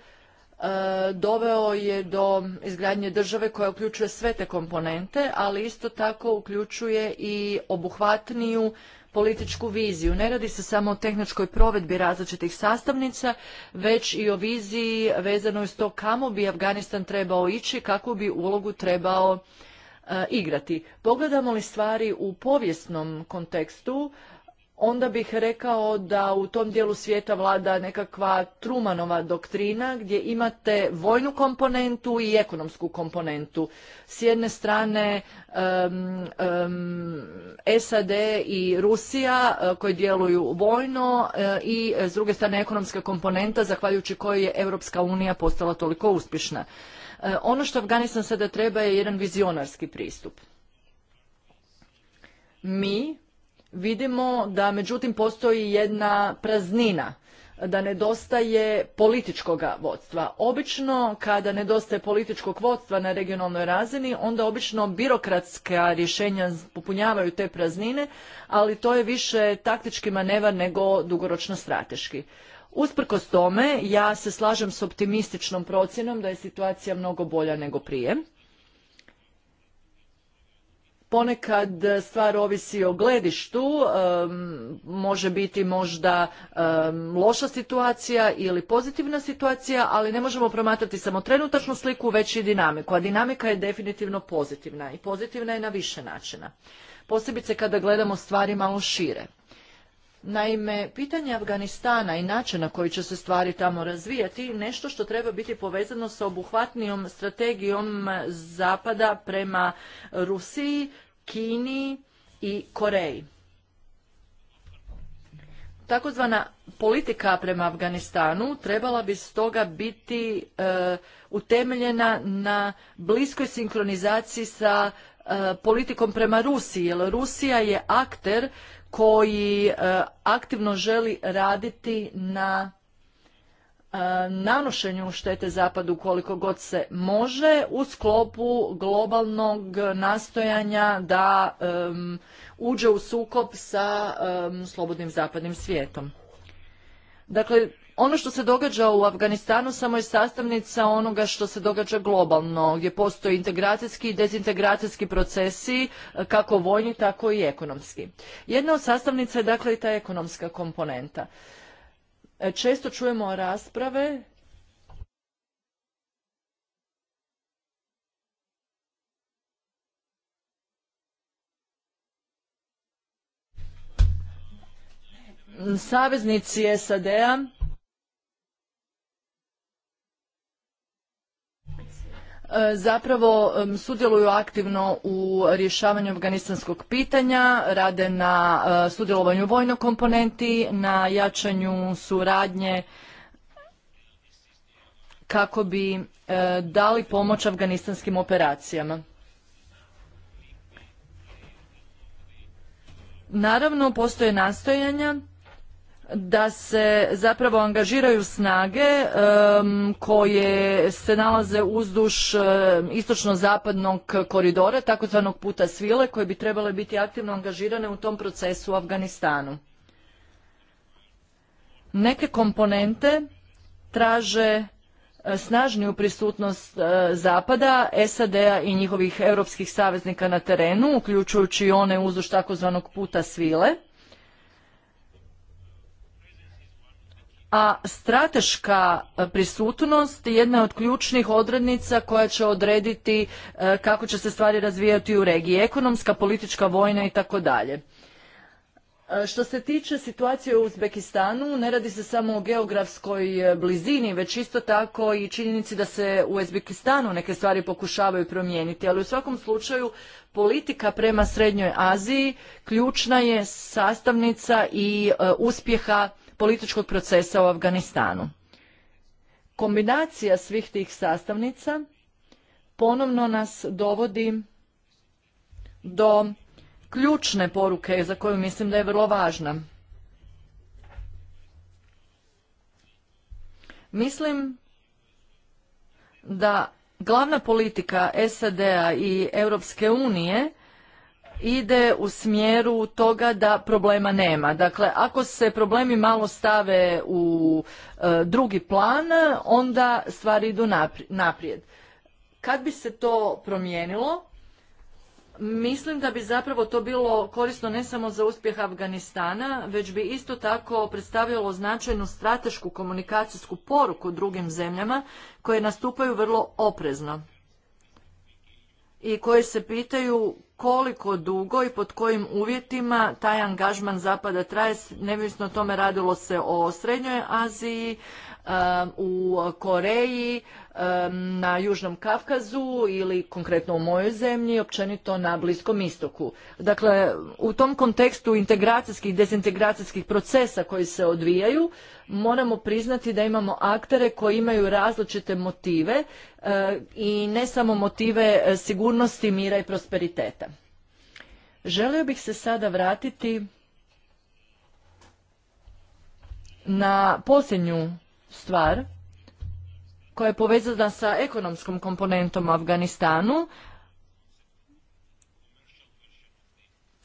doveo je do izgradnje države koja uključuje sve te komponente, ali isto tako uključuje i obuhvatniju političku viziju. Ne radi se samo o tehničkoj provedbi različitih sastavnica, već i o viziji vezanoj s to kamo bi Afganistan trebao ići, kakvu bi ulogu trebao E, igrati. Pogledamo li stvari u povijesnom kontekstu, onda bih rekao da u tom dijelu svijeta vlada nekakva Trumanova doktrina gdje imate vojnu komponentu i ekonomsku komponentu. S jedne strane SAD i Rusija e, koji djeluju vojno e, i s druge strane ekonomska komponenta zahvaljujući kojoj je Europska unija postala toliko uspješna. E, ono što Afganistan sada treba je jedan vizionarski pristup. Mi vidimo da međutim postoji jedna praznina da nedostaje političkog vodstva. Obično kada nedostaje političkog vodstva na regionalnoj razini, onda obično birokratska rješenja popunjavaju te praznine, ali to je više taktički manevar nego dugoročno strateški. Usprkos tome, ja se slažem s optimističnom procjenom da je situacija mnogo bolja nego prije. Ponekad stvar ovisi o gledištu, može biti možda loša situacija ili pozitivna situacija, ali ne možemo promatrati samo trenutačnu sliku, već i dinamiku. A dinamika je definitivno pozitivna i pozitivna je na više načina. Posebice kada gledamo stvari malo šire. Naime, pitanje Afganistana i načina na koji će se stvari tamo razvijati nešto što treba biti povezano sa obuhvatnijom strategijom Zapada prema Rusiji, Kini i Koreji. Takozvana politika prema Afganistanu trebala bi stoga biti e, utemeljena na bliskoj sinkronizaciji sa e, politikom prema Rusiji, jer Rusija je akter koji e, aktivno želi raditi na e, nanošenju štete zapadu koliko god se može u sklopu globalnog nastojanja da uđe u sukob sa slobodnim zapadnim svijetom. Dakle, ono što se događa u Afganistanu samo je sastavnica onoga što se događa globalno, gdje postoje integracijski i dezintegracijski procesi, e, kako vojni, tako i ekonomski. Jedna od sastavnica je dakle i ta ekonomska komponenta. E, često čujemo rasprave saveznici SAD-a E, zapravo sudjeluju aktivno u rješavanju afganistanskog pitanja, rade na e, sudjelovanju vojnoj komponenti, na jačanju suradnje kako bi e, dali pomoć afganistanskim operacijama. Naravno, postoje nastojanja da se zapravo angažiraju snage koje se nalaze uzduž istočno-zapadnog koridora, takozvanog puta svile, koje bi trebale biti aktivno angažirane u tom procesu u Afganistanu. Neke komponente traže e, snažniju prisutnost e, Zapada, SAD-a i njihovih europskih saveznika na terenu, uključujući one uzduž takozvanog puta svile – a strateška e, prisutnost je jedna od ključnih odrednica koja će odrediti e, kako će se stvari razvijati u regiji, ekonomska, politička, vojna i tako dalje. E, što se tiče situacije u Uzbekistanu, ne radi se samo o geografskoj blizini, već isto tako i činjenici da se u Uzbekistanu neke stvari pokušavaju promijeniti, ali u svakom slučaju politika prema Srednjoj Aziji ključna je sastavnica i uspjeha političkog procesa u Afganistanu. Kombinacija svih tih sastavnica ponovno nas dovodi do ključne poruke za koju mislim da je vrlo važna. Mislim da glavna politika SAD-a i Europske unije ide u smjeru toga da problema nema. Dakle, ako se problemi malo stave u e, drugi plan, onda stvari idu naprijed. Kad bi se to promijenilo, mislim da bi zapravo to bilo korisno ne samo za uspjeh Afganistana, već bi isto tako predstavljalo značajnu stratešku komunikacijsku poruku drugim zemljama koje nastupaju vrlo oprezno i koje se pitaju koliko dugo i pod kojim uvjetima taj angažman zapada traje, nevisno o tome radilo se o Srednjoj Aziji, um, u Koreji, na Južnom Kafkazu ili konkretno u mojoj zemlji, općenito na Bliskom istoku. Dakle, u tom kontekstu integracijskih i dezintegracijskih procesa koji se odvijaju, moramo priznati da imamo aktere koji imaju različite motive eh, i ne samo motive eh, sigurnosti, mira i prosperiteta. Želio bih se sada vratiti na posljednju stvar koja je povezana sa ekonomskom komponentom u Afganistanu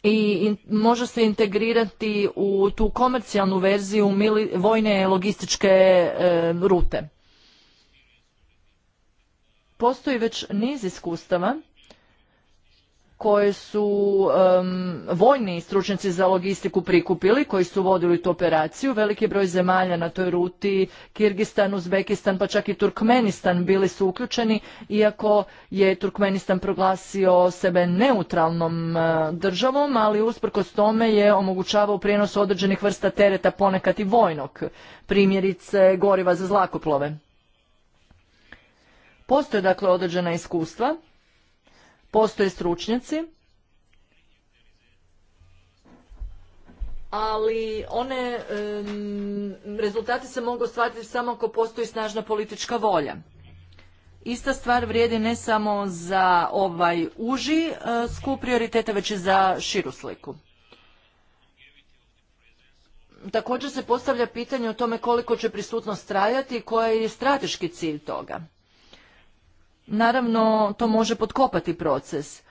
i može se integrirati u tu komercijalnu verziju vojne logističke e, rute. Postoji već niz iskustava koje su vojni stručnjaci za logistiku prikupili, koji su vodili tu operaciju. Veliki broj zemalja na toj ruti, Kirgistan, Uzbekistan, pa čak i Turkmenistan bili su uključeni, iako je Turkmenistan proglasio sebe neutralnom eh, državom, ali usprkos tome je omogućavao prijenos određenih vrsta tereta, ponekad i vojnog, primjerice goriva za zlakoplove. Postoje dakle određena iskustva Postoje stručnjaci, ali one rezultati se mogu ostvariti samo ako postoji snažna politička volja. Ista stvar vrijedi ne samo za ovaj uži eh, skup prioriteta, već i za širu sliku. Također se postavlja pitanje o tome koliko će prisutnost trajati i koji je strateški cilj toga naravno to može potkopati proces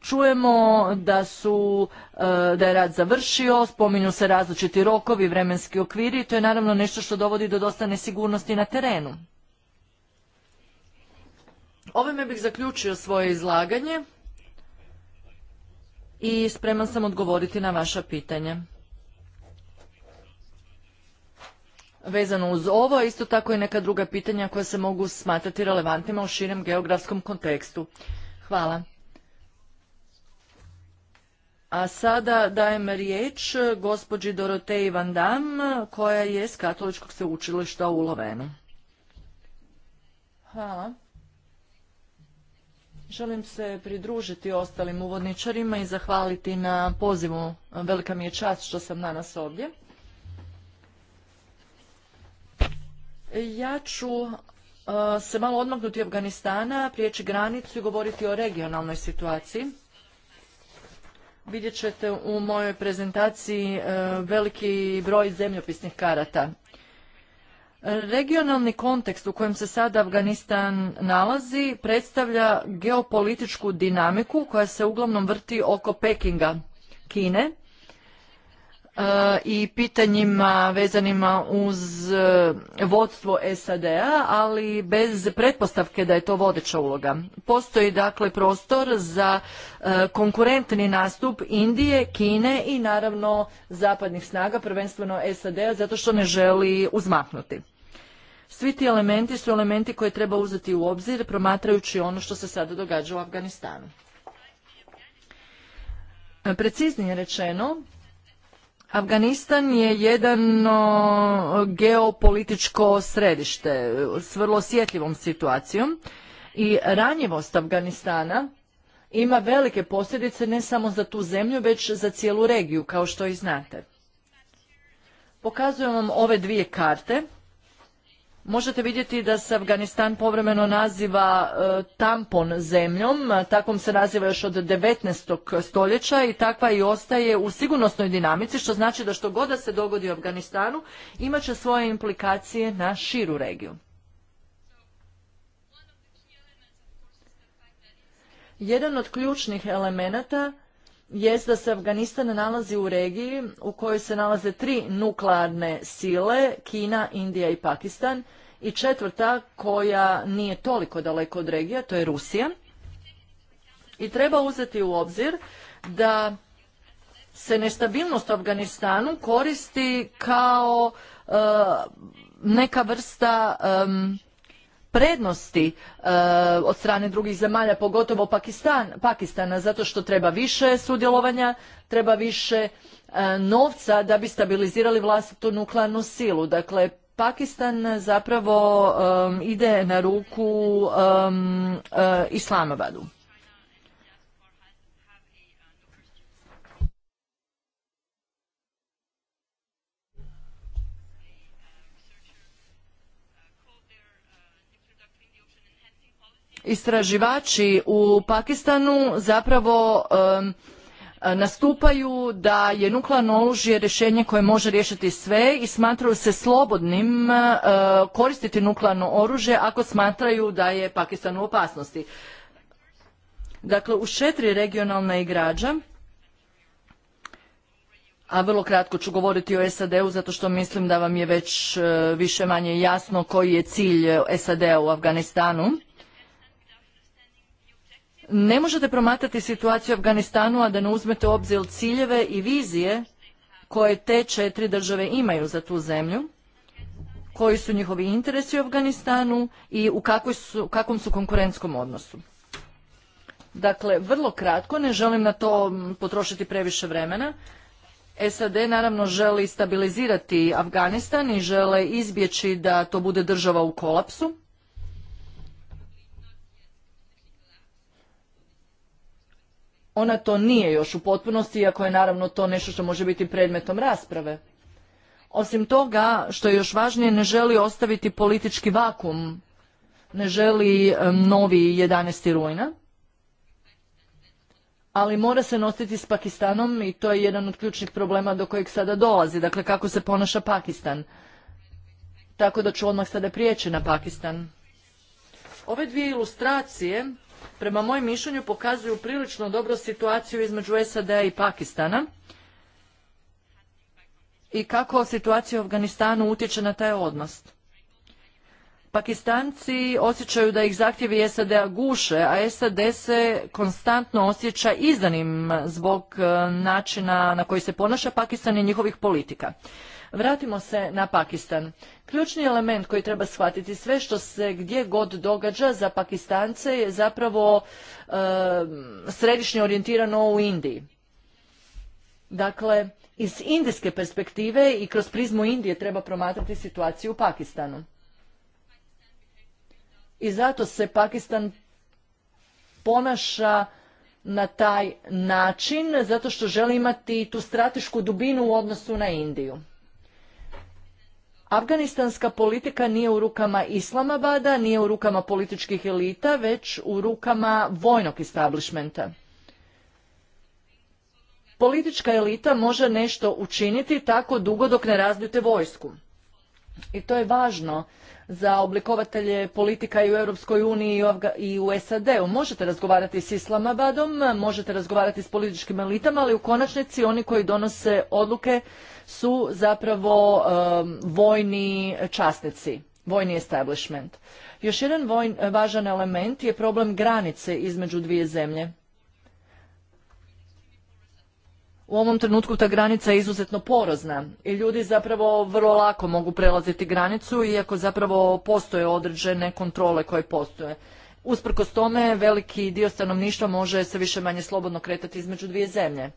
čujemo da su e, da je rad završio spominju se različiti rokovi vremenski okviri i to je naravno nešto što dovodi do dosta nesigurnosti na terenu ovime bih zaključio svoje izlaganje i spreman sam odgovoriti na vaša pitanja vezano uz ovo, a isto tako i neka druga pitanja koja se mogu smatrati relevantnima u širem geografskom kontekstu. Hvala. A sada dajem riječ gospođi Doroteji Van Dam, koja je s katoličkog sveučilišta u Lovenu. Hvala. Želim se pridružiti ostalim uvodničarima i zahvaliti na pozivu. Velika mi je čast što sam danas ovdje. Ja ću uh, se malo odmaknuti Afganistana, prijeći granicu i govoriti o regionalnoj situaciji. Vidjet ćete u mojoj prezentaciji uh, veliki broj zemljopisnih karata. Regionalni kontekst u kojem se sada Afganistan nalazi predstavlja geopolitičku dinamiku koja se uglavnom vrti oko Pekinga, Kine, i pitanjima vezanima uz e, vodstvo SAD-a, ali bez pretpostavke da je to vodeća uloga. Postoji dakle prostor za e, konkurentni nastup Indije, Kine i naravno zapadnih snaga, prvenstveno SAD-a, zato što ne želi uzmaknuti. Svi ti elementi su elementi koje treba uzeti u obzir promatrajući ono što se sada događa u Afganistanu. Preciznije rečeno, Afganistan je jedan geopolitičko središte s vrlo osjetljivom situacijom i ranjivost Afganistana ima velike posljedice ne samo za tu zemlju, već za cijelu regiju, kao što i znate. Pokazujem vam ove dvije karte Možete vidjeti da se Afganistan povremeno naziva e, tampon zemljom, takvom se naziva još od 19. stoljeća i takva i ostaje u sigurnosnoj dinamici, što znači da što god da se dogodi u Afganistanu, imat će svoje implikacije na širu regiju. Jedan od ključnih elemenata jest da se Afganistan nalazi u regiji u kojoj se nalaze tri nuklearne sile, Kina, Indija i Pakistan, i četvrta koja nije toliko daleko od regija, to je Rusija. I treba uzeti u obzir da se nestabilnost u Afganistanu koristi kao eh, neka vrsta prednosti e, od strane drugih zemalja, pogotovo Pakistana, zato što treba više sudjelovanja, treba više e, novca da bi stabilizirali vlastitu nuklearnu silu. Dakle, Pakistan zapravo e, ide na ruku um, Islamabadu. istraživači u Pakistanu zapravo nastupaju da je nuklearno oružje rješenje koje može riješiti sve i smatraju se slobodnim eh, koristiti nuklearno oružje ako smatraju da je Pakistan u opasnosti. Dakle, u četiri regionalna igrača, a vrlo kratko ću govoriti o SAD-u zato što mislim da vam je već eh, više manje jasno koji je cilj eh, SAD-a u Afganistanu. Ne možete promatrati situaciju u Afganistanu, a da ne uzmete u obzir ciljeve i vizije koje te četiri države imaju za tu zemlju, koji su njihovi interesi u Afganistanu i u kakvom su konkurentskom odnosu. Dakle, vrlo kratko, ne želim na to potrošiti previše vremena. SAD naravno želi stabilizirati Afganistan i žele izbjeći da to bude država u kolapsu. ona to nije još u potpunosti, iako je naravno to nešto što može biti predmetom rasprave. Osim toga, što je još važnije, ne želi ostaviti politički vakum, ne želi novi 11. rujna, ali mora se nositi s Pakistanom i to je jedan od ključnih problema do kojeg sada dolazi, dakle kako se ponaša Pakistan. Tako da ću odmah sada prijeći na Pakistan. Ove dvije ilustracije prema mojem mišljenju pokazuju prilično dobro situaciju između SAD-a i Pakistana i kako situacija u Afganistanu utječe na taj odnos. Pakistanci osjećaju da ih zahtjevi SAD-a guše, a SAD se konstantno osjeća izdanim zbog e, načina na koji se ponaša Pakistan i njihovih politika. Vratimo se na Pakistan. Ključni element koji treba shvatiti sve što se gdje god događa za Pakistance je zapravo središnje orijentirano u Indiji. Dakle, iz indijske perspektive i kroz prizmu Indije treba promatrati situaciju u Pakistanu. I zato se Pakistan ponaša na taj način zato što želi imati tu stratešku dubinu u odnosu na Indiju. Afganistanska politika nije u rukama Islamabada, nije u rukama političkih elita, već u rukama vojnog establishmenta. Politička elita može nešto učiniti tako dugo dok ne razbijete vojsku. I to je važno za oblikovatelje politika i u Europskoj uniji i u SAD-u. Možete razgovarati s Islamabadom, možete razgovarati s političkim elitama, ali u konačnici oni koji donose odluke su zapravo um, vojni časnici, vojni establishment. Još jedan važan element je problem granice između dvije zemlje. U ovom trenutku ta granica je izuzetno porozna i ljudi zapravo vrlo lako mogu prelaziti granicu iako zapravo postoje određene kontrole koje postoje. Usprkos tome veliki dio stanovništva može se više manje slobodno kretati između dvije zemlje.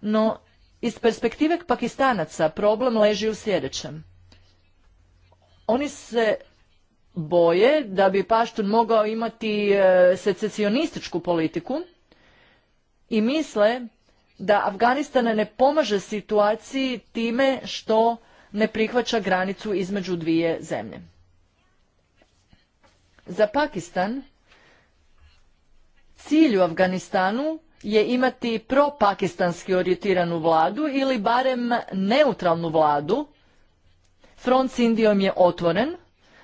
No, iz perspektive pakistanaca problem leži u sljedećem. Oni se boje da bi Paštun mogao imati e, secesionističku politiku, i misle da Afganistan ne pomaže situaciji time što ne prihvaća granicu između dvije zemlje. Za Pakistan cilj u Afganistanu je imati propakistanski orijentiranu vladu ili barem neutralnu vladu. Front s Indijom je otvoren,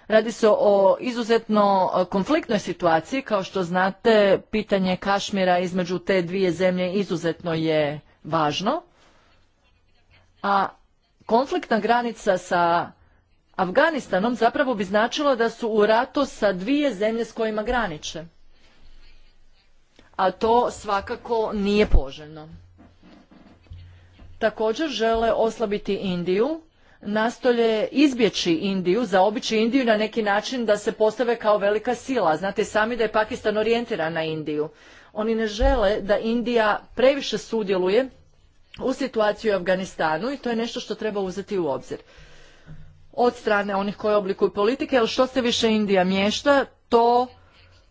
Radi se o izuzetno e, konfliktnoj situaciji. Kao što znate, pitanje Kašmira između te dvije zemlje izuzetno je važno. A konfliktna granica sa Afganistanom zapravo bi značila da su u ratu sa dvije zemlje s kojima graniče. A to svakako nije poželjno. Također žele oslabiti Indiju nastoje izbjeći Indiju, zaobići Indiju na neki način da se postave kao velika sila. Znate sami da je Pakistan orijentiran na Indiju. Oni ne žele da Indija previše sudjeluje u situaciji u Afganistanu i to je nešto što treba uzeti u obzir. Od strane onih koji oblikuju politike, jer što se više Indija mješta, to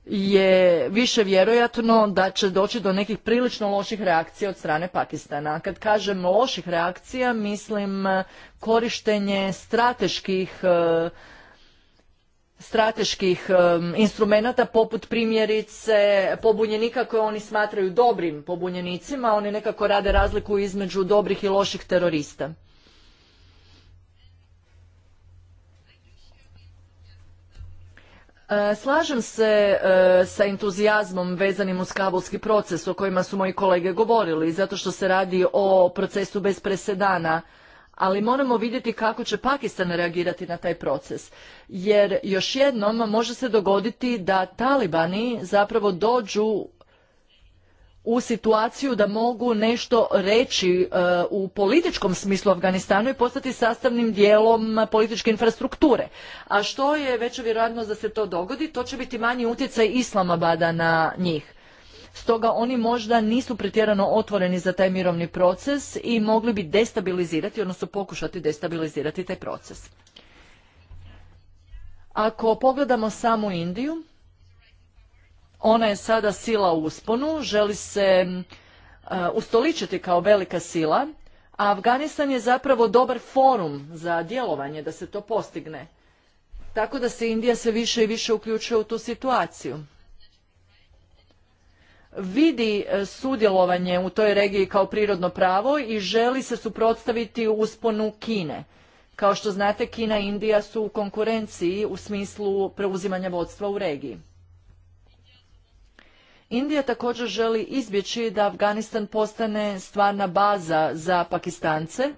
je više vjerojatno da će doći do nekih prilično loših reakcija od strane Pakistana. Kad kažem loših reakcija, mislim e, korištenje strateških e, strateških e, instrumenata poput primjerice pobunjenika koje oni smatraju dobrim pobunjenicima, oni nekako rade razliku između dobrih i loših terorista. Slažem se e, sa entuzijazmom vezanim uz kabulski proces o kojima su moji kolege govorili, zato što se radi o procesu bez presedana, ali moramo vidjeti kako će Pakistan reagirati na taj proces. Jer još jednom može se dogoditi da talibani zapravo dođu u situaciju da mogu nešto reći e, u političkom smislu Afganistanu i postati sastavnim dijelom političke infrastrukture. A što je veća vjerojatnost da se to dogodi, to će biti manji utjecaj Islamabada na njih. Stoga oni možda nisu pretjerano otvoreni za taj mirovni proces i mogli bi destabilizirati, odnosno pokušati destabilizirati taj proces. Ako pogledamo samu Indiju, ona je sada sila u usponu, želi se ustoličiti kao velika sila, a Afganistan je zapravo dobar forum za djelovanje da se to postigne. Tako da se Indija sve više i više uključuje u tu situaciju vidi e, sudjelovanje u toj regiji kao prirodno pravo i želi se suprotstaviti usponu Kine. Kao što znate, Kina i Indija su u konkurenciji u smislu preuzimanja vodstva u regiji. Indija također želi izbjeći da Afganistan postane stvarna baza za Pakistance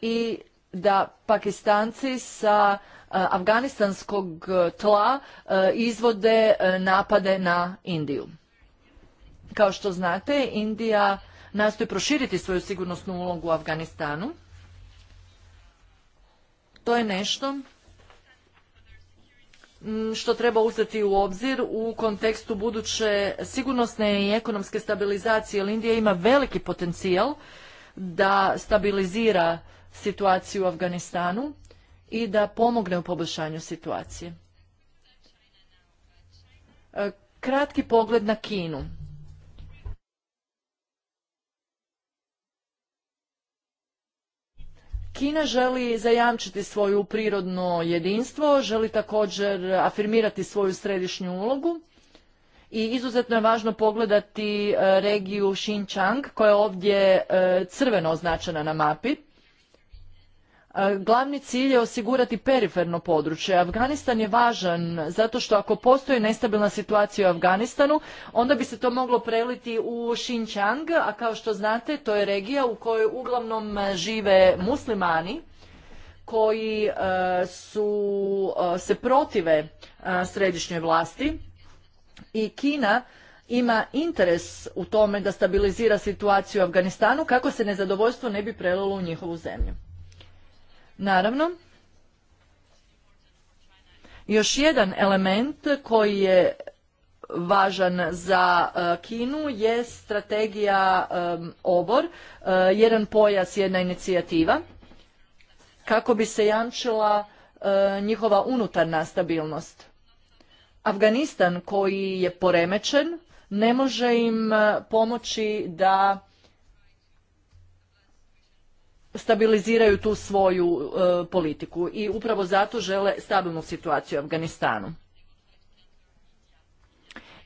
i da Pakistanci sa e, afganistanskog tla e, izvode e, napade na Indiju. Kao što znate, Indija nastoji proširiti svoju sigurnosnu ulogu u Afganistanu. To je nešto što treba uzeti u obzir u kontekstu buduće sigurnosne i ekonomske stabilizacije, jer Indija ima veliki potencijal da stabilizira situaciju u Afganistanu i da pomogne u poboljšanju situacije. E, kratki pogled na Kinu. Kina želi zajamčiti svoju prirodno jedinstvo, želi također afirmirati svoju središnju ulogu i izuzetno je važno pogledati e, regiju Xinjiang koja je ovdje e, crveno označena na mapi. Glavni cilj je osigurati periferno područje. Afganistan je važan zato što ako postoji nestabilna situacija u Afganistanu, onda bi se to moglo preliti u Xinjiang, a kao što znate to je regija u kojoj uglavnom žive muslimani koji e, su, e, se protive e, središnjoj vlasti i Kina ima interes u tome da stabilizira situaciju u Afganistanu kako se nezadovoljstvo ne bi prelilo u njihovu zemlju. Naravno, još jedan element koji je važan za e, Kinu je strategija e, OBOR, e, jedan pojas, jedna inicijativa, kako bi se jamčila njihova unutarna stabilnost. Afganistan koji je poremećen ne može im pomoći da stabiliziraju tu svoju e, politiku i upravo zato žele stabilnu situaciju u Afganistanu.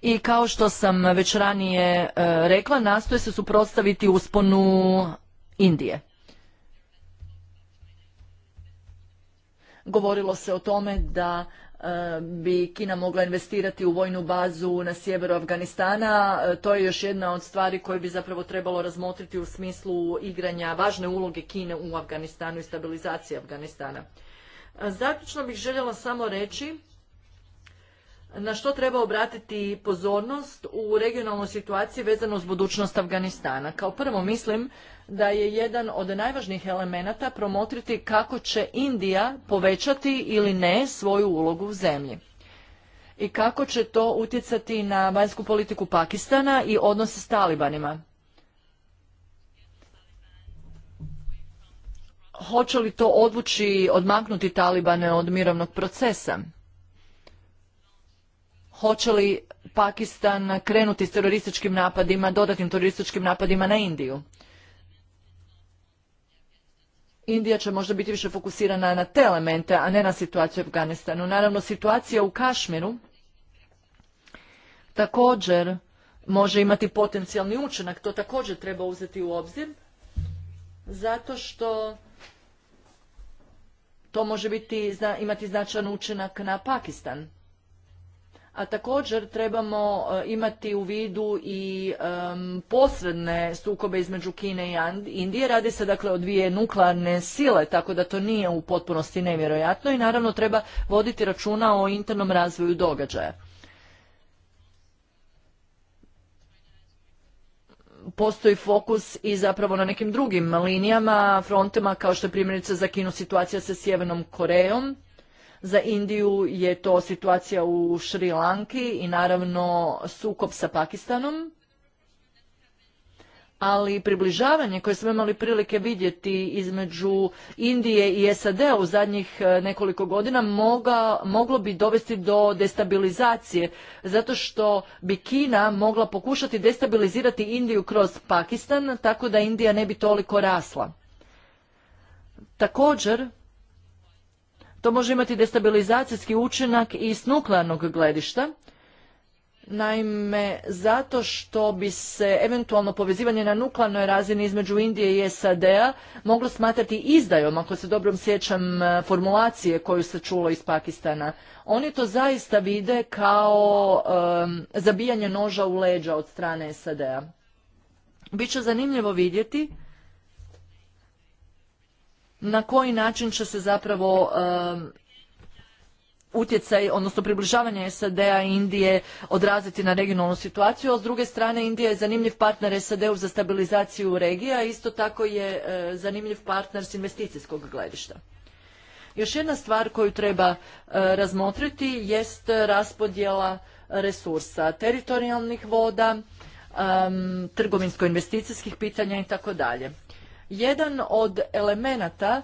I kao što sam već ranije e, rekla, nastoje se suprotstaviti usponu Indije. Govorilo se o tome da E, bi Kina mogla investirati u vojnu bazu na sjeveru Afganistana. E, to je još jedna od stvari koje bi zapravo trebalo razmotriti u smislu igranja važne uloge Kine u Afganistanu i stabilizacije Afganistana. E, zaključno bih željela samo reći na što treba obratiti pozornost u regionalnoj situaciji vezano uz budućnost Afganistana. Kao prvo mislim da je jedan od najvažnijih elemenata promotriti kako će Indija povećati ili ne svoju ulogu u zemlji i kako će to utjecati na vanjsku politiku Pakistana i odnose s Talibanima. Hoće li to odvući odmaknuti Talibane od mirovnog procesa? Hoće li Pakistan krenuti s terorističkim napadima, dodatnim terorističkim napadima na Indiju? Indija će možda biti više fokusirana na te elemente, a ne na situaciju u Afganistanu. Naravno, situacija u Kašmiru također može imati potencijalni učinak, to također treba uzeti u obzir, zato što to može biti, imati značajan učinak na Pakistan a također trebamo e, imati u vidu i posredne sukobe između Kine i Indije. Radi se dakle o dvije nuklearne sile, tako da to nije u potpunosti nevjerojatno i naravno treba voditi računa o internom razvoju događaja. postoji fokus i zapravo na nekim drugim linijama, frontima, kao što je primjerice za Kinu situacija sa Sjevernom Korejom. Za Indiju je to situacija u Šri Lanki i naravno sukob sa Pakistanom. Ali približavanje koje smo imali prilike vidjeti između Indije i SAD u zadnjih e, nekoliko godina moga, moglo bi dovesti do destabilizacije, zato što bi Kina mogla pokušati destabilizirati Indiju kroz Pakistan, tako da Indija ne bi toliko rasla. Također, to može imati destabilizacijski učinak i s nuklearnog gledišta. Naime, zato što bi se eventualno povezivanje na nuklearnoj razini između Indije i SAD-a moglo smatrati izdajom, ako se dobro sjećam e, formulacije koju se čulo iz Pakistana. Oni to zaista vide kao zabijanje noža u leđa od strane SAD-a. Biće zanimljivo vidjeti na koji način će se zapravo um, utjecaj, odnosno približavanje SAD-a i Indije odraziti na regionalnu situaciju, a s druge strane Indija je zanimljiv partner SAD-u za stabilizaciju regija, isto tako je uh, zanimljiv partner s investicijskog gledišta. Još jedna stvar koju treba uh, razmotriti jest raspodjela resursa, teritorijalnih voda, um, trgovinsko-investicijskih pitanja i tako dalje jedan od elemenata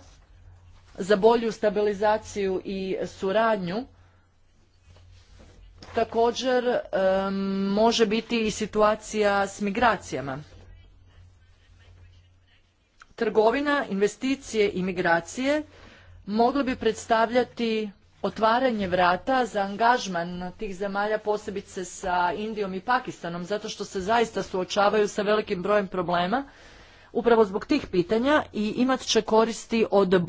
za bolju stabilizaciju i suradnju također može biti i situacija s migracijama. Trgovina, investicije i migracije mogli bi predstavljati otvaranje vrata za angažman tih zemalja posebice sa Indijom i Pakistanom zato što se zaista suočavaju sa velikim brojem problema upravo zbog tih pitanja i imat će koristi od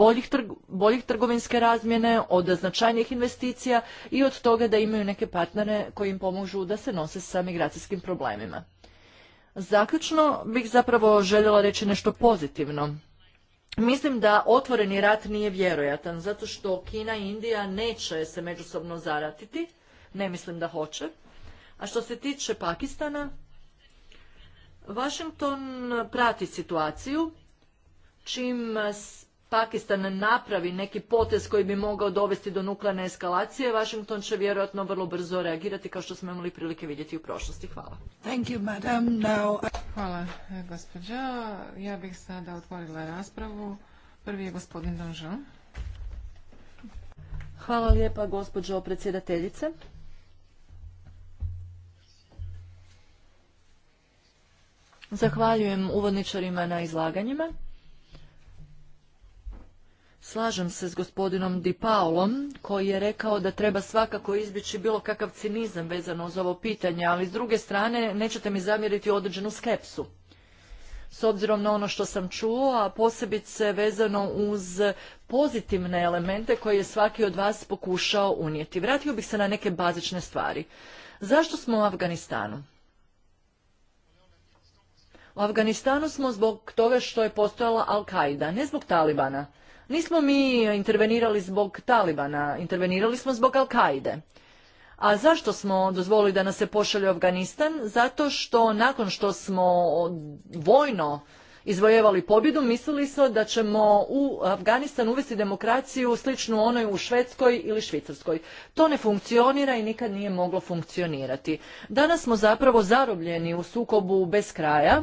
boljih, trgovinske razmjene, od značajnijih investicija i od toga da imaju neke partnere koji im pomožu da se nose sa migracijskim problemima. Zaključno bih zapravo željela reći nešto pozitivno. Mislim da otvoreni rat nije vjerojatan, zato što Kina i Indija neće se međusobno zaratiti, ne mislim da hoće. A što se tiče Pakistana, Washington prati situaciju, čim Pakistan napravi neki potez koji bi mogao dovesti do nuklearne eskalacije, Washington će vjerojatno vrlo brzo reagirati kao što smo imali prilike vidjeti u prošlosti. Hvala. Thank Hvala, e, gospođa. Ja bih sada otvorila raspravu. Prvi je gospodin Donžan. Hvala lijepa, gospođo predsjedateljice. Zahvaljujem uvodničarima na izlaganjima. Slažem se s gospodinom Di Paolom koji je rekao da treba svakako izbjeći bilo kakav cinizam vezano uz ovo pitanje, ali s druge strane nećete mi zamjeriti određenu skepsu. S obzirom na ono što sam čuo, a posebice vezano uz pozitivne elemente koje je svaki od vas pokušao unijeti. Vratio bih se na neke bazične stvari. Zašto smo u Afganistanu? U Afganistanu smo zbog toga što je postojala Al-Qaida, ne zbog Talibana. Nismo mi intervenirali zbog Talibana, intervenirali smo zbog Al-Qaide. A zašto smo dozvolili da nas se pošalje u Afganistan? Zato što nakon što smo vojno izvojevali pobjedu, mislili su da ćemo u Afganistan uvesti demokraciju sličnu onoj u Švedskoj ili Švicarskoj. To ne funkcionira i nikad nije moglo funkcionirati. Danas smo zapravo zarobljeni u sukobu bez kraja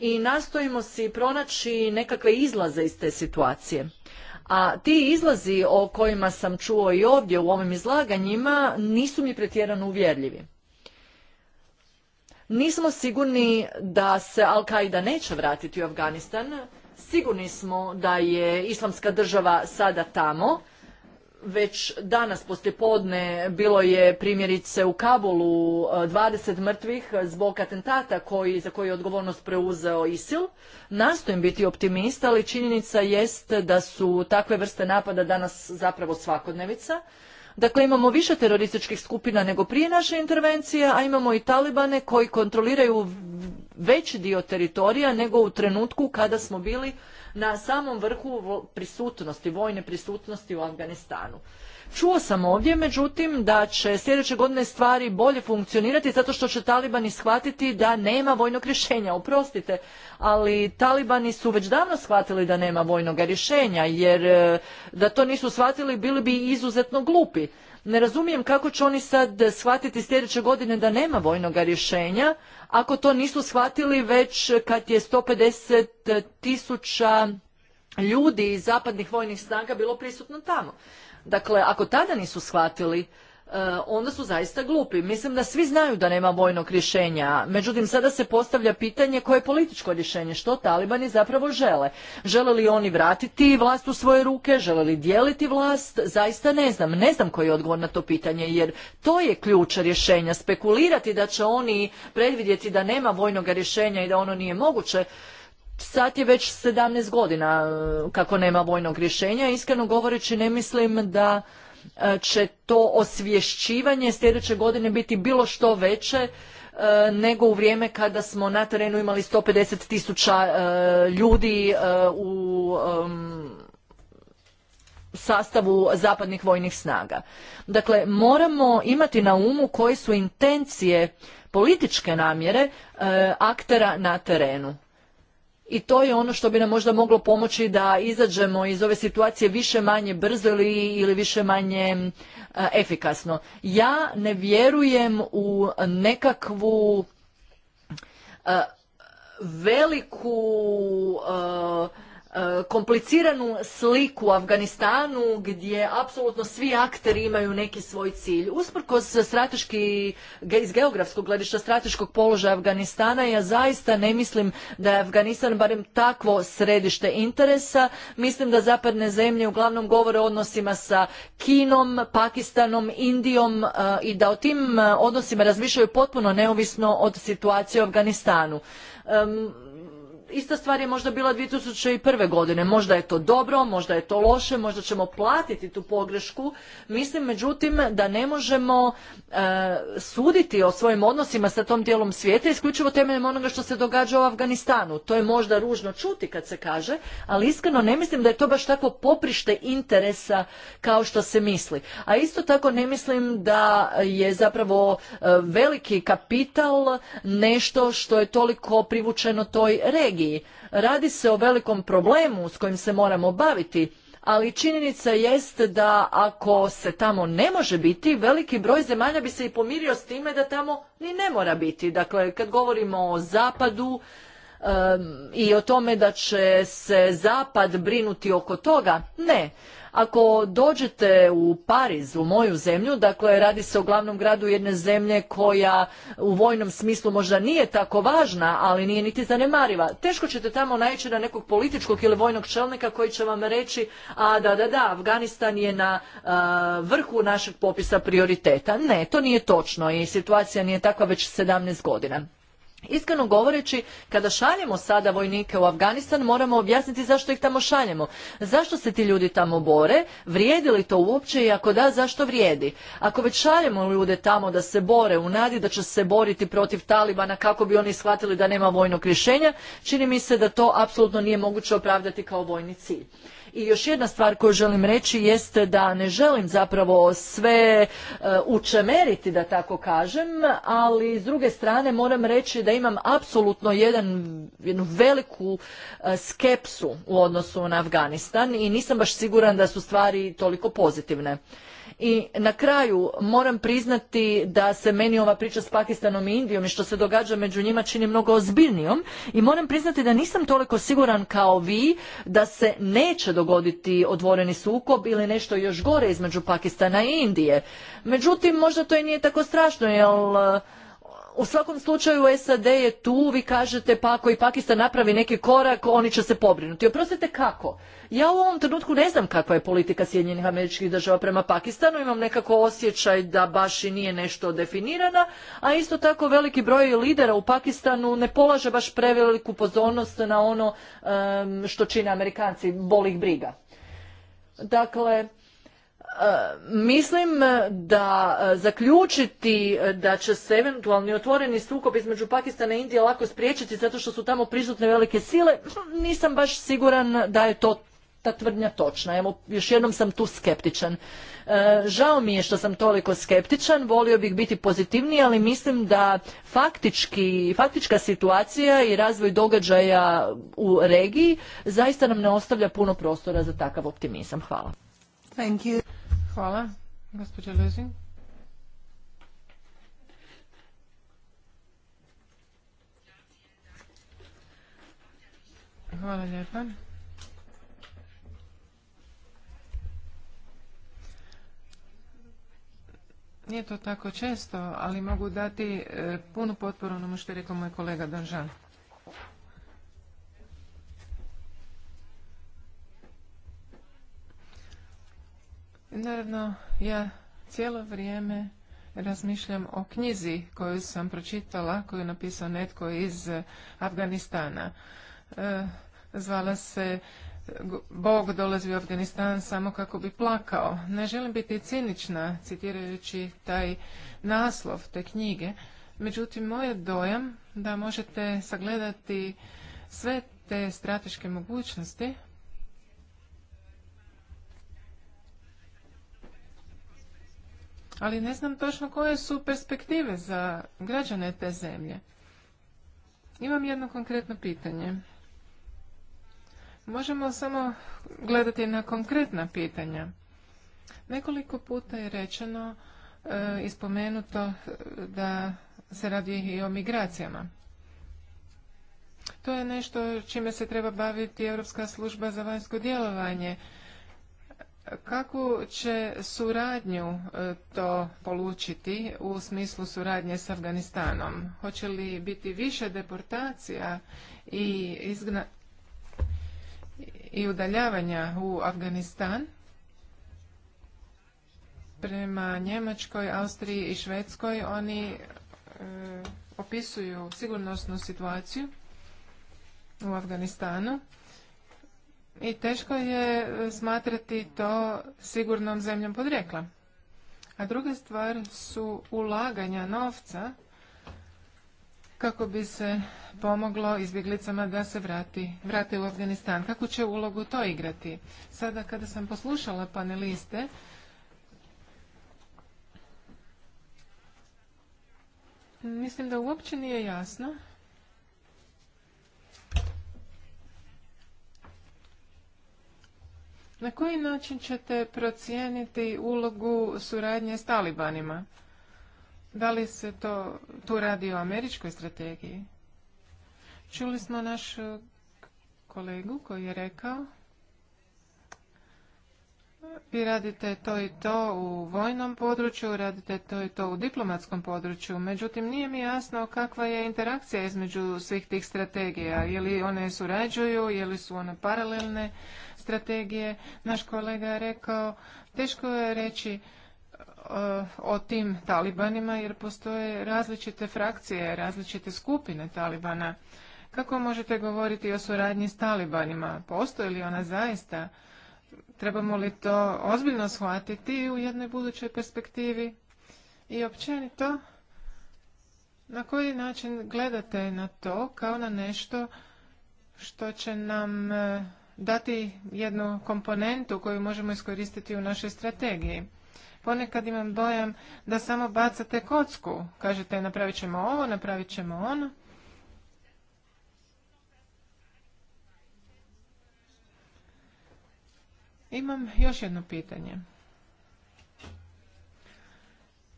i nastojimo si pronaći nekakve izlaze iz te situacije. A ti izlazi o kojima sam čuo i ovdje u ovim izlaganjima nisu mi pretjerano uvjerljivi. Nismo sigurni da se Al-Qaida neće vratiti u Afganistan, sigurni smo da je islamska država sada tamo, već danas poslijepodne bilo je primjerice u Kabulu 20 e, mrtvih zbog atentata koji, za koji je odgovornost preuzeo ISIL. Nastojim biti optimista, ali činjenica jest da su takve vrste napada danas zapravo svakodnevica. Dakle, imamo više terorističkih skupina nego prije naše intervencije, a imamo i talibane koji kontroliraju veći dio teritorija nego u trenutku kada smo bili na samom vrhu prisutnosti, vojne prisutnosti u Afganistanu. Čuo sam ovdje, međutim, da će sljedeće godine stvari bolje funkcionirati zato što će talibani shvatiti da nema vojnog rješenja. Oprostite, ali talibani su već davno shvatili da nema vojnog rješenja, jer e, da to nisu shvatili bili bi izuzetno glupi. Ne razumijem kako će oni sad shvatiti sljedeće godine da nema vojnog rješenja, ako to nisu shvatili već kad je 150 tisuća ljudi iz zapadnih vojnih snaga bilo prisutno tamo. Dakle, ako tada nisu shvatili E, onda su zaista glupi. Mislim da svi znaju da nema vojnog rješenja. Međutim, sada se postavlja pitanje koje je političko rješenje, što talibani zapravo žele. Žele li oni vratiti vlast u svoje ruke, žele li dijeliti vlast, zaista ne znam. Ne znam koji je odgovor na to pitanje, jer to je ključ rješenja. Spekulirati da će oni predvidjeti da nema vojnog rješenja i da ono nije moguće, Sad je već 17 godina e, kako nema vojnog rješenja. Iskreno govoreći ne mislim da E, će to osvješćivanje sljedeće godine biti bilo što veće e, nego u vrijeme kada smo na terenu imali 150 tisuća e, ljudi u sastavu zapadnih vojnih snaga. Dakle, moramo imati na umu koje su intencije političke namjere aktera na terenu i to je ono što bi nam možda moglo pomoći da izađemo iz ove situacije više manje brzo ili, više manje efikasno. Ja ne vjerujem u nekakvu veliku E, kompliciranu sliku u Afganistanu gdje apsolutno svi akteri imaju neki svoj cilj. Usprkos strateški, iz geografskog gledišta strateškog položaja Afganistana ja zaista ne mislim da je Afganistan barem takvo središte interesa. Mislim da zapadne zemlje uglavnom govore o odnosima sa Kinom, Pakistanom, Indijom e, i da o tim e, odnosima razmišljaju potpuno neovisno od situacije u Afganistanu ista stvar je možda bila 2001. godine. Možda je to dobro, možda je to loše, možda ćemo platiti tu pogrešku. Mislim međutim da ne možemo e, suditi o svojim odnosima sa tom dijelom svijeta isključivo temeljem onoga što se događa u Afganistanu. To je možda ružno čuti kad se kaže, ali iskreno ne mislim da je to baš tako poprište interesa kao što se misli. A isto tako ne mislim da je zapravo e, veliki kapital nešto što je toliko privučeno toj regiji Radi se o velikom problemu s kojim se moramo baviti, ali činjenica jest da ako se tamo ne može biti, veliki broj zemalja bi se i pomirio s time da tamo ni ne mora biti. Dakle, kad govorimo o zapadu, i o tome da će se zapad brinuti oko toga ne ako dođete u Pariz, u moju zemlju, dakle radi se o glavnom gradu jedne zemlje koja u vojnom smislu možda nije tako važna, ali nije niti zanemariva. Teško ćete tamo naići na nekog političkog ili vojnog čelnika koji će vam reći, a da, da, da, Afganistan je na vrhu našeg popisa prioriteta. Ne, to nije točno i situacija nije takva već 17 godina. Iskreno govoreći, kada šaljemo sada vojnike u Afganistan, moramo objasniti zašto ih tamo šaljemo. Zašto se ti ljudi tamo bore? Vrijedi li to uopće i ako da, zašto vrijedi? Ako već šaljemo ljude tamo da se bore u nadi da će se boriti protiv Talibana kako bi oni shvatili da nema vojnog rješenja, čini mi se da to apsolutno nije moguće opravdati kao vojni cilj. I još jedna stvar koju želim reći jest da ne želim zapravo sve e, učemeriti, da tako kažem, ali s druge strane moram reći da imam apsolutno jedan, jednu veliku e, skepsu u odnosu na Afganistan i nisam baš siguran da su stvari toliko pozitivne. I na kraju moram priznati da se meni ova priča s Pakistanom i Indijom i što se događa među njima čini mnogo ozbiljnijom i moram priznati da nisam toliko siguran kao vi da se neće dogoditi odvoreni sukob ili nešto još gore između Pakistana i Indije. Međutim, možda to i nije tako strašno, jel u svakom slučaju SAD je tu, vi kažete pa ako i Pakistan napravi neki korak, oni će se pobrinuti. Oprostite kako? Ja u ovom trenutku ne znam kakva je politika Sjedinjenih američkih država prema Pakistanu, imam nekako osjećaj da baš i nije nešto definirana, a isto tako veliki broj lidera u Pakistanu ne polaže baš preveliku pozornost na ono što čine Amerikanci, boli briga. Dakle, Mislim da e, zaključiti e, da će se eventualni otvoreni sukob između Pakistana i Indije lako spriječiti zato što su tamo prisutne velike sile, nisam baš siguran da je to ta tvrdnja točna. Evo, još jednom sam tu skeptičan. E, žao mi je što sam toliko skeptičan, volio bih biti pozitivniji, ali mislim da faktički, faktička situacija i razvoj događaja u regiji zaista nam ne ostavlja puno prostora za takav optimizam. Hvala. Thank Hvala. Gospođa Lezin. Hvala lijepa. Nije to tako često, ali mogu dati e, punu potporu onome što je rekao moj kolega Danžan. Naravno, ja cijelo vrijeme razmišljam o knjizi koju sam pročitala, koju je napisao netko iz e, Afganistana. E, zvala se e, Bog dolazi u Afganistan samo kako bi plakao. Ne želim biti cinična citirajući taj naslov te knjige, međutim moj je dojam da možete sagledati sve te strateške mogućnosti ali ne znam točno koje su perspektive za građane te zemlje. Imam jedno konkretno pitanje. Možemo samo gledati na konkretna pitanja. Nekoliko puta je rečeno e, spomenuto e, da se radi i o migracijama. To je nešto čime se treba baviti Europska služba za vanjsko djelovanje Kakvu će suradnju e, to polučiti u smislu suradnje s Afganistanom? Hoće li biti više deportacija i, i udaljavanja u Afganistan? Prema Njemačkoj, Austriji i Švedskoj oni e, opisuju sigurnosnu situaciju u Afganistanu i teško je e, smatrati to sigurnom zemljom podrijekla. A druga stvar su ulaganja novca kako bi se pomoglo izbjeglicama da se vrati, vrati u Afganistan. Kako će ulogu to igrati? Sada kada sam poslušala paneliste, mislim da uopće nije jasno Na koji način ćete procijeniti ulogu suradnje s talibanima? Da li se to tu radi o američkoj strategiji? Čuli smo našu kolegu koji je rekao vi radite to i to u vojnom području, radite to i to u diplomatskom području. Međutim, nije mi jasno kakva je interakcija između svih tih strategija. Je li one surađuju, je li su one paralelne strategije. Naš kolega je rekao, teško je reći e, o tim talibanima jer postoje različite frakcije, različite skupine talibana. Kako možete govoriti o suradnji s talibanima? Postoji li ona zaista? trebamo li to ozbiljno shvatiti u jednoj budućoj perspektivi i općenito na koji način gledate na to kao na nešto što će nam e, dati jednu komponentu koju možemo iskoristiti u našoj strategiji. Ponekad imam dojam da samo bacate kocku, kažete napravit ćemo ovo, napravit ćemo ono, Imam još jedno pitanje.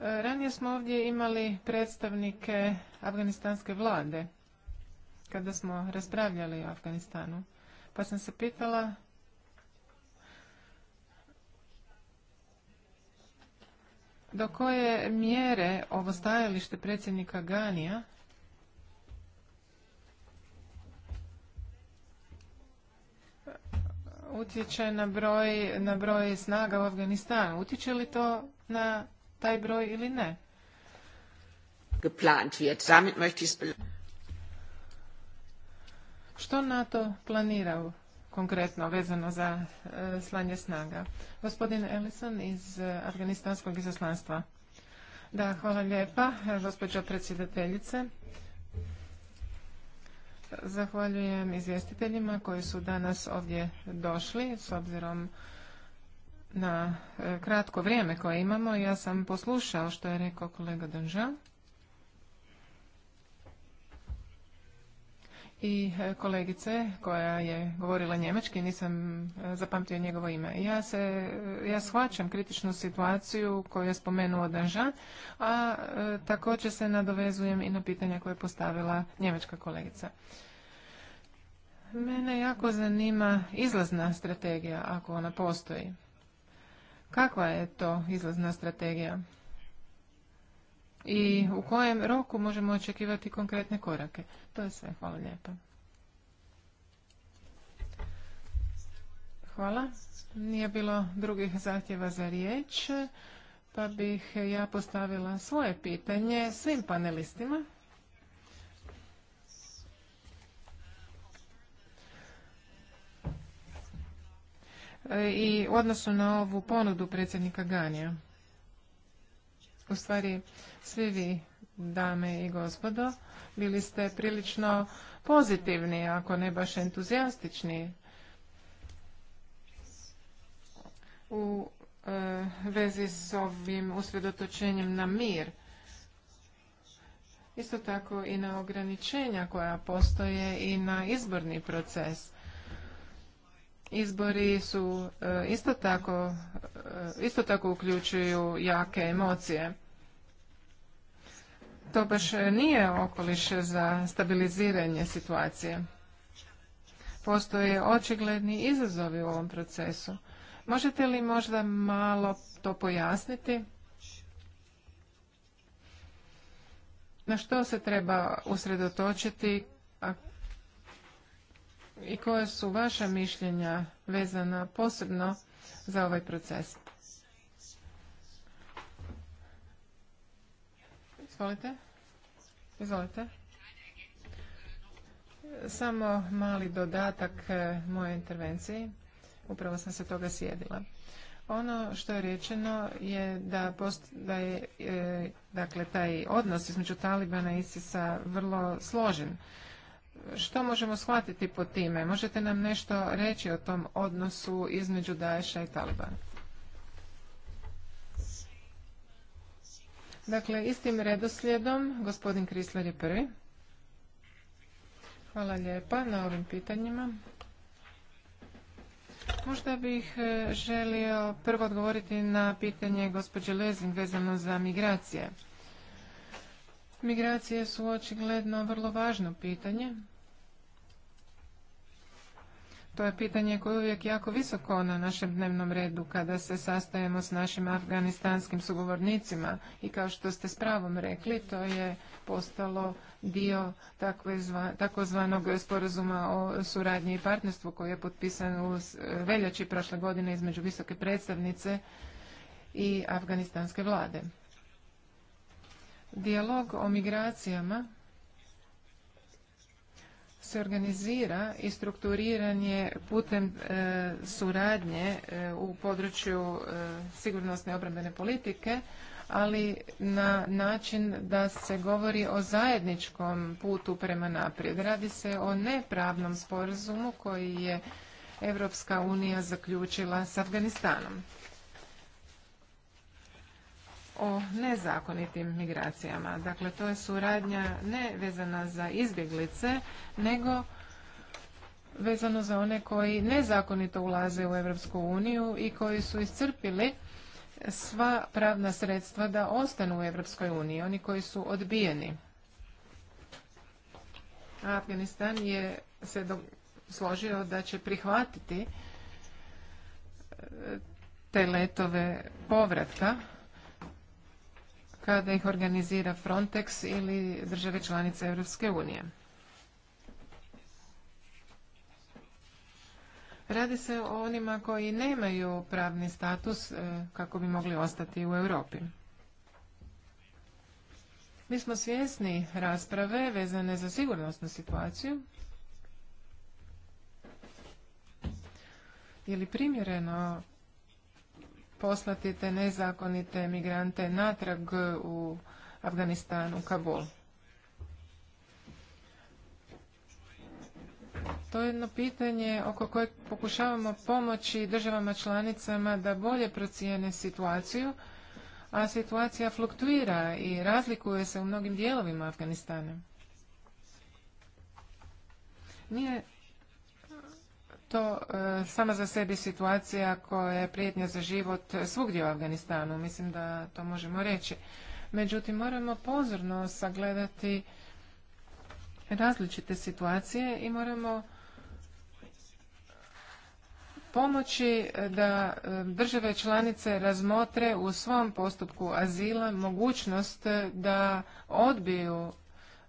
E, ranije smo ovdje imali predstavnike afganistanske vlade kada smo raspravljali o Afganistanu. Pa sam se pitala do koje mjere ovo stajalište predsjednika Ganija utječe na broj, na broj snaga u Afganistanu. Utječe li to na taj broj ili ne? Geplant wird. Damit möchte ich Što NATO planira konkretno vezano za e, slanje snaga? Gospodin Ellison iz e, Afganistanskog izaslanstva. Da, hvala lijepa, e, gospođo predsjedateljice. Zahvaljujem izvjestiteljima koji su danas ovdje došli s obzirom na e, kratko vrijeme koje imamo. Ja sam poslušao što je rekao kolega Donžan. i e, kolegice koja je govorila njemački, nisam e, zapamtio njegovo ime. Ja, se, e, ja shvaćam kritičnu situaciju koju je spomenuo Danža, a također se nadovezujem i na pitanja koje je postavila njemačka kolegica. Mene jako zanima izlazna strategija, ako ona postoji. Kakva je to izlazna strategija? i u kojem roku možemo očekivati konkretne korake. To je sve. Hvala lijepa. Hvala. Nije bilo drugih zahtjeva za riječ, pa bih ja postavila svoje pitanje svim panelistima. I u odnosu na ovu ponudu predsjednika Ganija u stvari svi vi, dame i gospodo, bili ste prilično pozitivni, ako ne baš entuzijastični u e, vezi s ovim usvjedotočenjem na mir. Isto tako i na ograničenja koja postoje i na izborni proces. Izbori su e, isto tako, e, isto tako uključuju jake emocije. To baš nije okoliš za stabiliziranje situacije. Postoje očigledni izazovi u ovom procesu. Možete li možda malo to pojasniti? Na što se treba usredotočiti i koja su vaša mišljenja vezana posebno za ovaj proces? Izvolite. Samo mali dodatak e, moje intervenciji. Upravo sam se toga sjedila. Ono što je rečeno je da, da je e, dakle, taj odnos između Talibana i ISIS-a vrlo složen što možemo shvatiti po time? Možete nam nešto reći o tom odnosu između Daesha i Talibana? Dakle, istim redoslijedom, gospodin Krisler je prvi. Hvala lijepa na ovim pitanjima. Možda bih e, želio prvo odgovoriti na pitanje gospođe Lezing vezano za migracije. Migracije su očigledno vrlo važno pitanje. To je pitanje koje je uvijek jako visoko na našem dnevnom redu kada se sastajemo s našim afganistanskim sugovornicima i kao što ste s pravom rekli, to je postalo dio takozvanog sporazuma o suradnji i partnerstvu koji je potpisan u veljači prošle godine između visoke predstavnice i afganistanske vlade. Dijalog o migracijama se organizira i strukturiran je putem e, suradnje e, u području e, sigurnosne obrambene politike, ali na način da se govori o zajedničkom putu prema naprijed. Radi se o nepravnom sporazumu koji je Europska unija zaključila s Afganistanom o nezakonitim migracijama. Dakle, to je suradnja ne vezana za izbjeglice, nego vezano za one koji nezakonito ulaze u Europsku uniju i koji su iscrpili sva pravna sredstva da ostanu u Europskoj uniji, oni koji su odbijeni. Afganistan je se složio da će prihvatiti e, te letove povratka kada ih organizira Frontex ili države članice Europske unije. Radi se o onima koji nemaju pravni status e, kako bi mogli ostati u Europi. Mi smo svjesni rasprave vezane za sigurnosnu situaciju. Je li primjereno poslati te nezakonite migrante natrag u Afganistan, u Kabul. To je jedno pitanje oko kojeg pokušavamo pomoći državama članicama da bolje procijene situaciju, a situacija fluktuira i razlikuje se u mnogim dijelovima Afganistana. Nije to e, sama za sebi situacija koja je prijetnja za život svugdje u Afganistanu, mislim da to možemo reći. Međutim, moramo pozorno sagledati različite situacije i moramo pomoći da e, države članice razmotre u svom postupku azila mogućnost e, da odbiju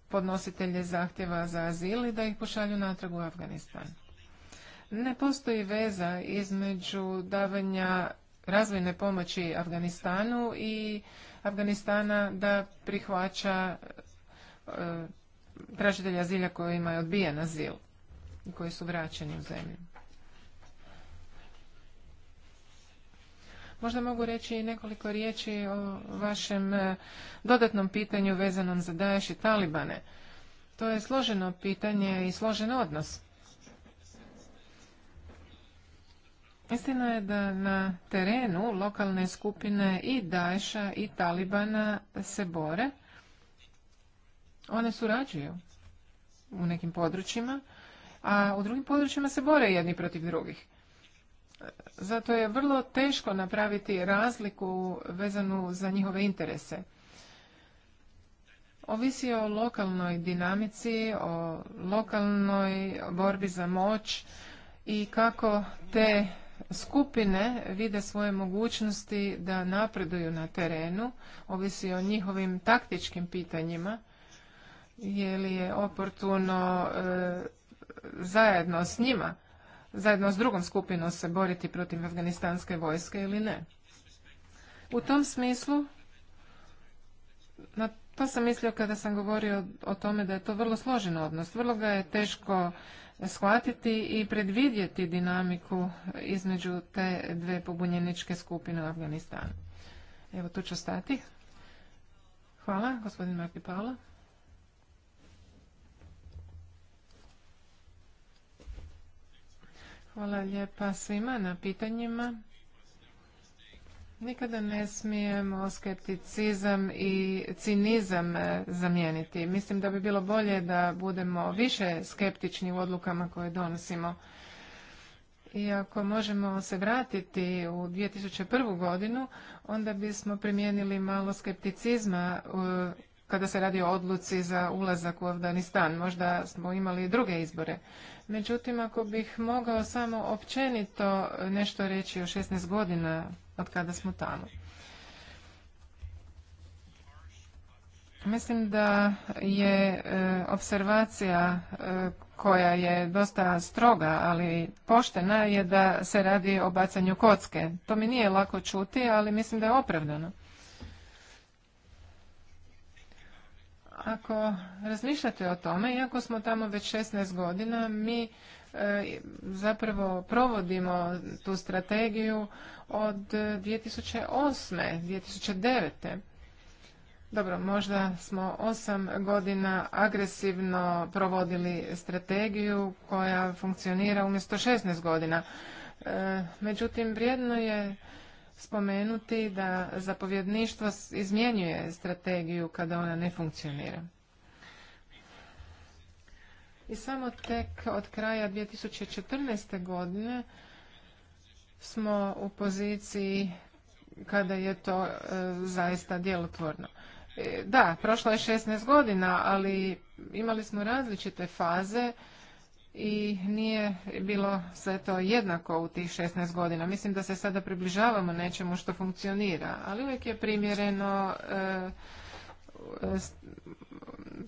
podnositelje zahtjeva za azil i da ih pošalju natrag u Afganistan. Ne postoji veza između davanja razvojne pomoći Afganistanu i Afganistana da prihvaća e, tražitelja azila kojima je odbijen azil i koji su vraćeni u zemlju. Možda mogu reći nekoliko riječi o vašem e, dodatnom pitanju vezanom za Daesh i Talibane. To je složeno pitanje i složen odnos. Istina je da na terenu lokalne skupine i Daesha i Talibana se bore. One surađuju u nekim područjima, a u drugim područjima se bore jedni protiv drugih. Zato je vrlo teško napraviti razliku vezanu za njihove interese. Ovisi o lokalnoj dinamici, o lokalnoj borbi za moć i kako te skupine vide svoje mogućnosti da napreduju na terenu, ovisi o njihovim taktičkim pitanjima, je li je oportuno e, zajedno s njima, zajedno s drugom skupinom se boriti protiv afganistanske vojske ili ne. U tom smislu, na to sam mislio kada sam govorio o tome da je to vrlo složen odnos, vrlo ga je teško shvatiti i predvidjeti dinamiku između te dve pobunjeničke skupine u Afganistanu. Evo tu ću stati. Hvala, gospodin Marti Hvala lijepa svima na pitanjima Nikada ne smijemo skepticizam i cinizam e, zamijeniti. Mislim da bi bilo bolje da budemo više skeptični u odlukama koje donosimo. I ako možemo se vratiti u 2001. godinu, onda bismo primijenili malo skepticizma e, kada se radi o odluci za ulazak u Afganistan. Možda smo imali i druge izbore. Međutim, ako bih mogao samo općenito nešto reći o 16 godina od kada smo tamo. Mislim da je e, observacija e, koja je dosta stroga, ali poštena je da se radi o bacanju kocke. To mi nije lako čuti, ali mislim da je opravdano. Ako razmišljate o tome, iako smo tamo već 16 godina, mi e, zapravo provodimo tu strategiju od 2008. 2009. Dobro, možda smo 8 godina agresivno provodili strategiju koja funkcionira umjesto 16 godina. E, međutim, vrijedno je spomenuti da zapovjedništvo izmjenjuje strategiju kada ona ne funkcionira. I samo tek od kraja 2014. godine smo u poziciji kada je to e, zaista djelotvorno. E, da, prošlo je 16 godina, ali imali smo različite faze i nije bilo sve to jednako u tih 16 godina. Mislim da se sada približavamo nečemu što funkcionira, ali uvijek je primjereno e,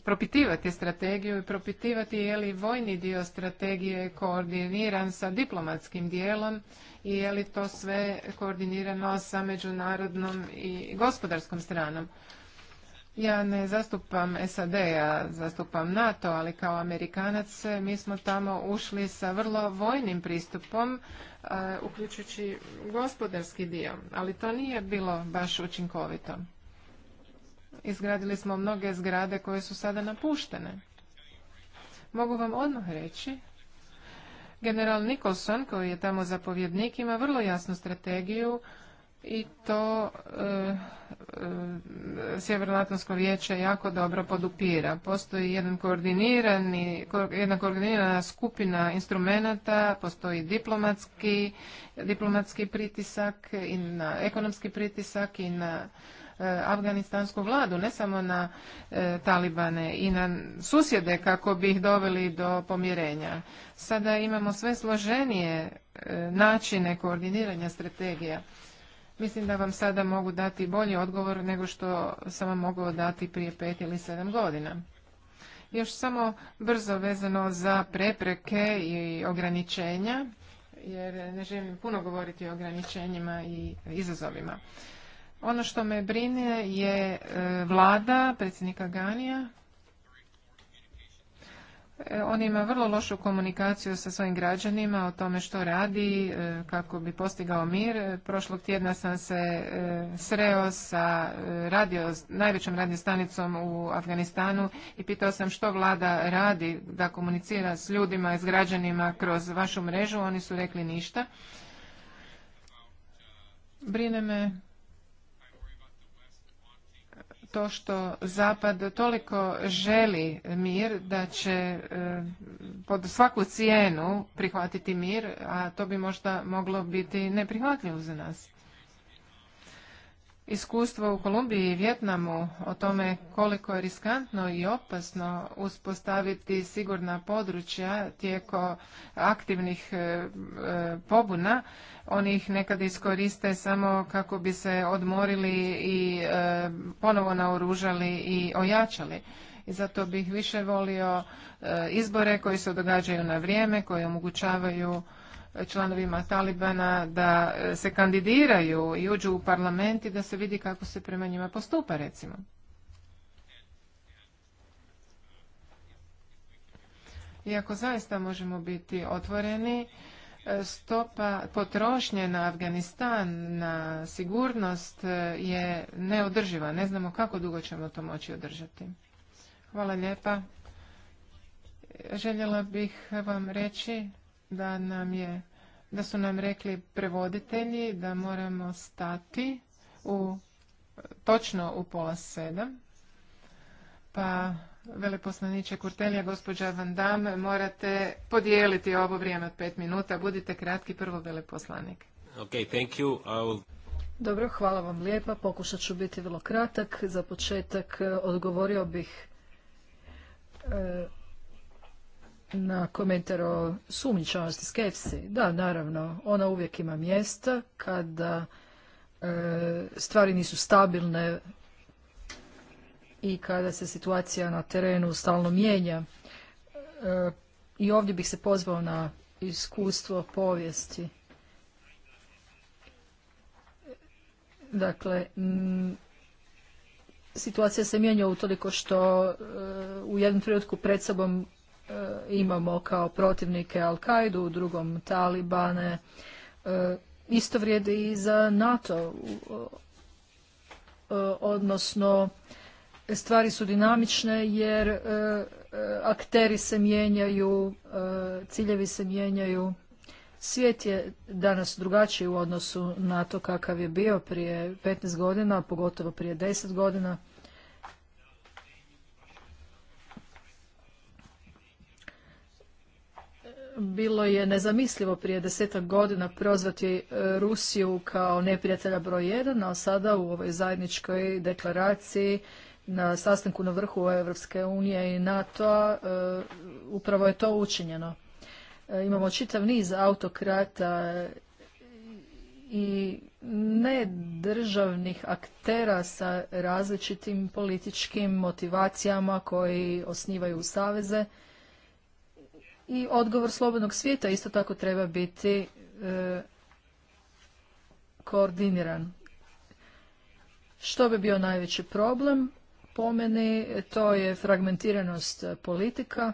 propitivati strategiju i propitivati je li vojni dio strategije koordiniran sa diplomatskim dijelom i je li to sve koordinirano sa međunarodnom i gospodarskom stranom. Ja ne zastupam SAD, ja zastupam NATO, ali kao Amerikanac eh, mi smo tamo ušli sa vrlo vojnim pristupom, eh, uključujući gospodarski dio, ali to nije bilo baš učinkovito. Izgradili smo mnoge zgrade koje su sada napuštene. Mogu vam odmah reći, general Nicholson, koji je tamo zapovjednik, ima vrlo jasnu strategiju i to e, e, Sjevernoatlantsko vijeće jako dobro podupira. Postoji jedan koordinirani, jedna koordinirana skupina instrumenata, postoji diplomatski, diplomatski pritisak i na ekonomski pritisak i na e, afganistansku vladu, ne samo na e, talibane i na susjede kako bi ih doveli do pomirenja. Sada imamo sve složenije e, načine koordiniranja strategija Mislim da vam sada mogu dati bolji odgovor nego što sam vam mogao dati prije pet ili sedam godina. Još samo brzo vezano za prepreke i ograničenja, jer ne želim puno govoriti o ograničenjima i izazovima. Ono što me brine je e, vlada predsjednika Ganija on ima vrlo lošu komunikaciju sa svojim građanima o tome što radi, e, kako bi postigao mir. Prošlog tjedna sam se e, sreo sa e, radio, najvećom stanicom u Afganistanu i pitao sam što vlada radi da komunicira s ljudima i s građanima kroz vašu mrežu. Oni su rekli ništa. Brine me to što Zapad toliko želi mir da će e, pod svaku cijenu prihvatiti mir, a to bi možda moglo biti neprihvatljivo za nas iskustvo u Kolumbiji i Vjetnamu o tome koliko je riskantno i opasno uspostaviti sigurna područja tijeko aktivnih e, e, pobuna. Oni ih nekad iskoriste samo kako bi se odmorili i e, ponovo naoružali i ojačali. I zato bih više volio izbore koji se događaju na vrijeme, koji omogućavaju članovima Talibana da se kandidiraju i uđu u parlament i da se vidi kako se prema njima postupa recimo. Iako zaista možemo biti otvoreni, stopa potrošnje na Afganistan, na sigurnost je neodrživa. Ne znamo kako dugo ćemo to moći održati. Hvala lijepa. Željela bih vam reći da nam je da su nam rekli prevoditelji da moramo stati u točno u pola sedam. Pa veleposlaniče Kurtelija, gospođa Van Damme, morate podijeliti ovo vrijeme od pet minuta. Budite kratki, prvo veleposlanik. thank you. Dobro, hvala vam lijepa. Pokušat ću biti vrlo kratak. Za početak e, odgovorio bih e, na komentar o sumnjičanosti, skepsi. Da, naravno, ona uvijek ima mjesta kada e, stvari nisu stabilne i kada se situacija na terenu stalno mijenja. E, I ovdje bih se pozvao na iskustvo povijesti. Dakle, situacija se mijenja utoliko što e, u jednom trenutku pred sobom E, imamo kao protivnike Al-Kaidu, u drugom Talibane. E, isto vrijedi i za NATO, e, odnosno stvari su dinamične jer akteri se mijenjaju, ciljevi se mijenjaju. Svijet je danas drugačiji u odnosu na to kakav je bio prije 15 godina, pogotovo prije 10 godina. bilo je nezamislivo prije desetak godina prozvati e, Rusiju kao neprijatelja broj jedan, a sada u ovoj zajedničkoj deklaraciji na sastanku na vrhu Europske unije i nato e, upravo je to učinjeno. E, imamo čitav niz autokrata i nedržavnih aktera sa različitim političkim motivacijama koji osnivaju saveze i odgovor slobodnog svijeta isto tako treba biti e, koordiniran. Što bi bio najveći problem? Po meni to je fragmentiranost politika. E,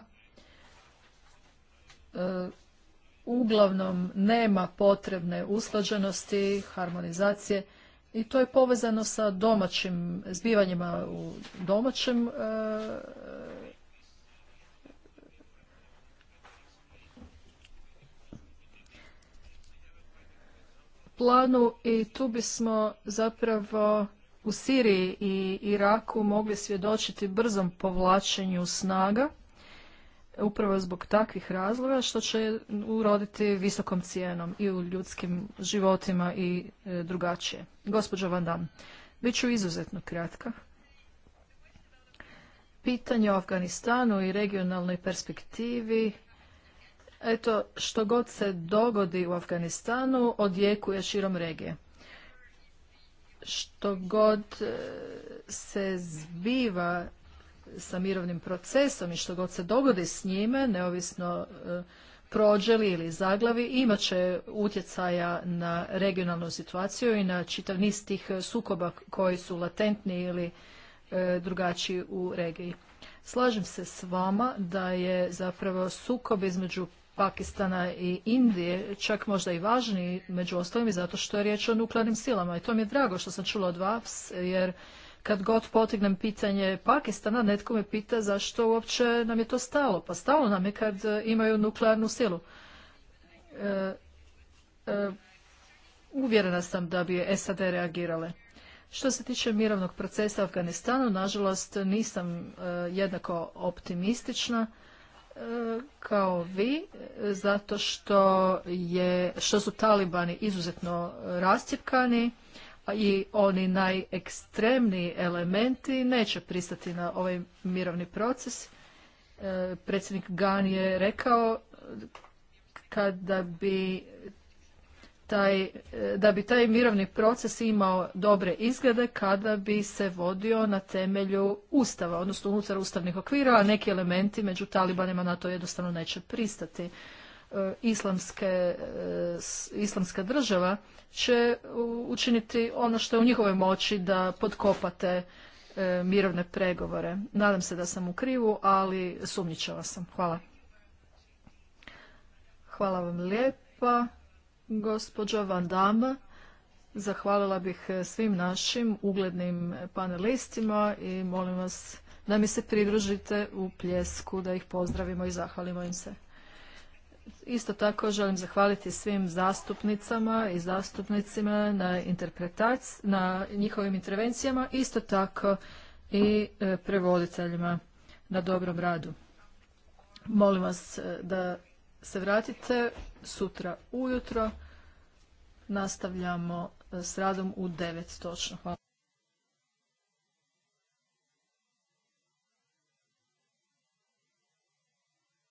uglavnom nema potrebne usklađenosti, harmonizacije i to je povezano sa domaćim zbivanjima u domaćem e, planu i tu bismo zapravo u Siriji i Iraku mogli svjedočiti brzom povlačenju snaga upravo zbog takvih razloga što će uroditi visokom cijenom i u ljudskim životima i e, drugačije. Gospođo Van Dam, bit ću izuzetno kratka. Pitanje o Afganistanu i regionalnoj perspektivi Eto, što god se dogodi u Afganistanu, odjekuje širom regije. Što god e, se zbiva sa mirovnim procesom i što god se dogodi s njime, neovisno e, prođeli ili zaglavi, imat će utjecaja na regionalnu situaciju i na čitav niz tih sukoba koji su latentni ili e, drugačiji u regiji. Slažem se s vama da je zapravo sukob između Pakistana i Indije, čak možda i važniji među ostalim zato što je riječ o nuklearnim silama. I to mi je drago što sam čula od vas, jer kad god potignem pitanje Pakistana, netko me pita zašto uopće nam je to stalo. Pa stalo nam je kad e, imaju nuklearnu silu. E, e, uvjerena sam da bi SAD reagirale. Što se tiče mirovnog procesa u Afganistanu, nažalost nisam jednako optimistična kao vi zato što je što su talibani izuzetno rascjepkani i oni najekstremniji elementi neće pristati na ovaj mirovni proces. E, predsjednik Gan je rekao kada bi taj, e, da bi taj mirovni proces imao dobre izglede kada bi se vodio na temelju ustava, odnosno unutar ustavnih okvira, a neki elementi među talibanima na to jednostavno neće pristati. E, islamske, e, islamska država će učiniti ono što je u njihovoj moći da podkopate mirovne pregovore. Nadam se da sam u krivu, ali sumnjičava sam. Hvala. Hvala vam lijepa. Gospođo Van Damme, zahvalila bih eh, svim našim uglednim panelistima i molim vas da mi se pridružite u pljesku, da ih pozdravimo i zahvalimo im se. Isto tako želim zahvaliti svim zastupnicama i zastupnicima na, na njihovim intervencijama, isto tako i eh, prevoditeljima na dobrom radu. Molim vas eh, da se vratite sutra ujutro. Nastavljamo e, s radom u 9 točno. Hvala.